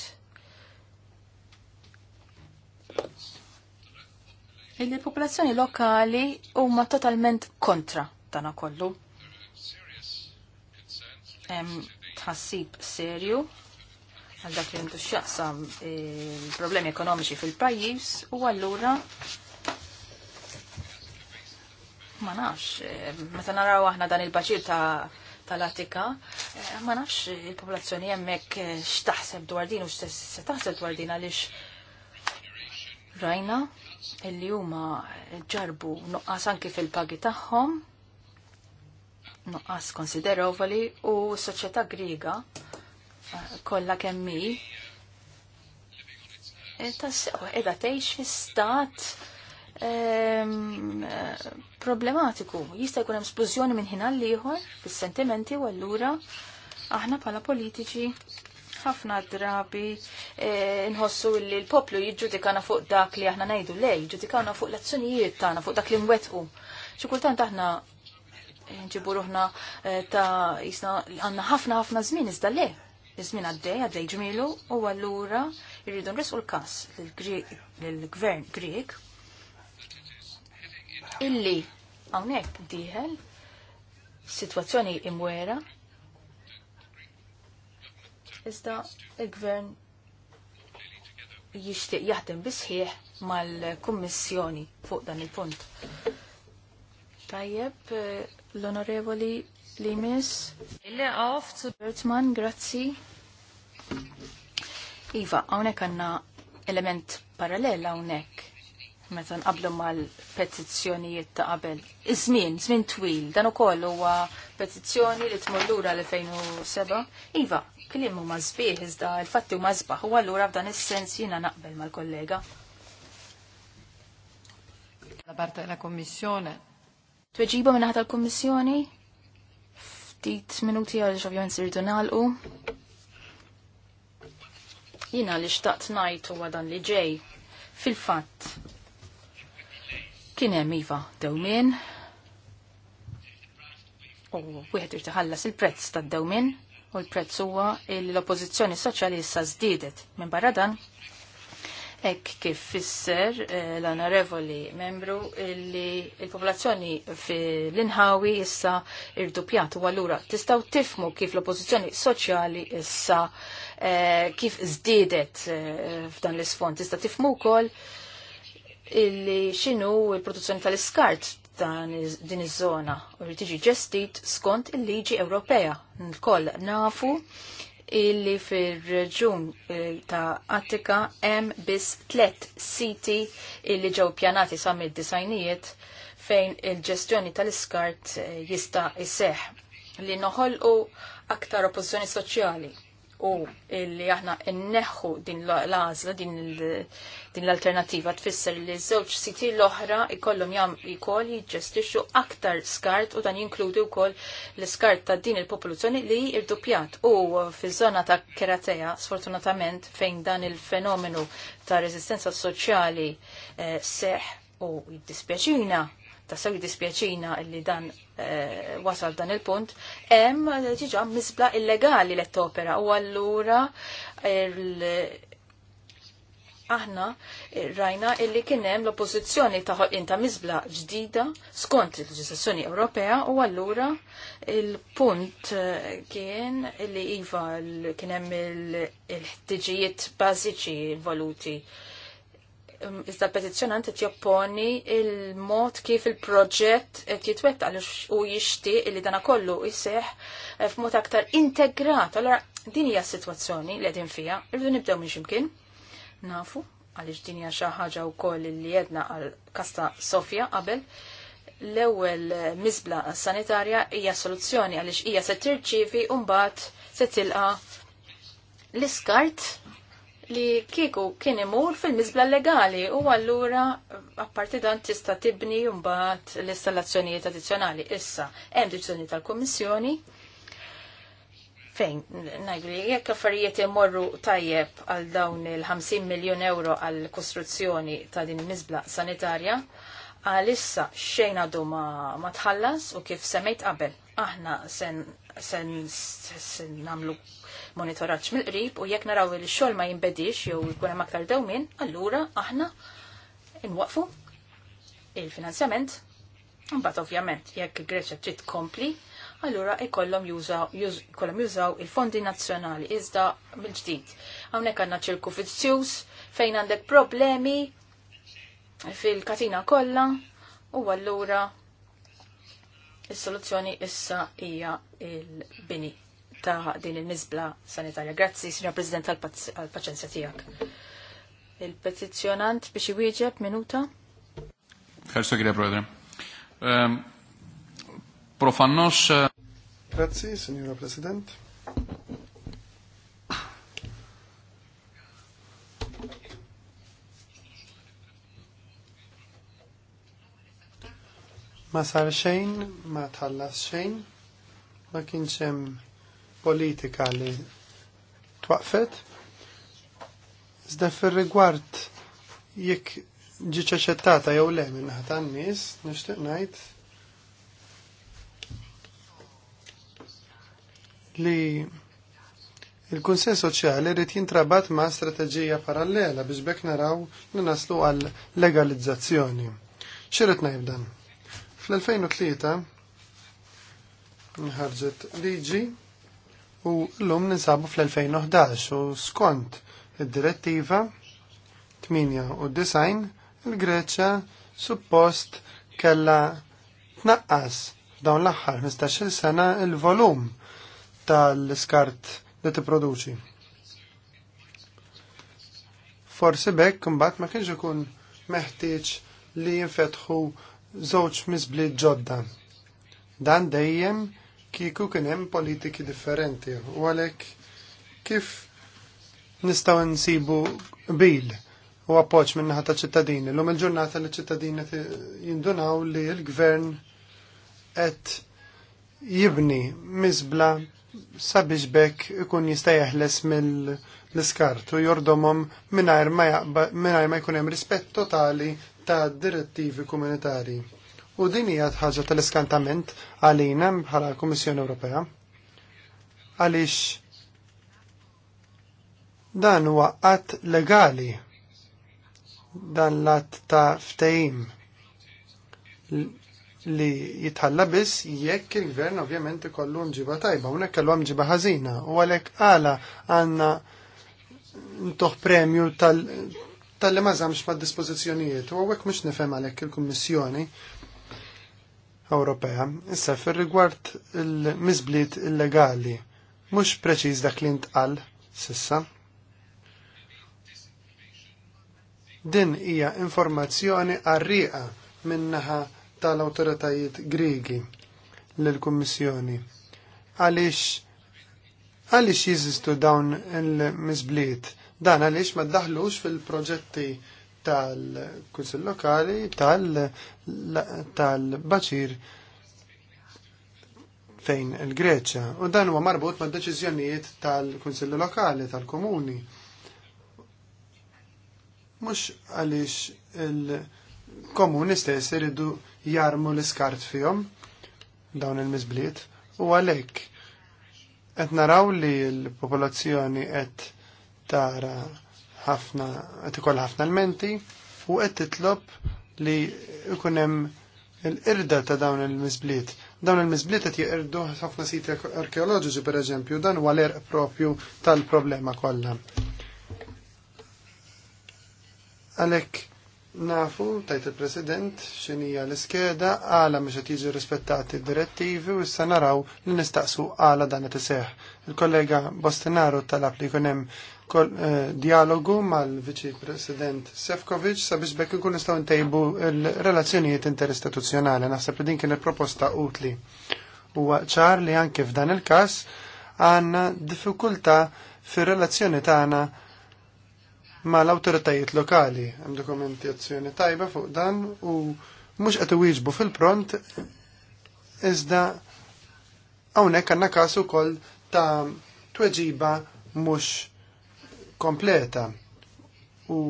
il popolazzjoni lokali huma totalment kontra dana kollu tħassib serju għal dak li jintu xaqsam e, problemi ekonomiċi fil-pajis u għallura ma nafx, e, meta naraw aħna dan il-baċir ta' tal attika e, ma nafx il-popolazzjoni jemmek x'taħseb dwar din u x'se taħseb dwar din għaliex rajna illi huma ġarbu nuqqas anki fil-pagi tagħhom nuqqas konsiderovali u s-soċjetà Griega eh, kollha kemm hi eh, qiegħda tgħix stat ehm, eh, problematiku. Jista' jkun hemm splużjoni minn ħin għal ieħor fis-sentimenti u allura aħna bħala politiċi ħafna drabi nħossu li l-poplu jiġġudikana fuq dak li aħna ngħidu lej, jiġġudikana fuq l-azzjonijiet tagħna, fuq dak li nwettqu. Xi kultant aħna nġibu ruħna eh, ta' jisna għanna ħafna ħafna zmin, iżda le. Iż-żmien għaddej għaddej ġmilu, u allura jridu nresqu l-każ l gvern Grieg illi hawnhekk diħel sitwazzjoni imwera iżda il-gvern jixtieq jaħdem bisħieħ mal-kummissjoni fuq dan il-punt. Tajjeb, eh, l-onorevoli Limis. Ille għaf, Bertman, grazzi. Iva, għawnek għanna element parallel għawnek. Meta nqablu mal-petizzjonijiet ta' qabel. Iż-żmien, żmien twil, dan ukoll huwa petizzjoni li tmur lura l-2007. Iva, kliem huma żbieħ iżda l-fatti huma żbaħ u allura f'dan is-sens jiena naqbel mal-kollega. Da parte della Commissione Tweġiba minna ħata l-Kommissjoni? Ftit minuti għal xovjon sirdu nalqu. Jina li xtaqt najtu għadan li ġej. Fil-fat, kienem iva dawmin. U wieħed irtiħallas il-prezz tad dawmin u l-prezz huwa l-oppożizzjoni Soċjalista żdiedet. Minn barra dan, Ekk kif fisser eh, l-onorevoli membru li il-popolazzjoni fil-inħawi issa irdupjatu u għallura tistaw tifmu kif l-oppozizjoni soċjali issa eh, kif zdidet eh, f'dan l-isfond. Tista' tifmu kol illi xinu il-produzzjoni tal-iskart din iż-żona u li tiġi ġestit skont il-liġi Ewropea. Nkoll nafu illi fil-reġun eh, ta' Attika hemm biss tlet siti illi ġew pjanati sa' mid-disajnijiet fejn il-ġestjoni tal-iskart eh, jista' jseħ li noħolqu aktar oppożizzjoni soċjali u li aħna inneħħu din l għażla din l-alternativa tfisser li żewġ siti l-oħra ikollhom jam ikoll jiġġestixxu aktar skart u dan jinkludi wkoll l-skart ta' din il-popolazzjoni li irdupjat u fiż-żona ta' Keratea sfortunatament fejn dan il-fenomenu ta' reżistenza soċjali eh, seħ u jiddispjaċina ta' sew jiddispjaċina li dan Eh, wasal dan il-punt, hemm ġiġa eh, misbla illegali l opera u allura aħna rajna illi kienem l-oppozizjoni taħol inta misbla ġdida skont il-ġizazzjoni Ewropea u allura il-punt eh, kien illi iva kienem il-ħtiġijiet bażiċi voluti Um, iżda l-petizzjonant qed jopponi il-mod kif il-proġett qed jitwettaq u jixtieq li dana kollu jseħ eh, f'mod aktar integrat. Allora din hija s-sitwazzjoni li qegħdin fiha, irridu nibdew minn x'imkien. Nafu għaliex din hija xi ħaġa wkoll li jedna għal Kasta Sofja qabel l-ewwel eh, miżbla sanitarja hija soluzzjoni għaliex hija se tirċievi u mbagħad se tilqa' l-iskart li kieku kien imur fil-mizbla legali u allura apparti dan tista' tibni mbagħad l-installazzjonijiet addizzjonali. Issa hemm deċiżjoni tal-Kummissjoni fejn ngħidu li jekk affarijiet imorru tajjeb għal dawn il-50 miljun euro għal kostruzzjoni ta' din il-miżbla sanitarja, għalissa xejn għadu ma, ma tħallas u kif semmejt qabel. Aħna sen, sen, sen namlu monitoratx mill-qrib u jekk naraw li xol xogħol ma jinbedix jew jkun hemm aktar dewmien, allura aħna nwaqfu il-finanzjament. Mbagħad ovvjament jekk il Greċja trid tkompli, allura ikollhom jużaw il-fondi nazzjonali iżda mill-ġdid. Hawnhekk għandna ċirku fizzjuż fejn għandek problemi fil-katina kollha u allura Is-soluzzjoni issa hija il-bini ta' din il-nizbla sanitarja. Grazzi, signor President, għal-paċenzja tijak. Il-petizjonant biex iwieġeb minuta. Grazie, kire, brother. profannos. Grazzi, signora President. Ma sar xejn, ma tħallas xejn, ma kienx politika li twaqfet. Iżda fir-rigward jekk ġiċ aċċettata jew le minn ħata n-nies, nixtieq ngħid li il-kunsens soċjali rrit jintrabat ma' strategija parallela biex bekk naraw li naslu għal legalizzazzjoni. ċirrit najbdan? Fl-2003 nħarġet liġi u l-lum ninsabu fl-2011 u skont id-direttiva 8 u design il-Greċa suppost kella tnaqqas dawn l-aħħar 15-il sena il-volum tal-skart li tipproduċi. Forsi bekk kumbat ma kienx ikun meħtieġ li jinfetħu żewġ miżbliet ġodda. Dan dejjem kieku kien hemm politiki differenti u għalhekk kif nistgħu nsibu bil u appoġġ minn naħa ta' ċittadini. Lum il-ġurnata li ċittadini jindunaw li l-gvern qed jibni miżbla sabiex bekk ikun jista' jeħles mill-iskart u jordomhom mingħajr ma jkun hemm rispett totali ta' direttivi komunitarji u din hija ħaġa tal-iskantament għalina bħala Kummissjoni Ewropea. Għaliex dan huwa qatt legali dan l-att ta' ftehim li jitħalla biss jekk il-gvern ovvjament ikollu mġiba tajba, unek kellu mġiba ħażina, u għalhekk għala għandna ntoħ premju tal- tal-li mażamx ma' dispozizjonijiet, u għek mux nifem għalek il-Kommissjoni Ewropea. Issa fir-rigward il-miżbliet illegali, mhux preċiż dak li ntqal sissa. Din hija informazzjoni min minnaħa tal-awtoritajiet Griegi lill-Kummissjoni. Għaliex għaliex jeżistu dawn il-miżbliet? Dan għaliex ma daħlux fil-proġetti tal-Kunsill Lokali tal-Baċir fejn il-Greċja. U dan huwa marbut ma' deċiżjonijiet tal-Kunsilli Lokali tal-Komuni. Mhux għaliex il-Komuni stess iridu jarmu l-iskart fihom dawn il mizbliet u għalhekk qed naraw li l-popolazzjoni qed tara ħafna qed ikoll ħafna l-menti u qed titlob li ikun hemm l-irda ta' dawn il-miżbliet. Dawn il-miżbliet qed jirdu ħafna siti arkeoloġiċi pereżempju dan huwa l-erq propju tal-problema kollha. Għalhekk nafu tajt il-President xinija l-iskeda għala miex qed jiġu rispettati direttivi u issa naraw li nistaqsu għala dan qed iseħħ. Il-kollega Bostinaru talab li jkun hemm Eh, dialogu mal-Viċi President Sefkovic sabiex bekk ikun nistgħu ntejbu l-relazzjonijiet interistituzzjonali. Naħseb li din kienet proposta utli. Huwa ċar li anke f'dan il-każ għandna diffikultà fir-relazzjoni tagħna mal-awtoritajiet lokali. Hemm dokumentazzjoni tajba fuq dan u mhux qed iwieġbu fil-pront iżda hawnhekk għandna każ ukoll ta' tweġiba mhux kompleta u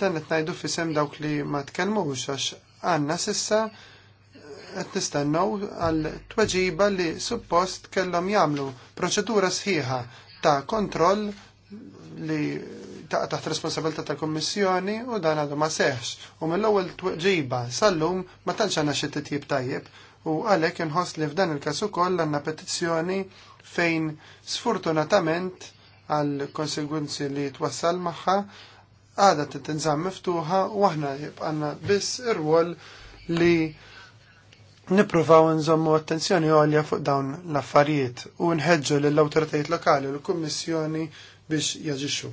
dan qed ngħidu fisem dawk li ma tkellmux għax għandna sissa qed nistennew għal tweġiba li suppost kellhom jagħmlu proċedura sħiħa ta' kontroll li ta' taħt responsabilta responsabilità ta' kommissjoni u dan għadu ma seħx u mill-ewwel tweġiba sal-lum ma tantx għandna xi titjib tajjeb u għalhekk inħoss li f'dan il-każ ukoll għandna petizzjoni fejn sfortunatament għal konsegwenzi li twassal magħha għada titinżam miftuħa u aħna jibqanna biss ir-rwol li nipruvaw nżommu attenzjoni għolja fuq dawn l-affarijiet u nħedġu l-autoritajiet lokali u l-Kummissjoni biex jaġixxu.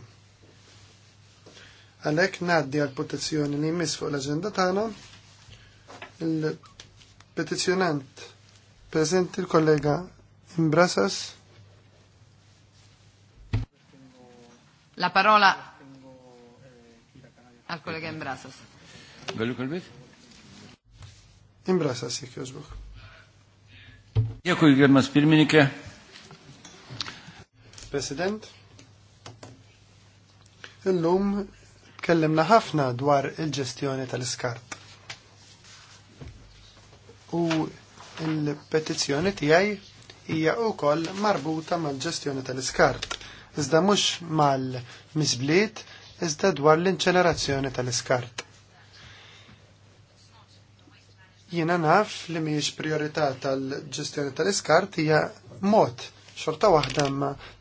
Għalhekk ngħaddi għal petizzjoni li jmiss fuq l-aġenda tagħna il-petizzjonant preżenti l-kollega Imbrasas. La parola al collega Embrasas. Imbrasas. Bellu kolbit? Imbrasas, jek jozbuk. Dziękuję, Germas Pirminike. President, illum kellimna ħafna dwar il-ġestjoni tal-iskart. U il-petizzjoni tiegħi hija wkoll marbuta mal-ġestjoni tal-iskart iżda mhux mal misbliet iżda dwar l-inċenerazzjoni tal-iskart. Jiena naf li mhijiex priorità tal-ġestjoni tal-iskart hija mod xorta waħda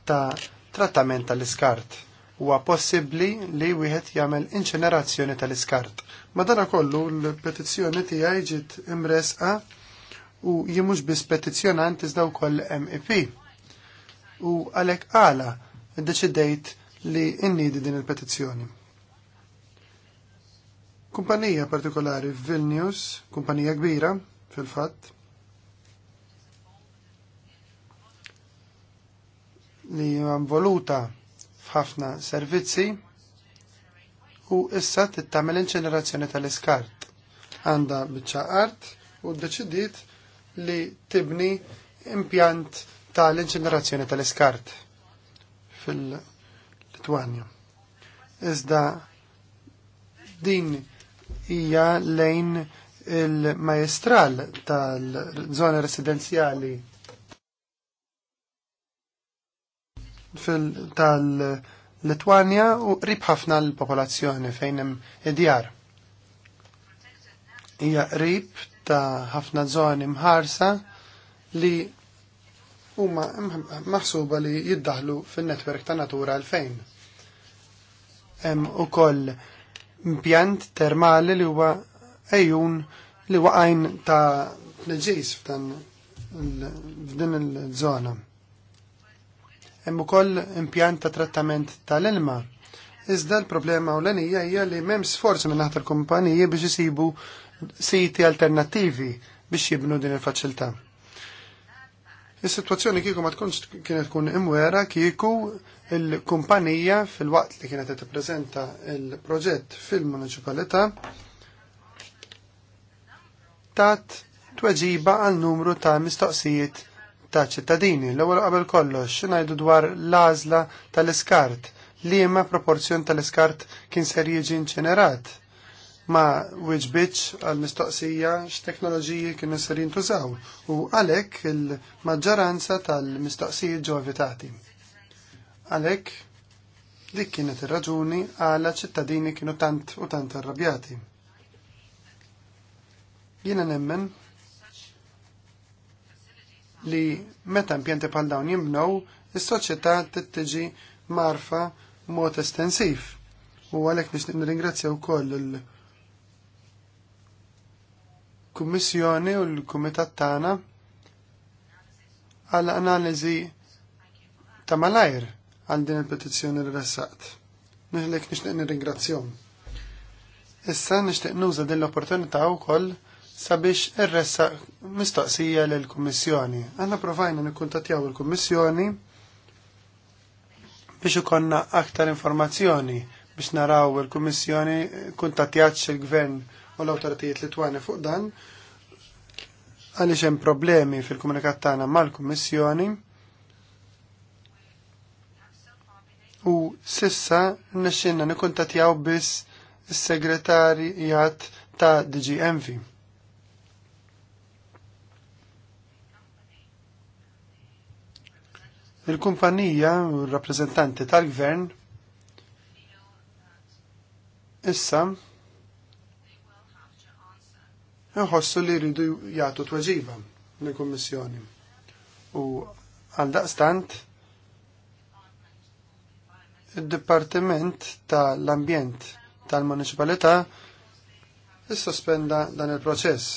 ta' trattament tal-iskart. Huwa possibbli li wieħed jagħmel inċenerazzjoni tal-iskart. Madana kollu l-petizzjoni tiegħi ġiet imresqa u jimux biss petizzjonant iżda wkoll MEP. U għalhekk għala deċidejt li innidi din il-petizzjoni. Kumpanija partikolari Vilnius, kumpanija kbira fil-fatt, li voluta f'ħafna servizzi u issa tittamel inċenerazzjoni tal-iskart. Għanda bieċa art u deċidit li tibni impjant tal-inċenerazzjoni tal-iskart fil-Litwanja. Iżda din hija lejn il-majestral tal-żona residenzjali tal-Litwanja u qrib ħafna l-popolazzjoni fejn hemm id-djar. Hija qrib ta' ħafna żoni mħarsa li huma maħsuba li jiddaħlu fin-netwerk ta' Natura 2000. Hemm ukoll impjant termali li huwa ejjun li waqajn ta' neġis f'dan f'din il-żona. Hemm ukoll impjant ta' trattament tal-ilma. Iżda l-problema l-enija hija li m'hemm sforzi minn naħta kumpaniji biex isibu siti alternattivi biex jibnu din il-faċilità Is-sitwazzjoni kieku ma tkunx kienet tkun imwera kieku il-kumpanija fil-waqt li kienet tippreżenta il-proġett fil-municipalità tat tweġiba għal numru ta' mistoqsijiet ta' ċittadini. L-ewwel qabel kollox ngħidu dwar l-għażla tal-iskart liema proporzjon tal-iskart kien ser jiġi inċenerat ma wieġbitx għal-mistoqsija x'teknoloġiji kienu ser jintużaw u għalhekk il-maġġoranza tal-mistoqsijiet ġovitati. evitati. Għalhekk dik kienet ir-raġuni għala ċittadini kienu tant u tant arrabjati. Jiena nemmen li meta impjanti bħal dawn jimbnew, is-soċjetà tittiġi marfa mod estensiv. U għalhekk nixtieq nirringrazzja wkoll il- kummissjoni u l-kumitat tagħna għal analiżi ta' malajr għal din il-petizzjoni li ressaqt. Nihlek nixtieq nirringrazzjom. Issa nixtieq nuża din l-opportunità wkoll sabiex irressa mistoqsija l kummissjoni Għanna provajna nikkuntatjaw il-Kummissjoni biex ikonna aktar informazzjoni biex naraw il-Kummissjoni kuntatjatx il-Gvern il kummissjoni kuntatjatx il gvern il il gvern u l li Litwani fuq dan għaliex hemm problemi fil-komunikat tagħna mal-Kummissjoni u sissa nexxinna nikkuntattjaw biss is-segretarjat ta' DGMV. Il-kumpanija u r-rappreżentanti tal-gvern issa nħossu li rridu jagħtu tweġiba lill-Kummissjoni. U għal daqstant id-Dipartiment tal-Ambjent tal-Municipalità sospenda dan il-proċess.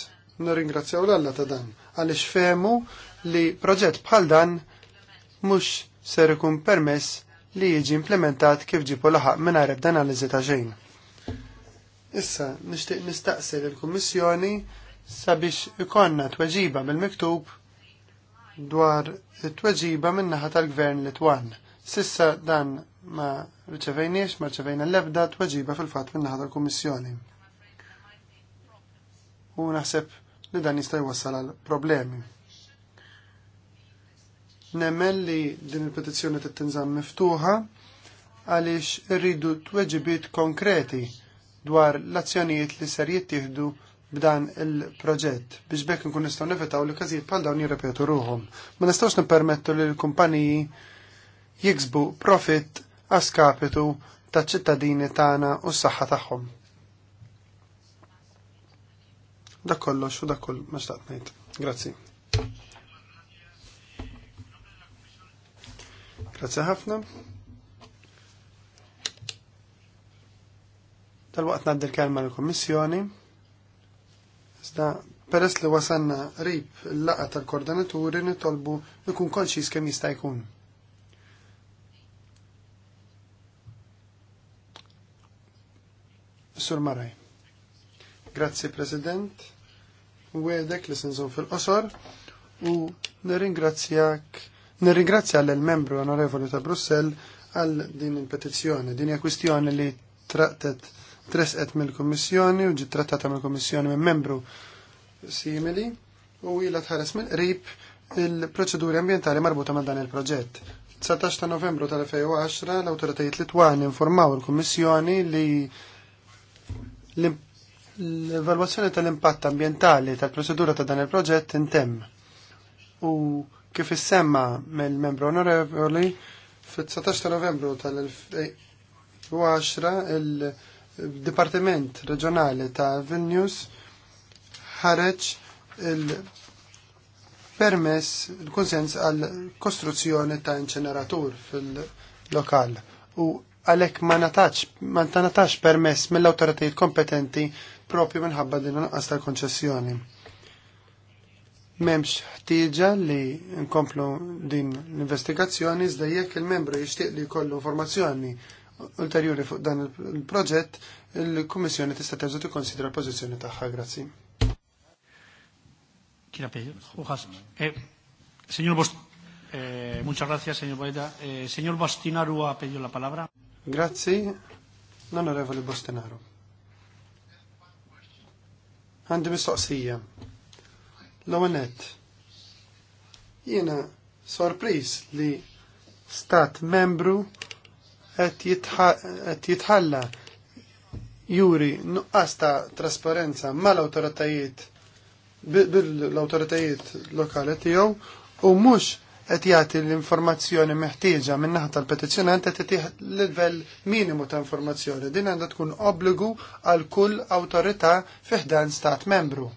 Nirringrazzjaw l-Alla ta' dan għaliex femu li proġett bħal dan mhux ser ikun permess li jiġi implementat kif ġipu laħaq minn għarib dan analiżi ta' xejn. Issa nixtieq nistaqsi lill-Kummissjoni sabiex ikonna tweġiba mill-miktub dwar it-tweġiba min-naħa tal-Gvern Litwan. Sissa dan ma riċevejniex, ma riċevejna l-ebda tweġiba fil-fatt min-naħa tal-Kummissjoni. U naħseb li dan jista' jwassal għal problemi. Nemmen li din il-petizzjoni t-tinżam miftuħa għaliex irridu tweġibiet konkreti dwar l-azzjonijiet li ser jittieħdu b'dan il-proġett biex bekk nkun nistgħu nifetaw li każijiet bħal dawn jirrepetu ruhom. Ma nistgħux nippermettu li l-kumpaniji jiksbu profit għaskapitu ta' ċittadini tagħna u s-saħħa tagħhom. Dak kollox u dak kull ma xtaqt ngħid. Grazzi. Grazzi ħafna. Tal-waqt naddi l-kelma l-Kommissjoni. Sta peress li wasanna rib l-laqa tal-koordinaturi nitolbu ikun konċis kemm jista' jkun. Sur Maraj. Grazzi President. Wedek li sinżon fil-qosor u nirringrazzjak nirringrazzja l-membru onorevoli ta' Brussell għal din il-petizzjoni. Din hija kwistjoni li traqtet tresqet mill-Kummissjoni u ġiet trattata mill-Kummissjoni minn membru simili u ila tħares mill qrib il-proċeduri ambjentali marbuta ma' dan il-proġett. 19 ta' novembru tal-2010 l autoritajiet Litwani informaw il-Kummissjoni li l-evalwazzjoni tal-impatt ambjentali tal-proċedura ta' dan il-proġett intemm. U kif issemma mill-membru onorevoli, fit-19 ta' novembru tal-2010 il- Dipartiment Reġjonali ta' Vilnius ħareġ il-permess, il-konsens għal kostruzzjoni ta' inċeneratur fil-lokal u għalek ma natax, ma natax permess mill-autoritajiet kompetenti propju minħabba din għasta tal-konċessjoni. Memx ħtieġa li nkomplu din l-investigazzjoni iżda jekk il-membru jixtieq li jkollu informazzjoni ulterjuri fuq dan il-proġett, il-Kummissjoni tista' terġa' tikkonsidra l-pożizzjoni tagħha. Grazzi. Signor eh, Bost, eh, muchas gracias, señor Baida. Eh, señor Bastinaru ha pedido la palabra. Grazie, l'onorevole Bastinaru. Għandi mistoqsija. L-għonet, jena sorpris li stat membru qed jitħalla juri nuqqas ta' trasparenza mal-awtoritajiet bil-awtoritajiet lokali tiegħu u mhux qed jagħti l-informazzjoni meħtieġa min naħa tal-petizzjonant qed l livell minimu ta' informazzjoni. Din għandha tkun obbligu għal kull awtorità fi stat membru.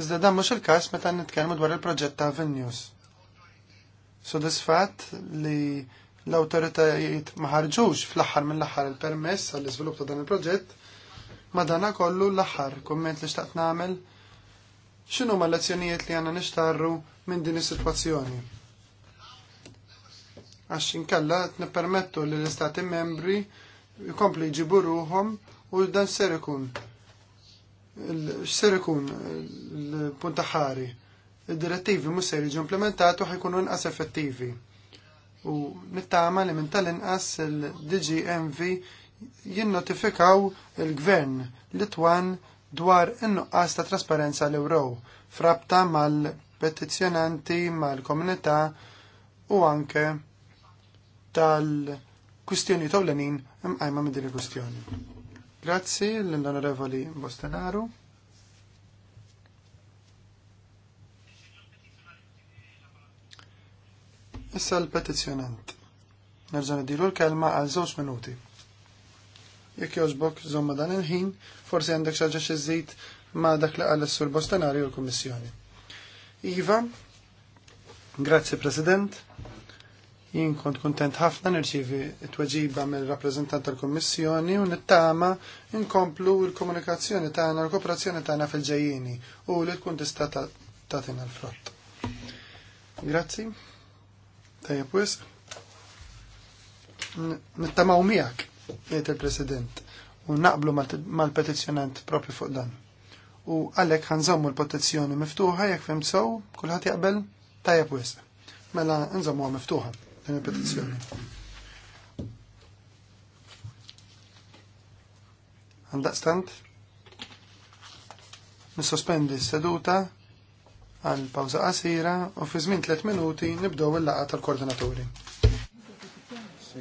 Iżda dan mhux il-każ meta nitkellmu dwar il-proġett ta' Vilnius sodisfatt li l-autoritajiet maħarġux fl-axar mill-axar il-permess għall izvilup ta' dan il-proġett, madana kollu l-axar komment li xtaqt namel xinu ma lezzjonijiet li għanna nishtarru minn din is-situazzjoni. Għax inkella t-nipermettu li l-istati membri jkompli jġibu ruħom u dan s ikun. s ikun l-puntaħari id-direttivi mhux se jiġu implementati u ħajkunu inqas effettivi. U nittama li minn tal-inqas il-DGMV jinnotifikaw il-gvern twan dwar in-nuqqas ta' trasparenza l-Ewrow frabta mal-petizzjonanti, mal-komunità u anke tal-kustjoni tawlenin imqajma mid il kustjoni. Grazzi l-Onorevoli Bostenaru. Issa l-petizjonant. id dilu l-kelma għal żewġ minuti. Jekk jogħġbok żomma dan il-ħin, forsi għandek xaġa xiżid ma' dak li qal sur Bostanari u l-Kummissjoni. Iva, grazzi President, jien kont kontent ħafna nirċivi tweġiba mill rappreżentant tal kummissjoni u nittama inkomplu l-komunikazzjoni tagħna l-kooperazzjoni tagħna fil-ġejjieni u li tkun tista' tagħtina l-frott. Grazzi. Tajab wis? Nittamaw miħak, jgħid il-President, u naqblu mal-petizzjonant propju fuq dan. U għalhekk ħanżommu l-petizzjoni miftuħa jekk fim tsaw, kulħadd jaqbel tajab wis. Mela nżommuha miftuħa din il-petizzjoni. Għandaqstant? Nissospendi s-seduta għal pawza qasira u fi żmien 3 minuti nibdew il-laqgħa tal-koordinaturi. Sì,